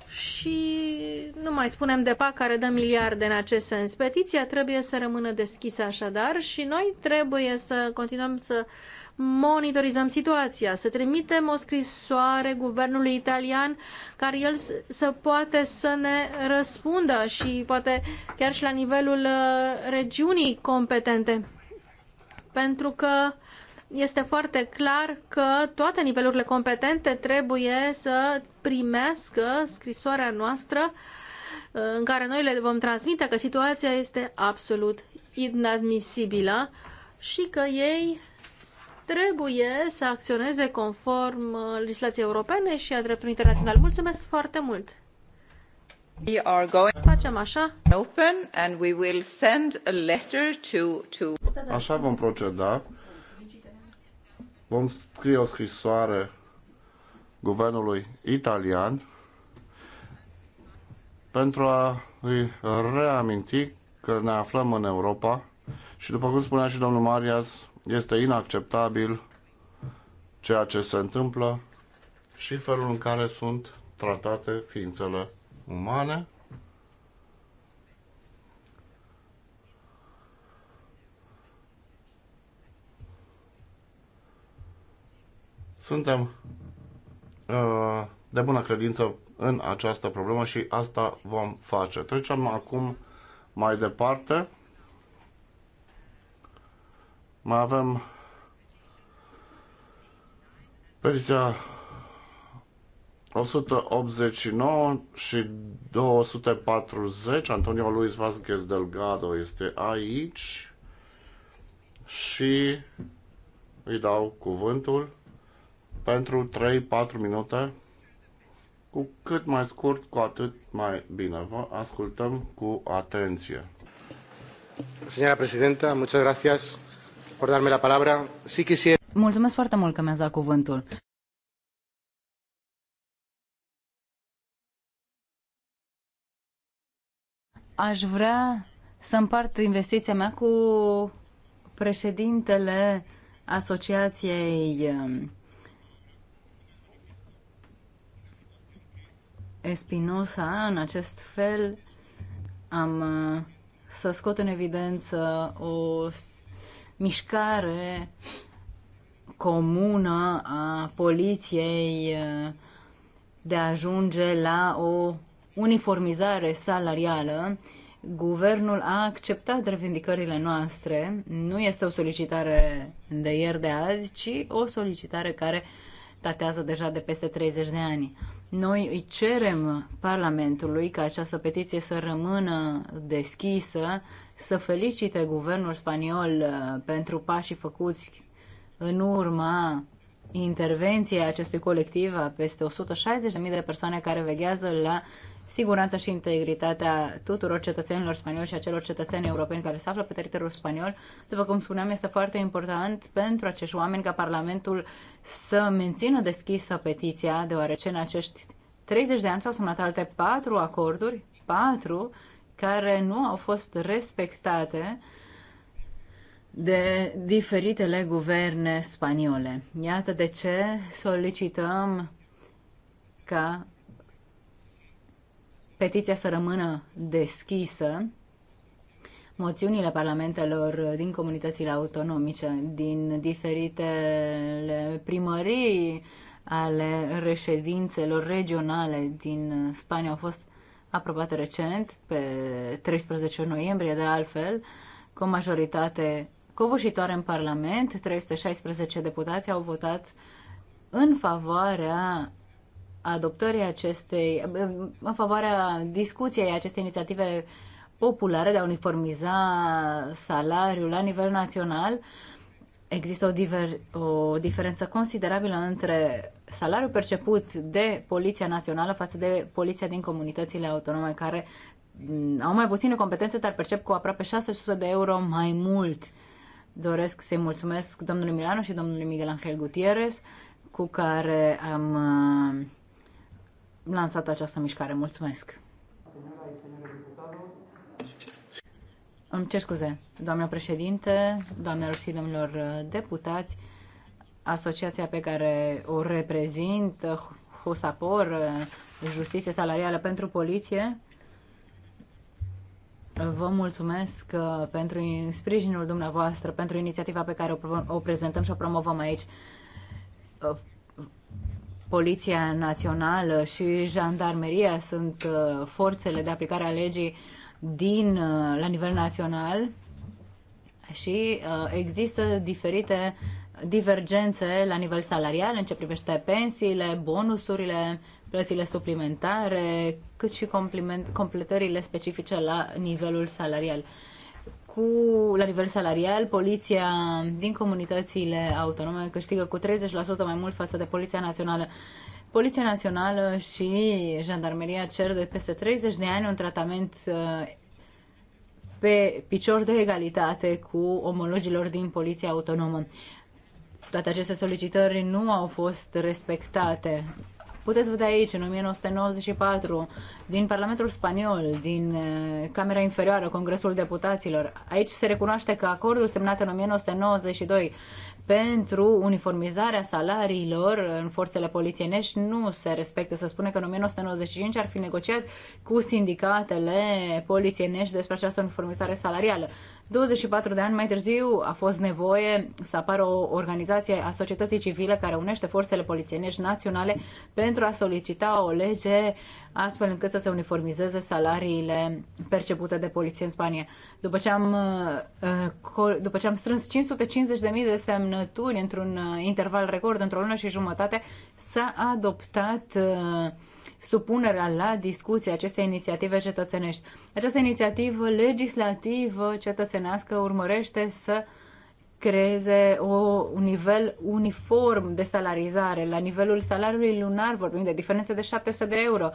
și nu mai spunem de PAC care dă miliarde în acest sens. Petiția trebuie să rămână deschisă așadar și noi trebuie să continuăm să monitorizăm situația, să trimitem o scrisoare guvernului italian care el să poate să ne răspundă și poate chiar și la nivelul uh, regiunii competente. Pentru că este foarte clar că toate nivelurile competente trebuie să primească scrisoarea noastră uh, în care noi le vom transmite că situația este absolut inadmisibilă și că ei trebuie să acționeze conform uh, legislației europene și a dreptului internațional. Mulțumesc foarte mult! We are going Facem așa. Open and we will send a letter to, to... Așa vom proceda. Vom scrie o scrisoare guvernului italian pentru a îi reaminti că ne aflăm în Europa și după cum spunea și domnul Marias, este inacceptabil ceea ce se întâmplă și felul în care sunt tratate ființele umane. Suntem uh, de bună credință în această problemă și asta vom face. Trecem acum mai departe. Mai avem petiția 189 și 240. Antonio Luis Vazquez Delgado este aici și îi dau cuvântul pentru 3-4 minute. Cu cât mai scurt, cu atât mai bine. Vă ascultăm cu atenție. Señora Presidenta, muchas gracias por darme la palabra. Sí quisiera... Mulțumesc foarte mult că mi-ați dat cuvântul. Aș vrea să împart investiția mea cu președintele Asociației um, Espinosa. În acest fel am uh, să scot în evidență o mișcare comună a poliției eh, de a ajunge la o uniformizare salarială, guvernul a acceptat revendicările noastre. Nu este o solicitare de ieri de azi, ci o solicitare care datează deja de peste 30 de ani. Noi îi cerem Parlamentului ca această petiție să rămână deschisă, să felicite guvernul spaniol uh, pentru pașii făcuți în urma intervenției acestui colectiv a peste 160.000 de persoane care veghează la siguranța și integritatea tuturor cetățenilor spanioli și a celor cetățeni europeni care se află pe teritoriul spaniol. După cum spuneam, este foarte important pentru acești oameni ca Parlamentul să mențină deschisă petiția, deoarece în acești 30 de ani s-au semnat alte patru acorduri, patru care nu au fost respectate de diferitele guverne spaniole. Iată de ce solicităm ca petiția să rămână deschisă. Moțiunile parlamentelor din comunitățile autonomice, din diferitele primării ale reședințelor regionale din Spania au fost aprobate recent, pe 13 noiembrie de altfel, cu o majoritate covârșitoare în Parlament. 316 deputați au votat în favoarea adoptării acestei, în favoarea discuției acestei inițiative populare de a uniformiza salariul la nivel național, există o, diver, o diferență considerabilă între salariul perceput de Poliția Națională față de Poliția din comunitățile autonome care mm, au mai puține competențe, dar percep cu aproape 600 de euro mai mult. Doresc să-i mulțumesc domnului Milano și domnului Miguel Angel Gutierrez, cu care am lansat această mișcare. Mulțumesc! Îmi cer scuze, doamnă președinte, doamnelor și domnilor uh, deputați, asociația pe care o reprezint, uh, HUSAPOR, uh, Justiție Salarială pentru Poliție, Vă mulțumesc pentru sprijinul dumneavoastră, pentru inițiativa pe care o prezentăm și o promovăm aici. Poliția Națională și Jandarmeria sunt uh, forțele de aplicare a legii din, uh, la nivel național și uh, există diferite divergențe la nivel salarial în ce privește pensiile, bonusurile, plățile suplimentare, cât și completările specifice la nivelul salarial cu, la nivel salarial, poliția din comunitățile autonome câștigă cu 30% mai mult față de Poliția Națională. Poliția Națională și Jandarmeria cer de peste 30 de ani un tratament uh, pe picior de egalitate cu omologilor din Poliția Autonomă. Toate aceste solicitări nu au fost respectate Puteți vedea aici, în 1994, din Parlamentul Spaniol, din eh, Camera Inferioară, Congresul Deputaților. Aici se recunoaște că acordul semnat în 1992 pentru uniformizarea salariilor în forțele polițienești nu se respectă. Se spune că în 1995 ar fi negociat cu sindicatele polițienești despre această uniformizare salarială. 24 de ani mai târziu a fost nevoie să apară o organizație a societății civile care unește forțele polițienești naționale pentru a solicita o lege astfel încât să se uniformizeze salariile percepute de poliție în Spania. După ce am, uh, după ce am strâns 550.000 de semnături într-un uh, interval record, într-o lună și jumătate, s-a adoptat uh, supunerea la discuție acestei inițiative cetățenești. Această inițiativă legislativă cetățenească urmărește să creeze o, un nivel uniform de salarizare. La nivelul salariului lunar vorbim de diferențe de 700 de euro.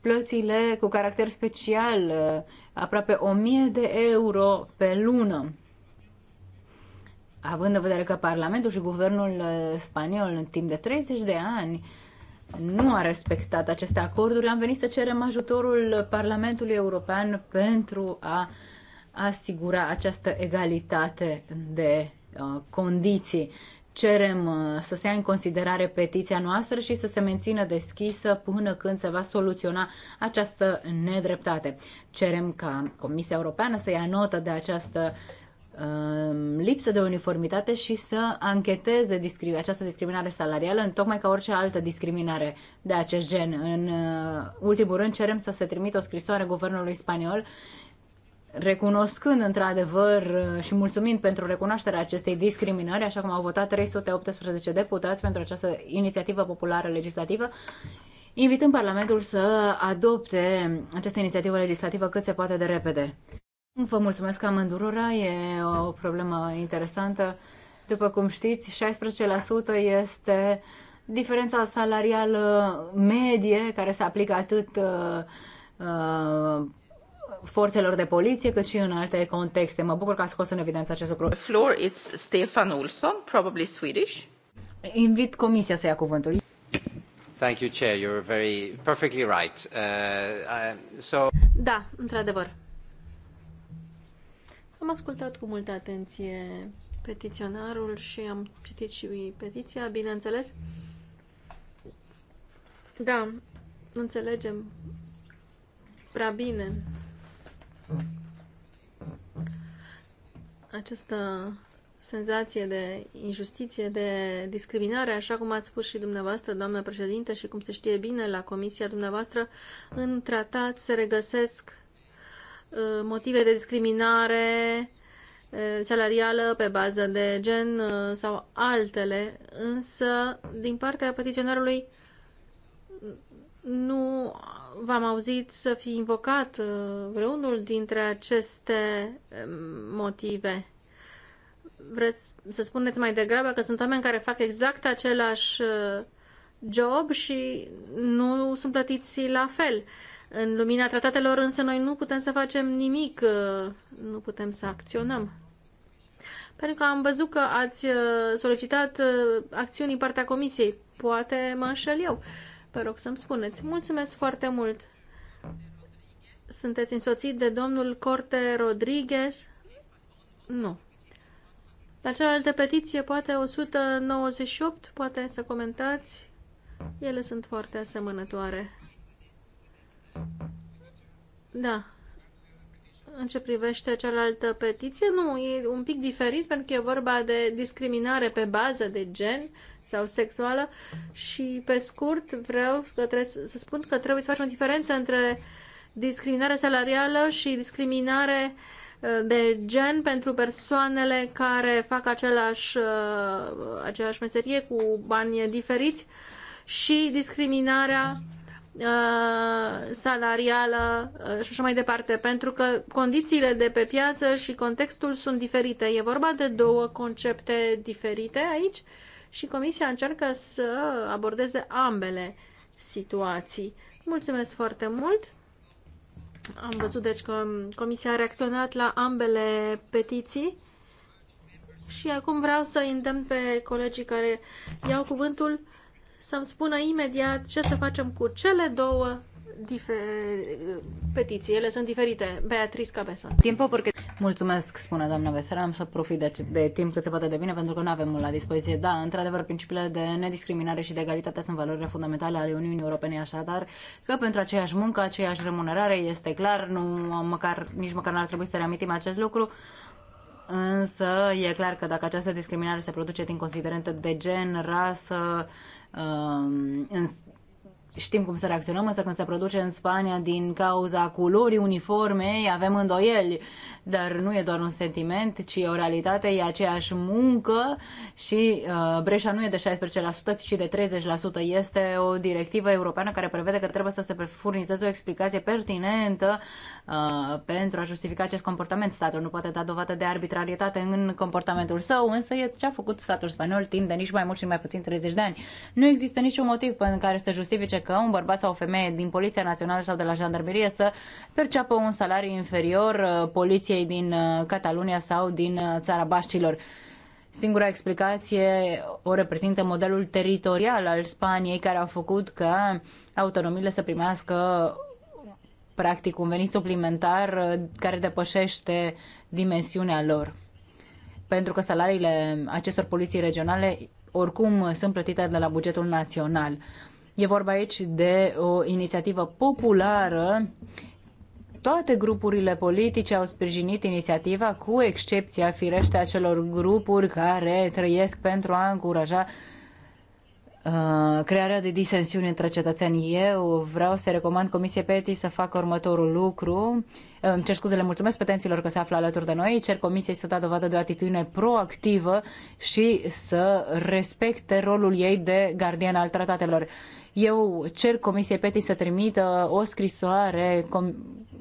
Plățile cu caracter special, eh, aproape 1000 de euro pe lună. Având în vedere că Parlamentul și Guvernul eh, spaniol în timp de 30 de ani nu a respectat aceste acorduri, am venit să cerem ajutorul Parlamentului European pentru a asigura această egalitate de uh, condiții. Cerem uh, să se ia în considerare petiția noastră și să se mențină deschisă până când se va soluționa această nedreptate. Cerem ca Comisia Europeană să ia notă de această uh, Um, lipsă de uniformitate și să ancheteze această discriminare salarială, în tocmai ca orice altă discriminare de acest gen. În uh, ultimul rând, cerem să se trimită o scrisoare guvernului spaniol recunoscând într-adevăr uh, și mulțumind pentru recunoașterea acestei discriminări, așa cum au votat 318 deputați pentru această inițiativă populară legislativă, invitând Parlamentul să adopte această inițiativă legislativă cât se poate de repede. Vă mulțumesc amândurora, e o problemă interesantă. După cum știți, 16% este diferența salarială medie care se aplică atât uh, uh, forțelor de poliție, cât și în alte contexte. Mă bucur că a scos în evidență acest lucru. Floor, is Stefan Olsson, probably Swedish. Invit comisia să ia cuvântul. Thank you, Chair. You're very perfectly right. Uh, uh, so... Da, într-adevăr. Am ascultat cu multă atenție petiționarul și am citit și petiția, bineînțeles. Da, înțelegem prea bine această senzație de injustiție, de discriminare, așa cum ați spus și dumneavoastră, doamnă președinte, și cum se știe bine la comisia dumneavoastră, în tratat se regăsesc Uh, motive de discriminare uh, salarială pe bază de gen uh, sau altele, însă din partea petiționarului nu v-am auzit să fi invocat vreunul dintre aceste um, motive. Vreți să spuneți mai degrabă că sunt oameni care fac exact același job și nu sunt plătiți la fel. În lumina tratatelor însă noi nu putem să facem nimic, uh, nu putem să acționăm. Pentru că am văzut că ați uh, solicitat uh, acțiuni în partea comisiei. Poate mă înșel eu. Vă rog să-mi spuneți. Mulțumesc foarte mult. Sunteți însoțit de domnul Corte Rodriguez? Nu. La cealaltă petiție, poate 198, poate să comentați. Ele sunt foarte asemănătoare. Da. În ce privește cealaltă petiție, nu, e un pic diferit pentru că e vorba de discriminare pe bază de gen sau sexuală și pe scurt vreau că să spun că trebuie să facem o diferență între discriminare salarială și discriminare uh, de gen pentru persoanele care fac același, uh, aceeași meserie cu bani diferiți și discriminarea Uh, salarială uh, și așa mai departe, pentru că condițiile de pe piață și contextul sunt diferite. E vorba de două concepte diferite aici și Comisia încearcă să abordeze ambele situații. Mulțumesc foarte mult! Am văzut deci că Comisia a reacționat la ambele petiții și acum vreau să îndemn pe colegii care iau cuvântul să-mi spună imediat ce să facem cu cele două petiții. Ele sunt diferite. Beatrice, Cabeson. Timpul porque... Mulțumesc, spune doamna Vesera, Am să profit de, de timp cât se poate de bine, pentru că nu avem mult la dispoziție. Da, într-adevăr, principiile de nediscriminare și de egalitate sunt valorile fundamentale ale Uniunii Europene, așadar că pentru aceeași muncă, aceeași remunerare, este clar, nu, măcar, nici măcar n-ar trebui să reamintim acest lucru. Însă e clar că dacă această discriminare se produce din considerente de gen, rasă, Um, în, știm cum să reacționăm, însă când se produce în Spania din cauza culorii uniformei, avem îndoieli dar nu e doar un sentiment, ci e o realitate, e aceeași muncă și uh, breșa nu e de 16%, ci de 30%. Este o directivă europeană care prevede că trebuie să se furnizeze o explicație pertinentă uh, pentru a justifica acest comportament. Statul nu poate da dovadă de arbitrarietate în comportamentul său, însă e ce a făcut statul spaniol timp de nici mai mult și mai puțin 30 de ani. Nu există niciun motiv pentru care să justifice că un bărbat sau o femeie din Poliția Națională sau de la Jandarmerie să perceapă un salariu inferior uh, poliției opoziției din uh, Catalunia sau din uh, țara Baștilor. Singura explicație o reprezintă modelul teritorial al Spaniei care a făcut ca autonomiile să primească practic un venit suplimentar uh, care depășește dimensiunea lor. Pentru că salariile acestor poliții regionale oricum sunt plătite de la bugetul național. E vorba aici de o inițiativă populară toate grupurile politice au sprijinit inițiativa, cu excepția firește a celor grupuri care trăiesc pentru a încuraja uh, crearea de disensiuni între cetățeni. Eu vreau să recomand Comisiei PETI să facă următorul lucru. Uh, îmi cer scuze, le mulțumesc petenților că se află alături de noi. Cer Comisiei să dea dovadă de o atitudine proactivă și să respecte rolul ei de gardian al tratatelor. Eu cer Comisiei PETI să trimită o scrisoare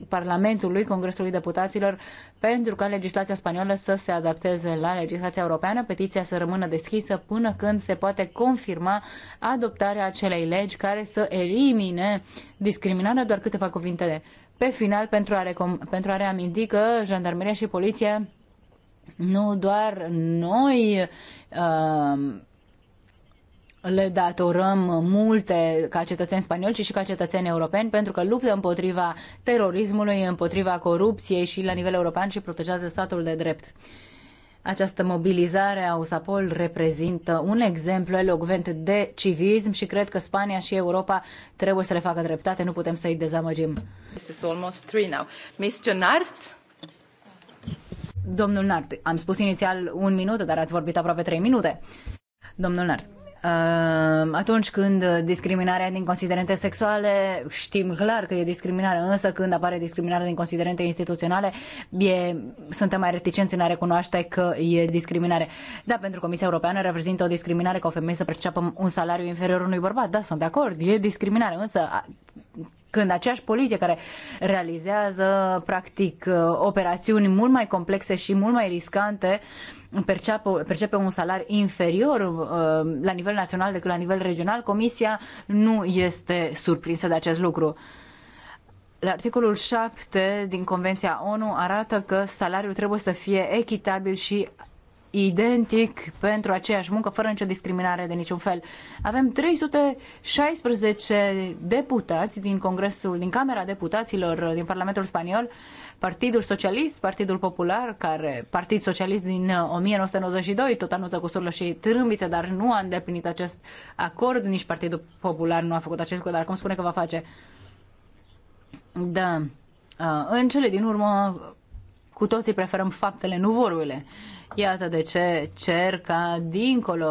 Parlamentului, Congresului Deputaților, pentru ca legislația spaniolă să se adapteze la legislația europeană, petiția să rămână deschisă până când se poate confirma adoptarea acelei legi care să elimine discriminarea. Doar câteva cuvinte de pe final pentru a, recom- pentru a reaminti că jandarmeria și poliția nu doar noi uh, le datorăm multe ca cetățeni spanioli, ci și ca cetățeni europeni, pentru că luptă împotriva terorismului, împotriva corupției și la nivel european și protejează statul de drept. Această mobilizare a USAPOL reprezintă un exemplu elogvent de civism și cred că Spania și Europa trebuie să le facă dreptate, nu putem să îi dezamăgim. This is almost three now. Mr. Nart? Domnul Nart, am spus inițial un minut, dar ați vorbit aproape trei minute. Domnul Nart. Ehm, atunci când discriminarea din considerente sexuale, știm clar că e discriminare, însă când apare discriminarea din considerente instituționale, e, suntem mai reticenți în a recunoaște că e discriminare. Da, pentru Comisia Europeană reprezintă o discriminare ca o femeie să perceapă un salariu inferior unui bărbat. Da, sunt de acord, e discriminare, însă când aceeași poliție care realizează practic uh, operațiuni mult mai complexe și mult mai riscante perceapă, percepe un salariu inferior uh, la nivel național decât la nivel regional, comisia nu este surprinsă de acest lucru. La articolul 7 din Convenția ONU arată că salariul trebuie să fie echitabil și identic pentru aceeași muncă, fără nicio discriminare de niciun fel. Avem 316 deputați din Congresul, din Camera Deputaților din Parlamentul Spaniol, Partidul Socialist, Partidul Popular, care Partid Socialist din 1992, uh, tot anunță cu surlă și trâmbițe, dar nu a îndeplinit acest acord, nici Partidul Popular nu a făcut acest lucru, dar cum spune că va face? Da. Uh, în cele din urmă, cu toții preferăm faptele, nu vorurile. Uh, Iată de ce cer ca, dincolo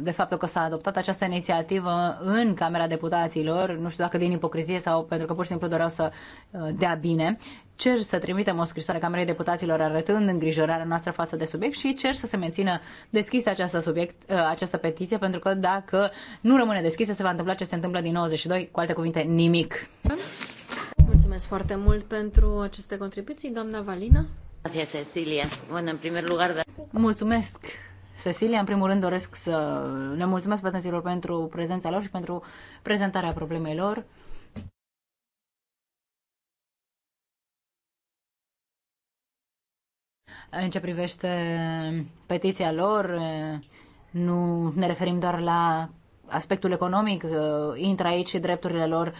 de faptul că s-a adoptat această inițiativă în Camera Deputaților, nu știu dacă din ipocrizie sau pentru că pur și simplu doreau să uh, dea bine, cer să trimitem o scrisoare Camerei Deputaților arătând îngrijorarea noastră față de subiect și cer să se mențină deschisă această, subiect, uh, această petiție, pentru că dacă nu rămâne deschisă, se va întâmpla ce se întâmplă din 92, cu alte cuvinte, nimic. Mulțumesc foarte mult pentru aceste contribuții, doamna Valina. Gracias, Cecilia. Bueno, în primer lugar... Mulțumesc, Cecilia. În primul rând doresc să le mulțumesc pătenților pentru prezența lor și pentru prezentarea problemelor. În ce privește petiția lor, nu ne referim doar la aspectul economic, intră aici și drepturile lor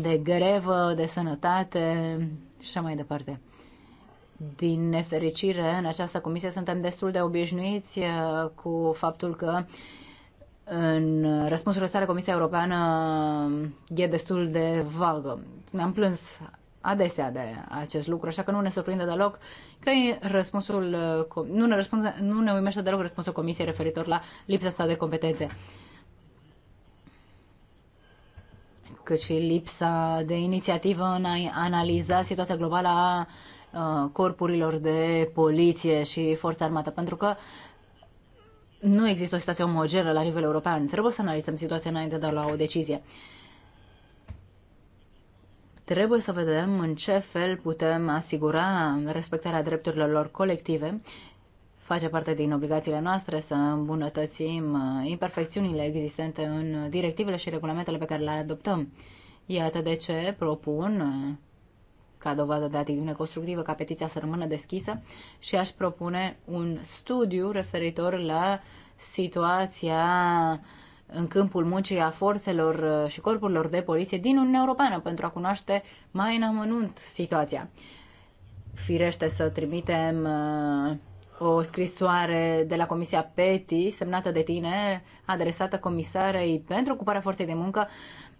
de grevă, de sănătate și așa mai departe. Din nefericire, în această comisie suntem destul de obișnuiți uh, cu faptul că în răspunsul sale Comisia Europeană e destul de vagă. Ne-am plâns adesea de acest lucru, așa că nu ne surprinde deloc că răspunsul, uh, nu ne, răspunde, nu ne uimește deloc răspunsul Comisiei referitor la lipsa sa de competențe. Cât și lipsa de inițiativă în a analiza situația globală a Uh, corpurilor de poliție și forță armată, pentru că nu există o situație omogenă la nivel european. Trebuie să analizăm situația înainte de a lua o decizie. Trebuie să vedem în ce fel putem asigura respectarea drepturilor lor colective. Face parte din obligațiile noastre să îmbunătățim uh, imperfecțiunile existente în directivele și regulamentele pe care le adoptăm. Iată de ce propun uh, ca dovadă de atitudine constructivă ca petiția să rămână deschisă și aș propune un studiu referitor la situația în câmpul muncii a forțelor și corpurilor de poliție din Uniunea Europeană pentru a cunoaște mai în amănunt situația. Firește să trimitem uh, o scrisoare de la Comisia PETI semnată de tine, adresată comisarei pentru ocuparea forței de muncă,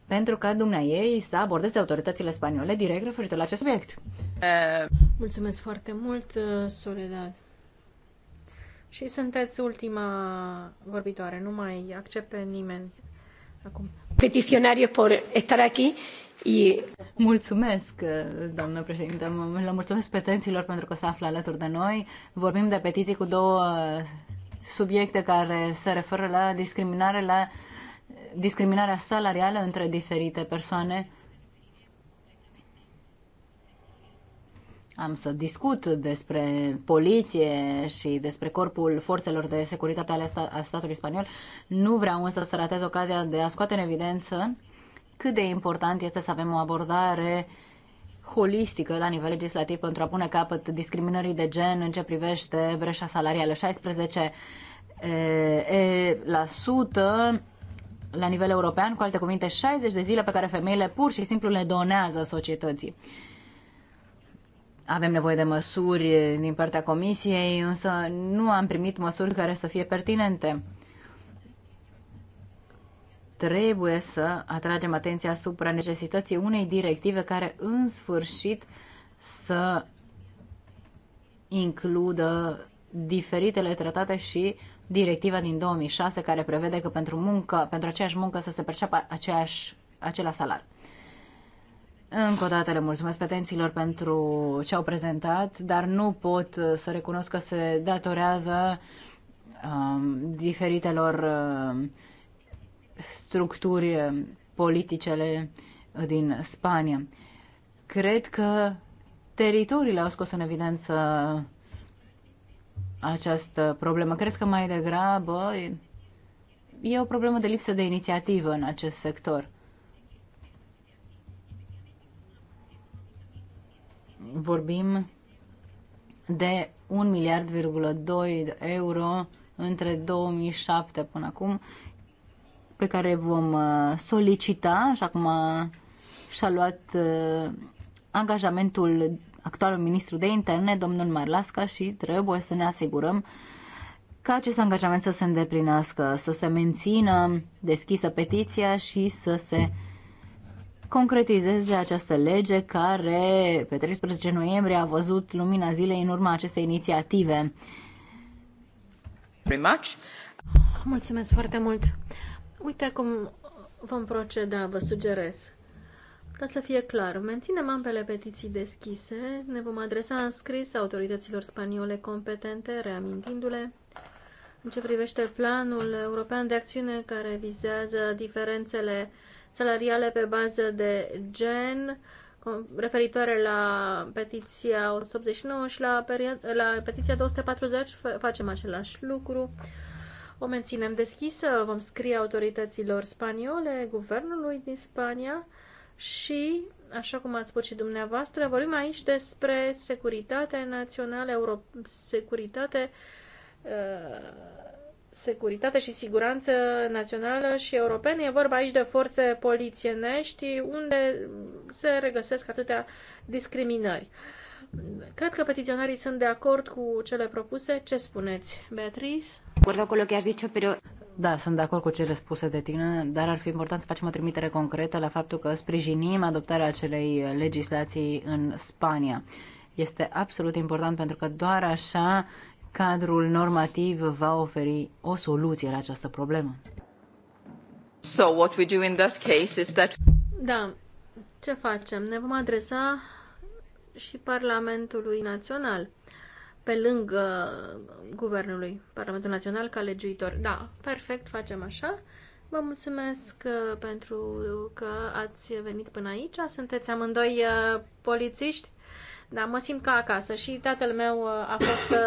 pentru ca dumneaei să abordeze autoritățile spaniole direct referitor la acest subiect. Mulțumesc foarte mult, Soledad. Și sunteți ultima vorbitoare, nu mai accepte nimeni acum. Petiționarios por estar aquí y... Mulțumesc, doamnă președinte, le mulțumesc petenților pentru că se află alături de noi. Vorbim de petiții cu două subiecte care se referă la discriminare, la uh, discriminarea salarială între diferite persoane. Am să discut despre poliție și despre corpul forțelor de securitate ale sta- a statului spaniol. Nu vreau însă să ratez ocazia de a scoate în evidență cât de important este să avem o abordare holistică la nivel legislativ pentru a pune capăt discriminării de gen în ce privește breșa salarială 16 e, eh, e, la sută la nivel european, cu alte cuvinte, 60 de zile pe care femeile pur și simplu le donează societății. Avem nevoie de măsuri din partea comisiei, însă nu am primit măsuri care să fie pertinente. Trebuie să atragem atenția asupra necesității unei directive care, în sfârșit, să includă diferitele tratate și directiva din 2006 care prevede că pentru muncă, pentru aceeași muncă să se perceapă aceeași, același salar. Încă o dată le mulțumesc petenților pentru ce au prezentat, dar nu pot să recunosc că se datorează um, diferitelor um, structuri politicele din Spania. Cred că teritoriile au scos în evidență această problemă. Cred că mai degrabă e o problemă de lipsă de inițiativă în acest sector. Vorbim de 1 miliard,2 de euro între 2007 până acum, pe care vom uh, solicita, așa cum a, și-a luat uh, angajamentul actualul ministru de interne, domnul Marlasca, și trebuie să ne asigurăm ca acest angajament să se îndeplinească, să se mențină deschisă petiția și să se concretizeze această lege care pe 13 noiembrie a văzut lumina zilei în urma acestei inițiative. Mulțumesc foarte mult! Uite cum vom proceda, vă sugerez ca să fie clar, menținem ambele petiții deschise, ne vom adresa în scris autorităților spaniole competente, reamintindu-le în ce privește planul european de acțiune care vizează diferențele salariale pe bază de gen, referitoare la petiția 189 și la, la petiția 240 facem același lucru. O menținem deschisă, vom scrie autorităților spaniole, guvernului din Spania, și, așa cum ați spus și dumneavoastră, vorbim aici despre securitate națională, euro, securitate, uh, securitate și siguranță națională și europeană. E vorba aici de forțe polițienești unde se regăsesc atâtea discriminări. Cred că petiționarii sunt de acord cu cele propuse. Ce spuneți, Beatrice? lo que has dicho, pero... Da, sunt de acord cu cele spuse de tine, dar ar fi important să facem o trimitere concretă la faptul că sprijinim adoptarea acelei legislații în Spania. Este absolut important pentru că doar așa cadrul normativ va oferi o soluție la această problemă. So what we do in this case is that Da, ce facem? Ne vom adresa și Parlamentului Național pe lângă Guvernului, Parlamentul Național, ca legiuitor. Da, perfect, facem așa. Vă mulțumesc uh, pentru că ați venit până aici. Sunteți amândoi uh, polițiști? Da, mă simt ca acasă și tatăl meu uh, a fost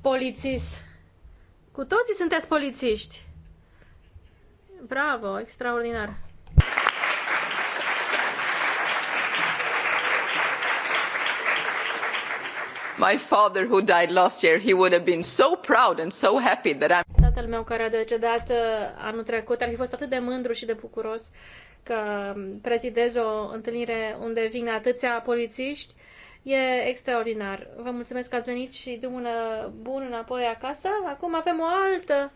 polițist. Cu toții sunteți polițiști. Bravo, extraordinar. my father who died last year, he would have been so proud and so happy that I'm... Tatăl meu care a decedat uh, anul trecut ar fi fost atât de mândru și de bucuros că um, prezidez o întâlnire unde vin atâția polițiști. E extraordinar. Vă mulțumesc că ați venit și drumul uh, bun înapoi acasă. Acum avem o altă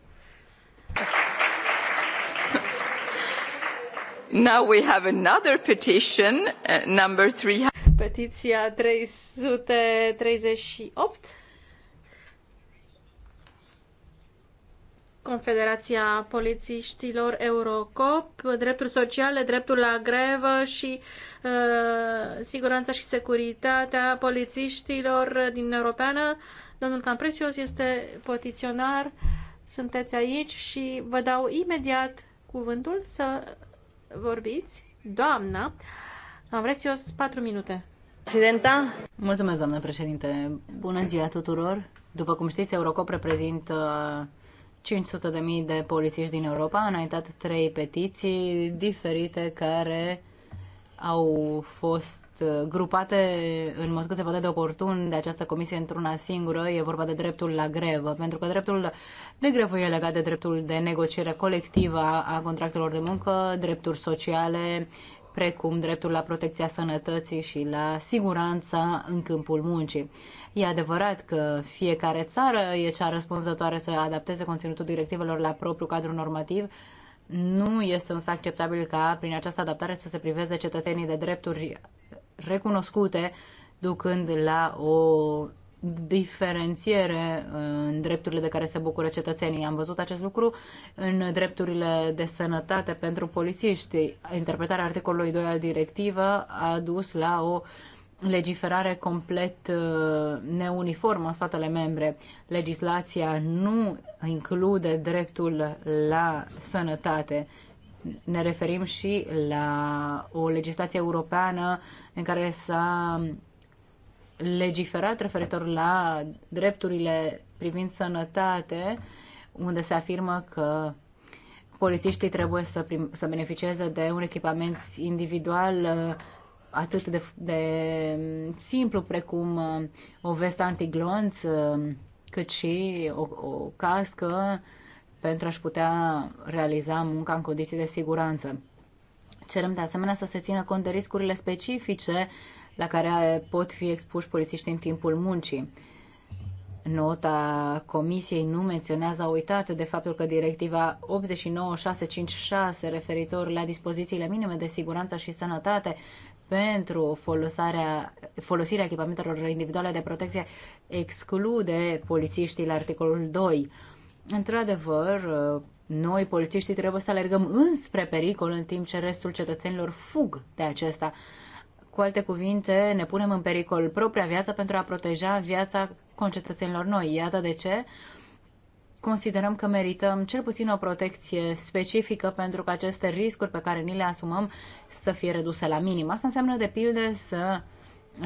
Now we have another petition, uh, number three. Petiția 338 Confederația Polițiștilor Eurocop, drepturi sociale, dreptul la grevă și uh, siguranța și securitatea polițiștilor din Europeană. Domnul Camprecios este petiționar, sunteți aici și vă dau imediat cuvântul să vorbiți. Doamna, uh, am vreți eu 4 minute. Presidenta. Mulțumesc, doamnă președinte. Bună ziua tuturor. După cum știți, Eurocop reprezintă 500.000 de polițiști din Europa. A înaintat trei petiții diferite care au fost grupate în mod cât se poate de oportun de această comisie într-una singură. E vorba de dreptul la grevă, pentru că dreptul de grevă e legat de dreptul de negociere colectivă a contractelor de muncă, drepturi sociale, precum dreptul la protecția sănătății și la siguranța în câmpul muncii. E adevărat că fiecare țară e cea răspunzătoare să adapteze conținutul directivelor la propriul cadru normativ, nu este însă acceptabil ca prin această adaptare să se priveze cetățenii de drepturi recunoscute, ducând la o diferențiere uh, în drepturile de care se bucură cetățenii. Am văzut acest lucru în drepturile de sănătate pentru polițiști. Interpretarea articolului 2 al directivă a dus la o legiferare complet uh, neuniformă în statele membre. Legislația nu include dreptul la sănătate. Ne referim și la o legislație europeană în care s-a legiferat referitor la drepturile privind sănătate, unde se afirmă că polițiștii trebuie să, prim, să beneficieze de un echipament individual uh, atât de, de simplu precum uh, o vestă antiglonț, uh, cât și o, o cască pentru a-și putea realiza munca în condiții de siguranță. Cerem de asemenea să se țină cont de riscurile specifice la care pot fi expuși polițiștii în timpul muncii. Nota comisiei nu menționează, a uitat de faptul că directiva 89656 referitor la dispozițiile minime de siguranță și sănătate pentru folosarea, folosirea echipamentelor individuale de protecție exclude polițiștii la articolul 2. Într-adevăr, noi, polițiștii, trebuie să alergăm înspre pericol în timp ce restul cetățenilor fug de acesta. Cu alte cuvinte, ne punem în pericol propria viață pentru a proteja viața concetățenilor noi. Iată de ce considerăm că merităm cel puțin o protecție specifică pentru că aceste riscuri pe care ni le asumăm să fie reduse la minim. Asta înseamnă, de pildă, să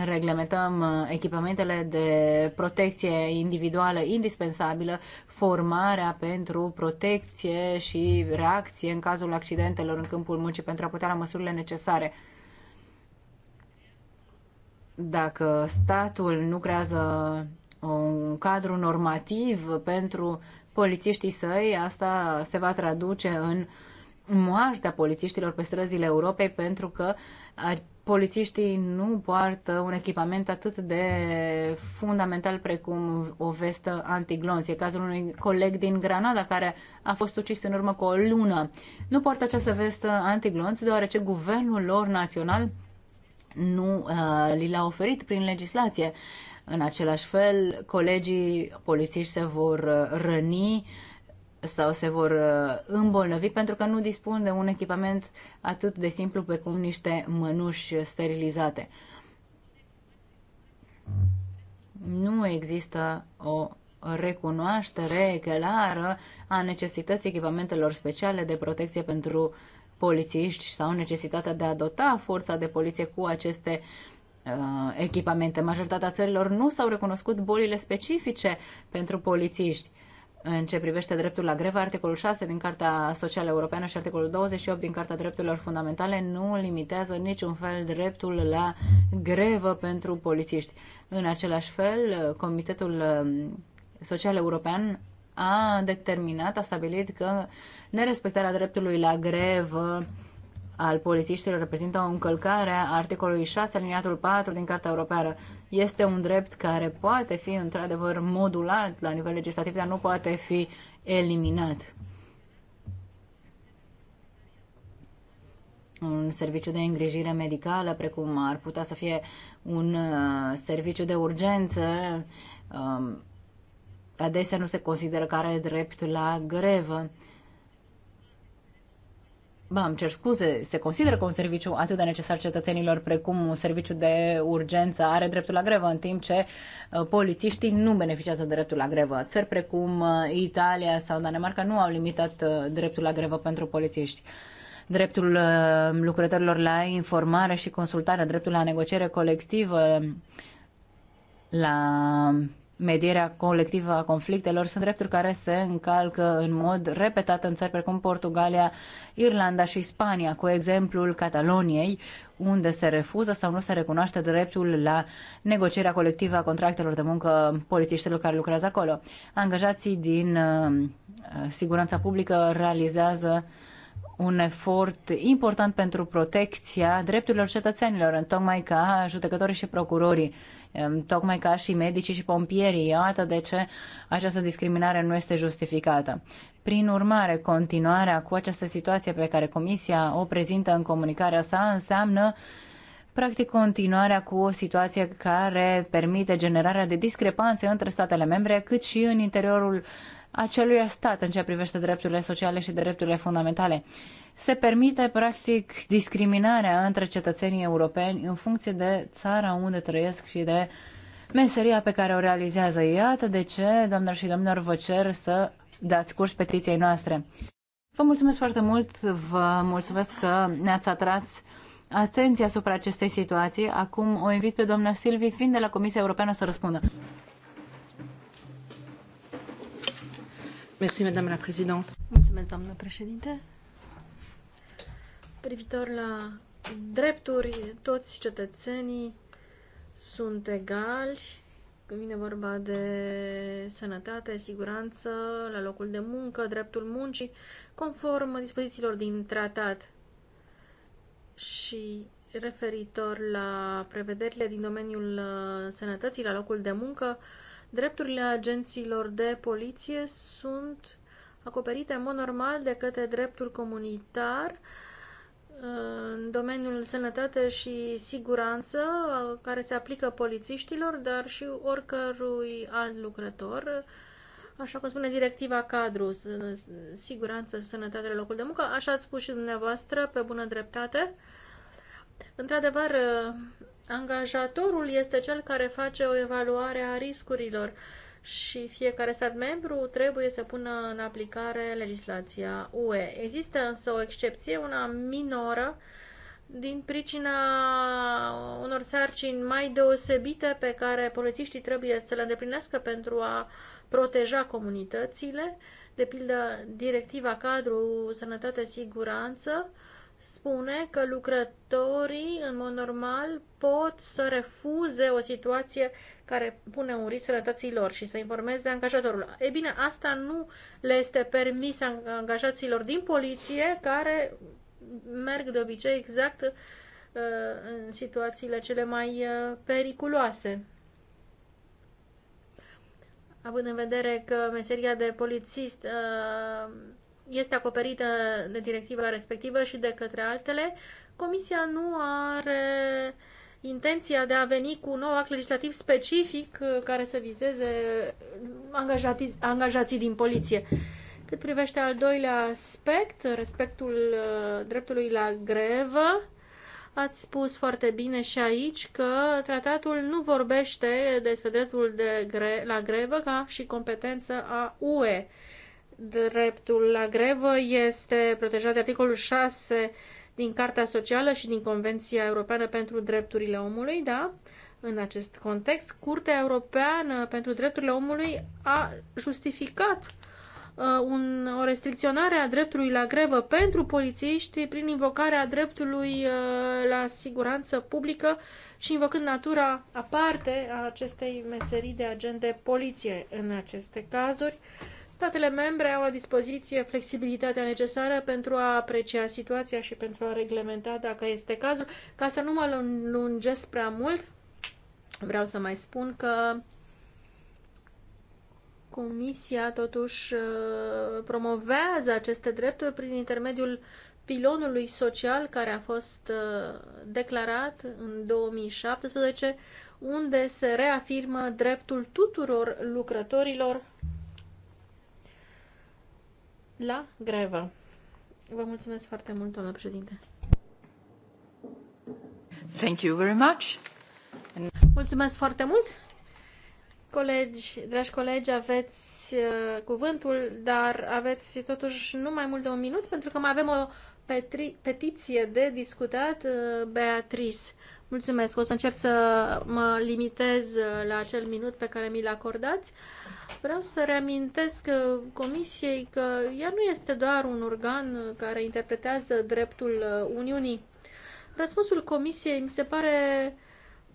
reglementăm uh, echipamentele de protecție individuală indispensabilă, formarea pentru protecție și reacție în cazul accidentelor în câmpul muncii pentru a putea la măsurile necesare. Dacă statul nu creează un cadru normativ pentru polițiștii săi, asta se va traduce în moartea polițiștilor pe străzile Europei pentru că polițiștii nu poartă un echipament atât de fundamental precum o vestă antiglonț. E cazul unui coleg din Granada care a fost ucis în urmă cu o lună. Nu poartă această vestă antiglonț deoarece guvernul lor național nu uh, li l-a oferit prin legislație. În același fel, colegii polițiști se vor uh, răni sau se vor uh, îmbolnăvi pentru că nu dispun de un echipament atât de simplu pe cum niște mănuși sterilizate. Nu există o recunoaștere clară a necesității echipamentelor speciale de protecție pentru uh, polițiști sau necesitatea de a dota forța de poliție cu aceste uh, echipamente. Majoritatea țărilor nu s-au recunoscut bolile specifice pentru polițiști. În ce privește dreptul la grevă, articolul 6 din Carta Socială Europeană și articolul 28 din Carta Drepturilor Fundamentale nu limitează niciun fel dreptul la grevă pentru polițiști. În același fel, Comitetul uh, Social European a determinat, a stabilit că nerespectarea dreptului la grevă al polițiștilor reprezintă o încălcare a articolului 6 aliniatul 4 din Carta Europeană. Este un drept care poate fi într-adevăr modulat la nivel legislativ, dar nu poate fi eliminat. un serviciu de îngrijire medicală, precum ar putea să fie un uh, serviciu de urgență, um, adesea nu se consideră că are drept la grevă. Ba, îmi cer scuze, se consideră că un serviciu atât de necesar cetățenilor precum un serviciu de urgență are dreptul la grevă, în timp ce uh, polițiștii nu beneficiază de dreptul la grevă. Țări precum uh, Italia sau Danemarca nu au limitat uh, dreptul la grevă pentru polițiști. Dreptul lucrătorilor la informare și consultare, dreptul la negociere colectivă, la medierea colectivă a conflictelor sunt drepturi care se încalcă în mod repetat în țări precum Portugalia, Irlanda și Spania, cu exemplul Cataloniei, unde se refuză sau nu se recunoaște dreptul la negocierea colectivă a contractelor de muncă polițiștilor care lucrează acolo. Angajații din uh, siguranța publică realizează un efort important pentru protecția drepturilor cetățenilor, în tocmai ca judecătorii și procurorii tocmai ca și medicii și pompierii. Iată de ce această discriminare nu este justificată. Prin urmare, continuarea cu această situație pe care Comisia o prezintă în comunicarea sa înseamnă practic continuarea cu o situație care permite generarea de discrepanțe între statele membre, cât și în interiorul acelui stat în ce privește drepturile sociale și drepturile fundamentale se permite practic discriminarea între cetățenii europeni în funcție de țara unde trăiesc și de meseria pe care o realizează. Iată de ce, doamnelor și domnilor, vă cer să dați curs petiției noastre. Vă mulțumesc foarte mult, vă mulțumesc că ne-ați atras atenția asupra acestei situații. Acum o invit pe doamna Silvi fiind de la Comisia Europeană să răspundă. Mulțumesc, doamnă președinte privitor la drepturi, toți cetățenii sunt egali când vine vorba de sănătate, siguranță, la locul de muncă, dreptul muncii, conform dispozițiilor din tratat și referitor la prevederile din domeniul uh, sănătății la locul de muncă, drepturile agenților de poliție sunt acoperite în mod normal de către dreptul comunitar, uh, în domeniul sănătate și siguranță care se aplică polițiștilor, dar și oricărui alt lucrător, așa cum spune directiva cadru, siguranță, sănătate, locul de muncă, așa ați spus și dumneavoastră, pe bună dreptate. Într-adevăr, angajatorul este cel care face o evaluare a riscurilor și fiecare stat membru trebuie să pună în aplicare legislația UE. Există însă o excepție, una minoră, din pricina unor sarcini mai deosebite pe care polițiștii trebuie să le îndeplinească pentru a proteja comunitățile, de pildă directiva cadru sănătate-siguranță, spune că lucrătorii, în mod normal, pot să refuze o situație care pune un risc sănătății lor și să informeze angajatorul. E bine, asta nu le este permis angajaților din poliție care merg de obicei exact uh, în situațiile cele mai uh, periculoase. Având în vedere că meseria de polițist uh, este acoperită de directiva respectivă și de către altele, Comisia nu are uh, intenția de a veni cu un nou act legislativ specific uh, care să vizeze uh, angajații, angajații din poliție. Cât privește al doilea aspect, respectul uh, dreptului la grevă, ați spus foarte bine și aici că tratatul nu vorbește despre dreptul de gre- la grevă ca și competență a UE. Dreptul la grevă este protejat de articolul 6 din Carta Socială și din Convenția Europeană pentru Drepturile Omului, da? În acest context, Curtea Europeană pentru Drepturile Omului a justificat uh, un, o restricționare a dreptului la grevă pentru polițiști prin invocarea dreptului uh, la siguranță publică și invocând natura aparte a acestei meserii de agent de poliție în aceste cazuri. Uh, Statele membre au la dispoziție flexibilitatea necesară pentru a aprecia situația și pentru a reglementa dacă este cazul. Ca să nu mă lungesc prea mult, vreau să mai spun că Comisia totuși uh, promovează aceste drepturi prin intermediul pilonului social care a fost uh, declarat în 2017, unde se reafirmă dreptul tuturor lucrătorilor la grevă. Vă mulțumesc foarte mult, doamnă președinte. Thank you very much. Mulțumesc foarte mult. Colegi, dragi colegi, aveți uh, cuvântul, dar aveți totuși nu mai mult de un minut, pentru că mai avem o petiție de discutat, uh, Beatrice. Mulțumesc. O să încerc să mă limitez uh, la acel minut pe care mi-l acordați. Vreau să reamintesc uh, Comisiei că ea nu este doar un organ uh, care interpretează dreptul Uniunii. Răspunsul Comisiei mi se pare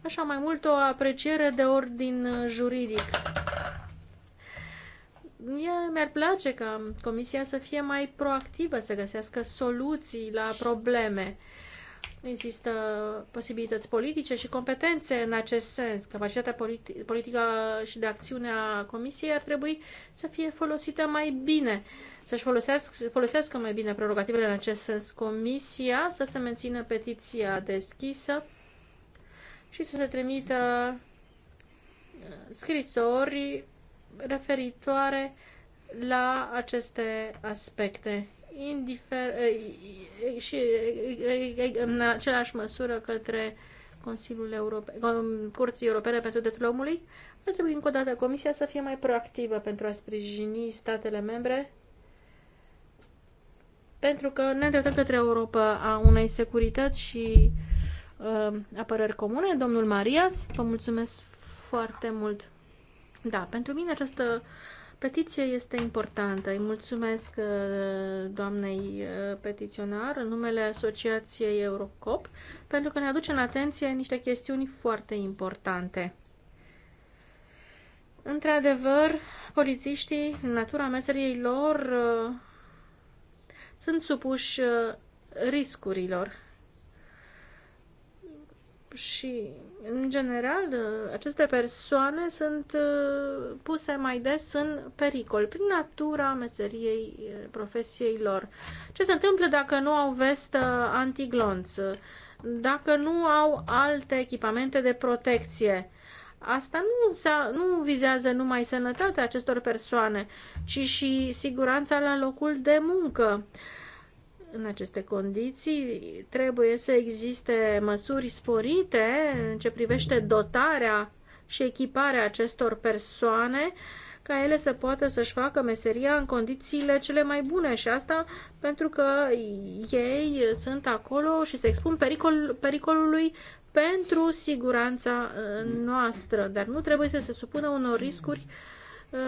așa mai mult o apreciere de ordin juridic. Mie mi-ar place ca Comisia să fie mai proactivă, să găsească soluții la probleme Există posibilități politice și competențe în acest sens. Capacitatea politi- politică și de acțiune a Comisiei ar trebui să fie folosită mai bine, să-și folosească, folosească mai bine prerogativele în acest sens. Comisia să se mențină petiția deschisă și să se trimită uh, scrisori referitoare la aceste aspecte indifer- și în aceeași măsură către Consiliul Europe- Curții Europene pentru Drepturile Omului, ar trebui încă o dată Comisia să fie mai proactivă pentru a sprijini statele membre pentru că ne îndreptăm către Europa a unei securități și uh, apărări comune. Domnul Marias, vă mulțumesc foarte mult. Da, pentru mine această uh, Petiția este importantă. Îi mulțumesc uh, doamnei uh, petiționar în numele Asociației Eurocop pentru că ne aduce în atenție niște chestiuni foarte importante. Într-adevăr, polițiștii, în natura meseriei lor, uh, sunt supuși riscurilor și, în general, aceste persoane sunt uh, puse mai des în pericol prin natura meseriei uh, profesiei lor. Ce se întâmplă dacă nu au vestă antiglonț, dacă nu au alte echipamente de protecție? Asta nu, nu vizează numai sănătatea acestor persoane, ci și siguranța la locul de muncă. Uh, în aceste condiții trebuie să existe măsuri sporite în ce privește dotarea și echiparea acestor persoane ca ele să poată să-și facă meseria în condițiile cele mai bune și asta pentru că ei sunt acolo și se expun pericol, pericolului pentru siguranța uh, noastră, dar nu trebuie să se supună unor riscuri uh,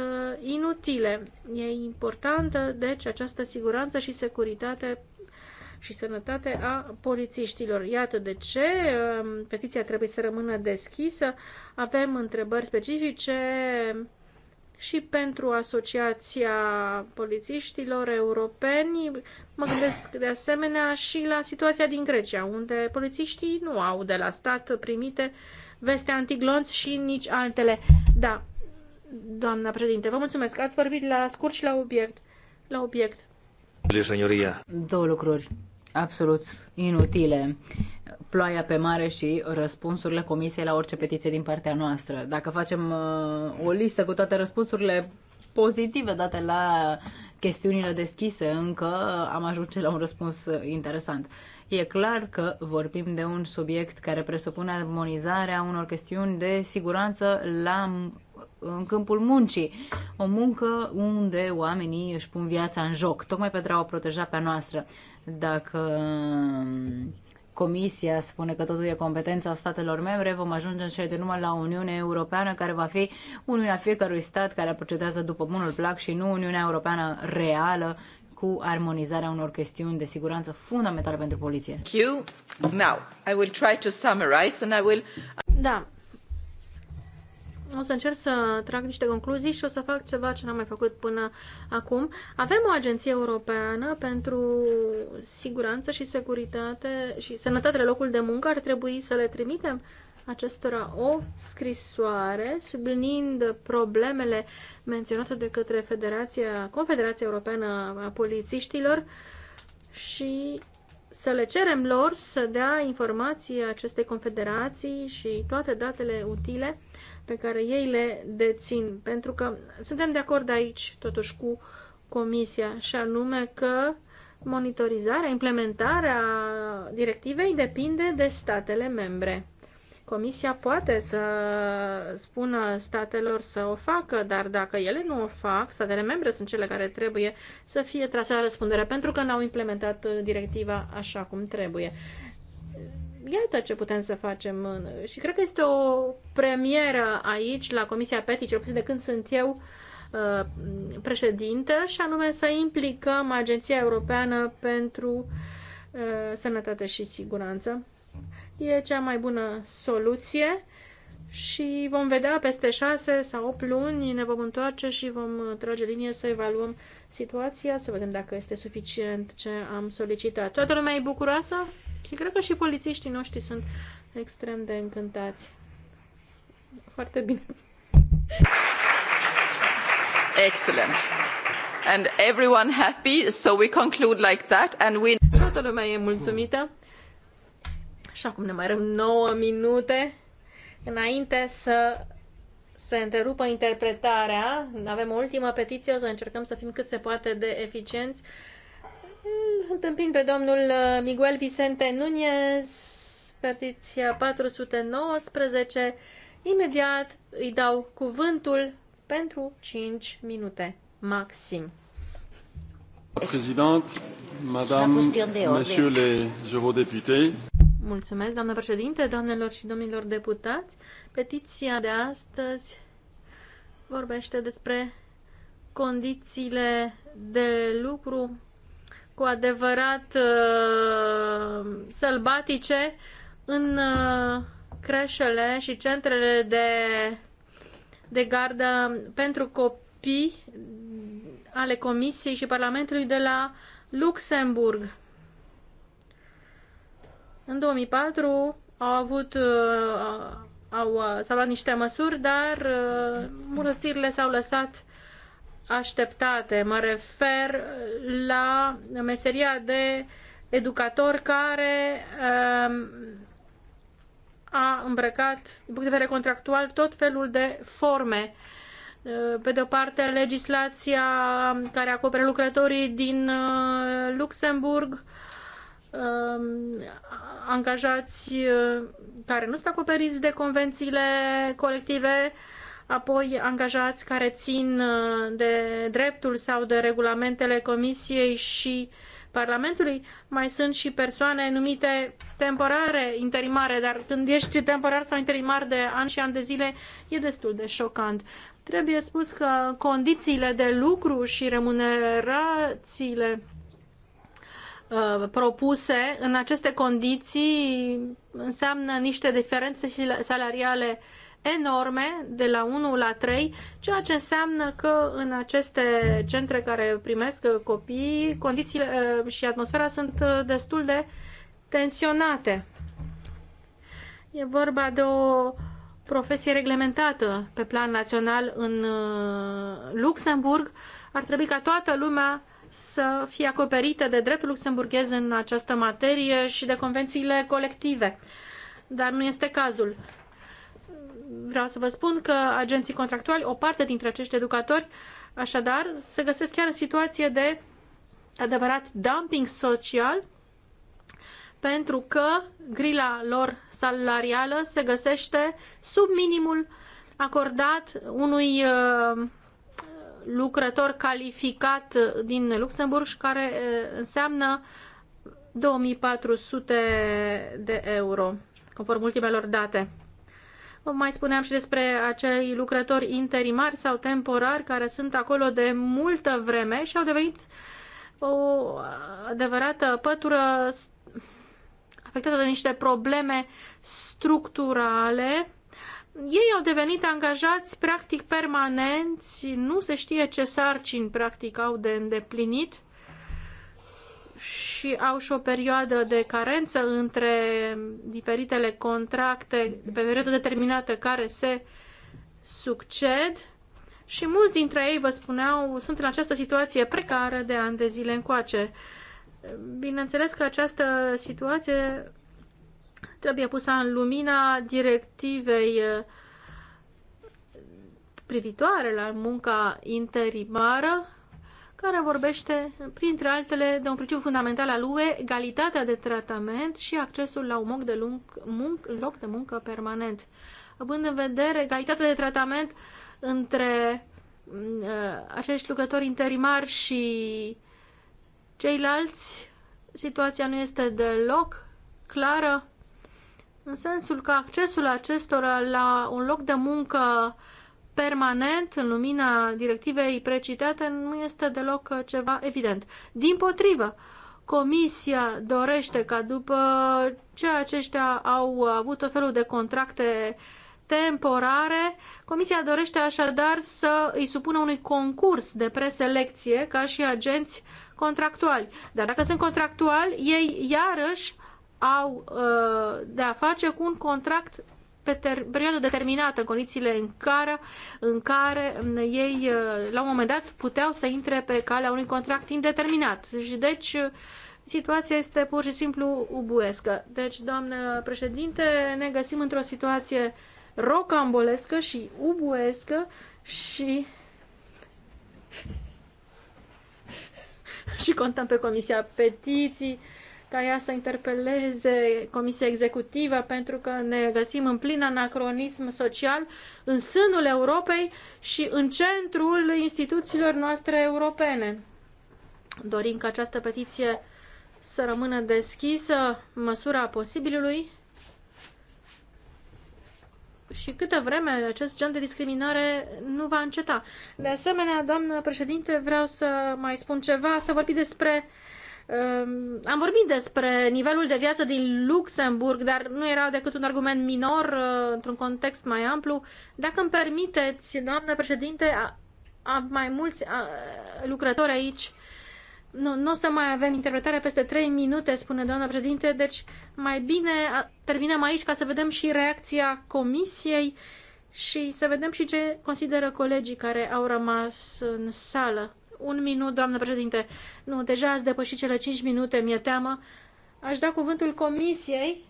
inutile. E importantă, deci, această siguranță și securitate și sănătate a polițiștilor. Iată de ce um, petiția trebuie să rămână deschisă. Avem întrebări specifice și pentru Asociația Polițiștilor Europeni. Mă gândesc de asemenea și la situația din Grecia, unde polițiștii nu au de la stat primite veste antiglonți și nici altele. Da, doamna președinte, vă mulțumesc. Ați vorbit la scurt și la obiect. La obiect. Două lucruri absolut inutile. Ploaia pe mare și răspunsurile comisiei la orice petiție din partea noastră. Dacă facem uh, o listă cu toate răspunsurile pozitive date la chestiunile deschise, încă uh, am ajuns la un răspuns uh, interesant. E clar că vorbim de un subiect care presupune armonizarea unor chestiuni de siguranță la în câmpul muncii, o muncă unde oamenii își pun viața în joc, tocmai pentru a o proteja pe a noastră. Dacă um, Comisia spune că totul e competența statelor membre, vom ajunge în cele de numai la Uniunea Europeană, care va fi Uniunea fiecărui stat care procedează după bunul plac și nu Uniunea Europeană reală cu armonizarea unor chestiuni de siguranță fundamentale pentru poliție. Thank Now, I will try to summarize and I will... Da, o să încerc să trag niște concluzii și o să fac ceva ce n-am mai făcut până acum. Avem o agenție europeană pentru siguranță și securitate și sănătate la locul de muncă. Ar trebui să le trimitem acestora o scrisoare subliniind problemele menționate de către Federația, Confederația Europeană a Polițiștilor și să le cerem lor să dea informații acestei confederații și toate datele utile pe care ei le dețin. Pentru că suntem de acord aici, totuși, cu Comisia, și anume că monitorizarea, implementarea directivei depinde de statele membre. Comisia poate să spună statelor să o facă, dar dacă ele nu o fac, statele membre sunt cele care trebuie să fie trase la răspundere pentru că n-au implementat directiva așa cum trebuie. Iată ce putem să facem și cred că este o premieră aici la Comisia Petit, cel puțin de când sunt eu uh, președintă, și anume să implicăm Agenția Europeană pentru uh, Sănătate și Siguranță. E cea mai bună soluție și vom vedea peste șase sau opt luni, ne vom întoarce și vom uh, trage linie să evaluăm situația, să vedem dacă este suficient ce am solicitat. Toată lumea e bucuroasă? Și cred că și polițiștii noștri sunt extrem de încântați. Foarte bine. Excellent. And everyone happy, so we conclude like that and we... Toată lumea e mulțumită. Și acum ne mai rămân 9 minute înainte să se întrerupă interpretarea. Avem o ultimă petiție, o să încercăm să fim cât se poate de eficienți. Îl întâmpin pe domnul uh, Miguel Vicente Núñez, petiția 419. Imediat îi dau cuvântul pentru 5 minute maxim. Președinte, madame, messieurs les eurodéputés. Mulțumesc, doamnă președinte, doamnelor și domnilor deputați. Petiția de astăzi vorbește despre condițiile de lucru cu adevărat uh, sălbatice în uh, creșele și centrele de, de gardă pentru copii ale Comisiei și Parlamentului de la Luxemburg. În 2004 au avut uh, au, uh, s-au luat niște măsuri, dar uh, murățirile s-au lăsat așteptate. Mă refer la meseria de educator care um, a îmbrăcat, din punct de vedere contractual, tot felul de forme. Uh, pe de o parte, legislația care acoperă lucrătorii din uh, Luxemburg, um, angajați uh, care nu sunt acoperiți de convențiile colective, apoi angajați care țin uh, de dreptul sau de regulamentele Comisiei și Parlamentului. Mai sunt și persoane numite temporare, interimare, dar când ești temporar sau interimar de ani și ani de zile, e destul de șocant. Trebuie spus că condițiile de lucru și remunerațiile uh, propuse în aceste condiții înseamnă niște diferențe salariale enorme, de la 1 la 3, ceea ce înseamnă că în aceste centre care primesc copii, condițiile uh, și atmosfera sunt uh, destul de tensionate. E vorba de o profesie reglementată pe plan național în uh, Luxemburg. Ar trebui ca toată lumea să fie acoperită de dreptul luxemburghez în această materie și de convențiile colective. Dar nu este cazul vreau să vă spun că agenții contractuali, o parte dintre acești educatori, așadar, se găsesc chiar în situație de adevărat dumping social pentru că grila lor salarială se găsește sub minimul acordat unui uh, lucrător calificat din Luxemburg și care uh, înseamnă 2400 de euro, conform ultimelor date mai spuneam și despre acei lucrători interimari sau temporari care sunt acolo de multă vreme și au devenit o adevărată pătură afectată de niște probleme structurale. Ei au devenit angajați practic permanenți, nu se știe ce sarcini practic au de îndeplinit și au și o perioadă de carență între diferitele contracte pe perioadă determinată care se succed și mulți dintre ei, vă spuneau, sunt în această situație precară de ani de zile încoace. Bineînțeles că această situație trebuie pusă în lumina directivei uh, privitoare la munca interimară care vorbește, printre altele, de un principiu fundamental al UE, egalitatea de tratament și accesul la un loc de, lung, munc, loc de muncă permanent. Având în vedere egalitatea de tratament între uh, acești lucrători interimari și ceilalți, situația nu este deloc clară, în sensul că accesul acestora la un loc de muncă uh, permanent în lumina directivei precitate nu este deloc ceva evident. Din potrivă, Comisia dorește ca după ce aceștia au avut o felul de contracte temporare, Comisia dorește așadar să îi supună unui concurs de preselecție ca și agenți contractuali. Dar dacă sunt contractuali, ei iarăși au uh, de a face cu un contract pe ter- perioadă determinată, în condițiile în care, în care ei, uh, la un moment dat, puteau să intre pe calea unui contract indeterminat. Și deci, uh, situația este pur și simplu ubuescă. Deci, doamnă președinte, ne găsim într-o situație rocambolescă și ubuescă și... și contăm pe Comisia Petiții ca ea să interpeleze Comisia Executivă pentru că ne găsim în plin anacronism social în sânul Europei și în centrul instituțiilor noastre europene. Dorim ca această petiție să rămână deschisă în măsura posibilului și câtă vreme acest gen de discriminare nu va înceta. De asemenea, doamnă președinte, vreau să mai spun ceva, să vorbi despre uh, Ehm, am vorbit despre nivelul de viață din Luxemburg, dar nu era decât un argument minor eh, într-un context mai amplu. Dacă îmi permiteți, doamnă președinte, am mai mulți lucrători aici. Nu, nu o să mai avem interpretare peste 3 minute, spune doamna președinte, deci mai bine terminăm aici ca să vedem și reacția comisiei și să vedem și ce consideră colegii care au rămas în sală. Un minut, doamnă președinte. Nu, deja ați depășit cele cinci minute, mi-e teamă. Aș da cuvântul comisiei,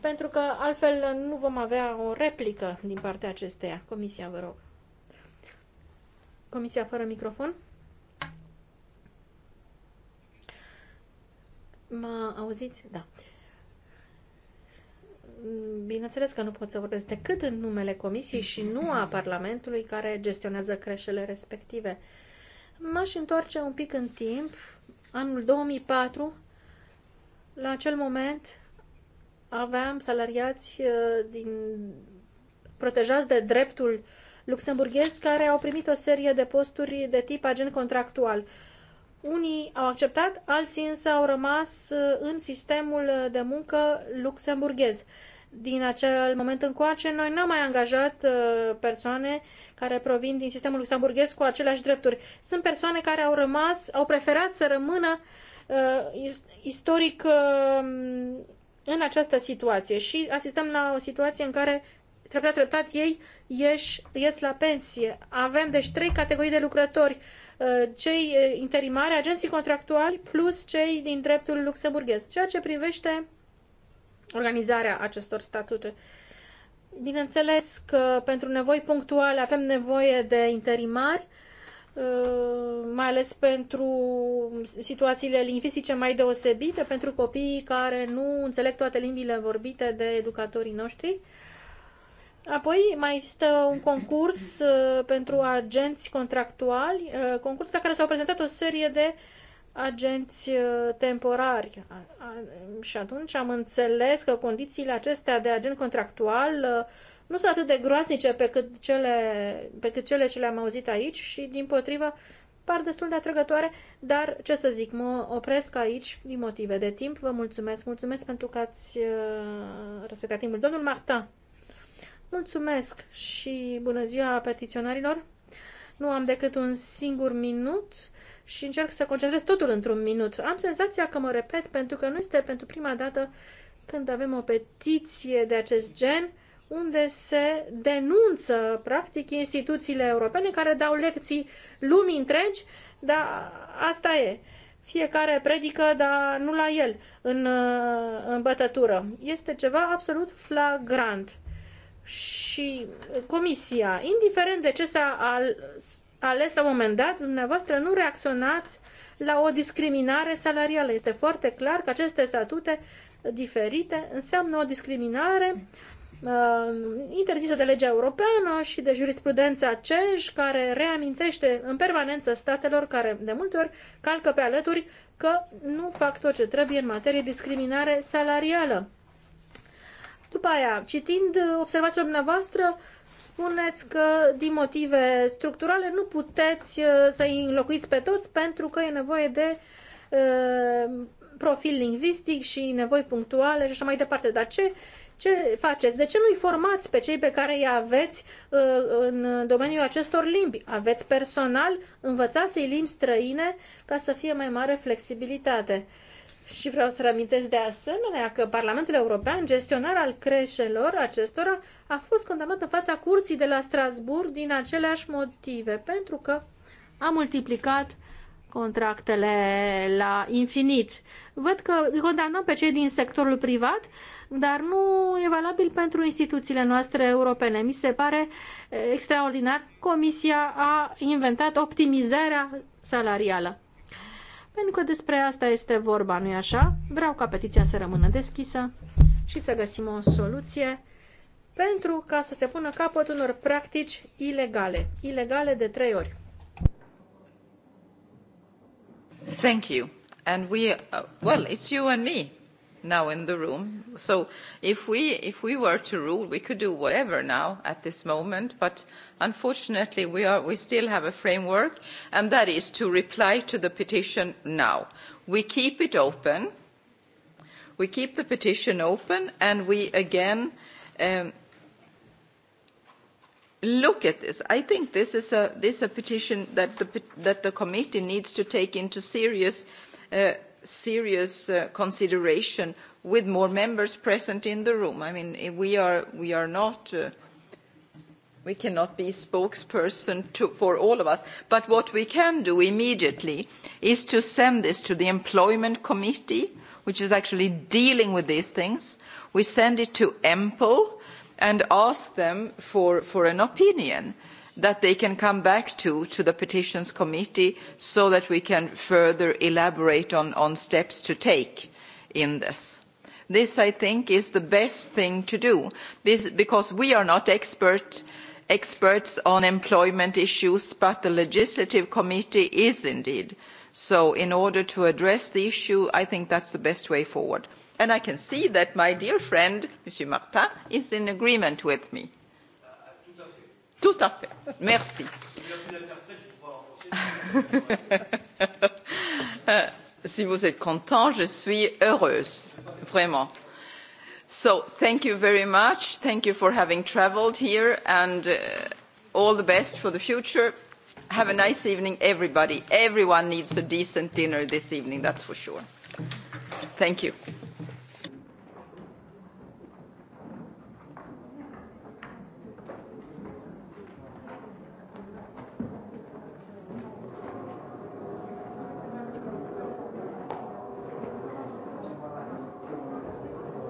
pentru că altfel nu vom avea o replică din partea acesteia. Comisia, vă rog. Comisia fără microfon. Mă auziți? Da. Bineînțeles că nu pot să vorbesc decât în numele Comisiei și nu a Parlamentului care gestionează creșele respective. M-aș întoarce un pic în timp, anul 2004, la acel moment aveam salariați uh, din, protejați de dreptul luxemburghez care au primit o serie de posturi de tip agent contractual. Unii au acceptat, alții însă au rămas uh, în sistemul de muncă luxemburghez din acel moment încoace, noi n-am mai angajat uh, persoane care provin din sistemul luxemburghez cu aceleași drepturi. Sunt persoane care au rămas, au preferat să rămână uh, istoric uh, în această situație și asistăm la o situație în care treptat, treptat ei ieși, ies la pensie. Avem deci trei categorii de lucrători, cei interimari, agenții contractuali, plus cei din dreptul luxemburghez. Ceea ce privește organizarea acestor statute. Bineînțeles că pentru nevoi punctuale avem nevoie de interimari, uh, mai ales pentru situațiile lingvistice mai deosebite, pentru copiii care nu înțeleg toate limbile vorbite de educatorii noștri. Apoi mai există un concurs uh, pentru agenți contractuali, uh, concurs la care s-au prezentat o serie de uh, agenți uh, temporari. Și atunci am înțeles că condițiile acestea de agent contractual uh, nu sunt atât de groaznice pe cât cele, pe cât cele ce le-am auzit aici și, din potrivă, par destul de atrăgătoare, dar, ce să zic, mă opresc aici din motive de timp. Vă mulțumesc, mulțumesc pentru că ați uh, respectat timpul. Domnul Marta, mulțumesc și bună ziua petiționarilor. Nu am decât un singur minut și încerc să concentrez totul într-un minut. Am senzația că mă repet pentru că nu este pentru prima dată când avem o petiție de acest gen unde se denunță practic instituțiile europene care dau lecții lumii întregi, dar asta e. Fiecare predică, dar nu la el, în, uh, în bătătură. Este ceva absolut flagrant. Și comisia, indiferent de ce s-a ales la un moment dat, dumneavoastră nu reacționați la o discriminare salarială. Este foarte clar că aceste statute diferite înseamnă o discriminare uh, interzisă de legea europeană și de jurisprudența CEJ, care reamintește în permanență statelor care de multe ori calcă pe alături că nu fac tot ce trebuie în materie de discriminare salarială. După aia, citind observațiile dumneavoastră, spuneți că din motive structurale nu puteți uh, să îi înlocuiți pe toți pentru că e nevoie de uh, profil lingvistic și nevoi punctuale și așa mai departe. Dar ce, ce faceți? De ce nu-i formați pe cei pe care îi aveți uh, în domeniul acestor limbi? Aveți personal, învățați-i limbi străine ca să fie mai mare flexibilitate. Și vreau să reamintesc de asemenea că Parlamentul European, gestionar al creșelor acestora, a fost condamnat în fața curții de la Strasburg din aceleași motive, pentru că a multiplicat contractele la infinit. Văd că îi condamnăm pe cei din sectorul privat, dar nu e valabil pentru instituțiile noastre europene. Mi se pare eh, extraordinar. Comisia a inventat optimizarea salarială. Pentru că despre asta este vorba, nu-i așa? Vreau ca petiția să rămână deschisă și să găsim o soluție pentru ca să se pună capăt unor practici ilegale, ilegale de trei ori. Thank you. And we, uh, well, it's you and me now in the room. So if we, if we were to rule, we could do whatever now at this moment, but unfortunately we, are, we still have a framework, and that is to reply to the petition now. We keep it open. We keep the petition open, and we again um, look at this. I think this is a, this is a petition that the, that the committee needs to take into serious uh, serious uh, consideration with more members present in the room. I mean, eh, we are, we are not, uh, we cannot be spokesperson to, for all of us. But what we can do immediately is to send this to the Employment Committee, which is actually dealing with these things. We send it to EMPL and ask them for, for an opinion that they can come back to, to the Petitions Committee so that we can further elaborate on, on steps to take in this. This, I think, is the best thing to do because we are not expert, experts on employment issues, but the Legislative Committee is indeed. So in order to address the issue, I think that's the best way forward. And I can see that my dear friend, Monsieur Martin, is in agreement with me. Tout à fait. Merci. Euh, si vous êtes content, je suis heureuse, vraiment. So, thank you very much. Thank you for having traveled here and uh, all the best for the future. Have a nice evening, everybody. Everyone needs a decent dinner this evening, that's for sure. Thank you.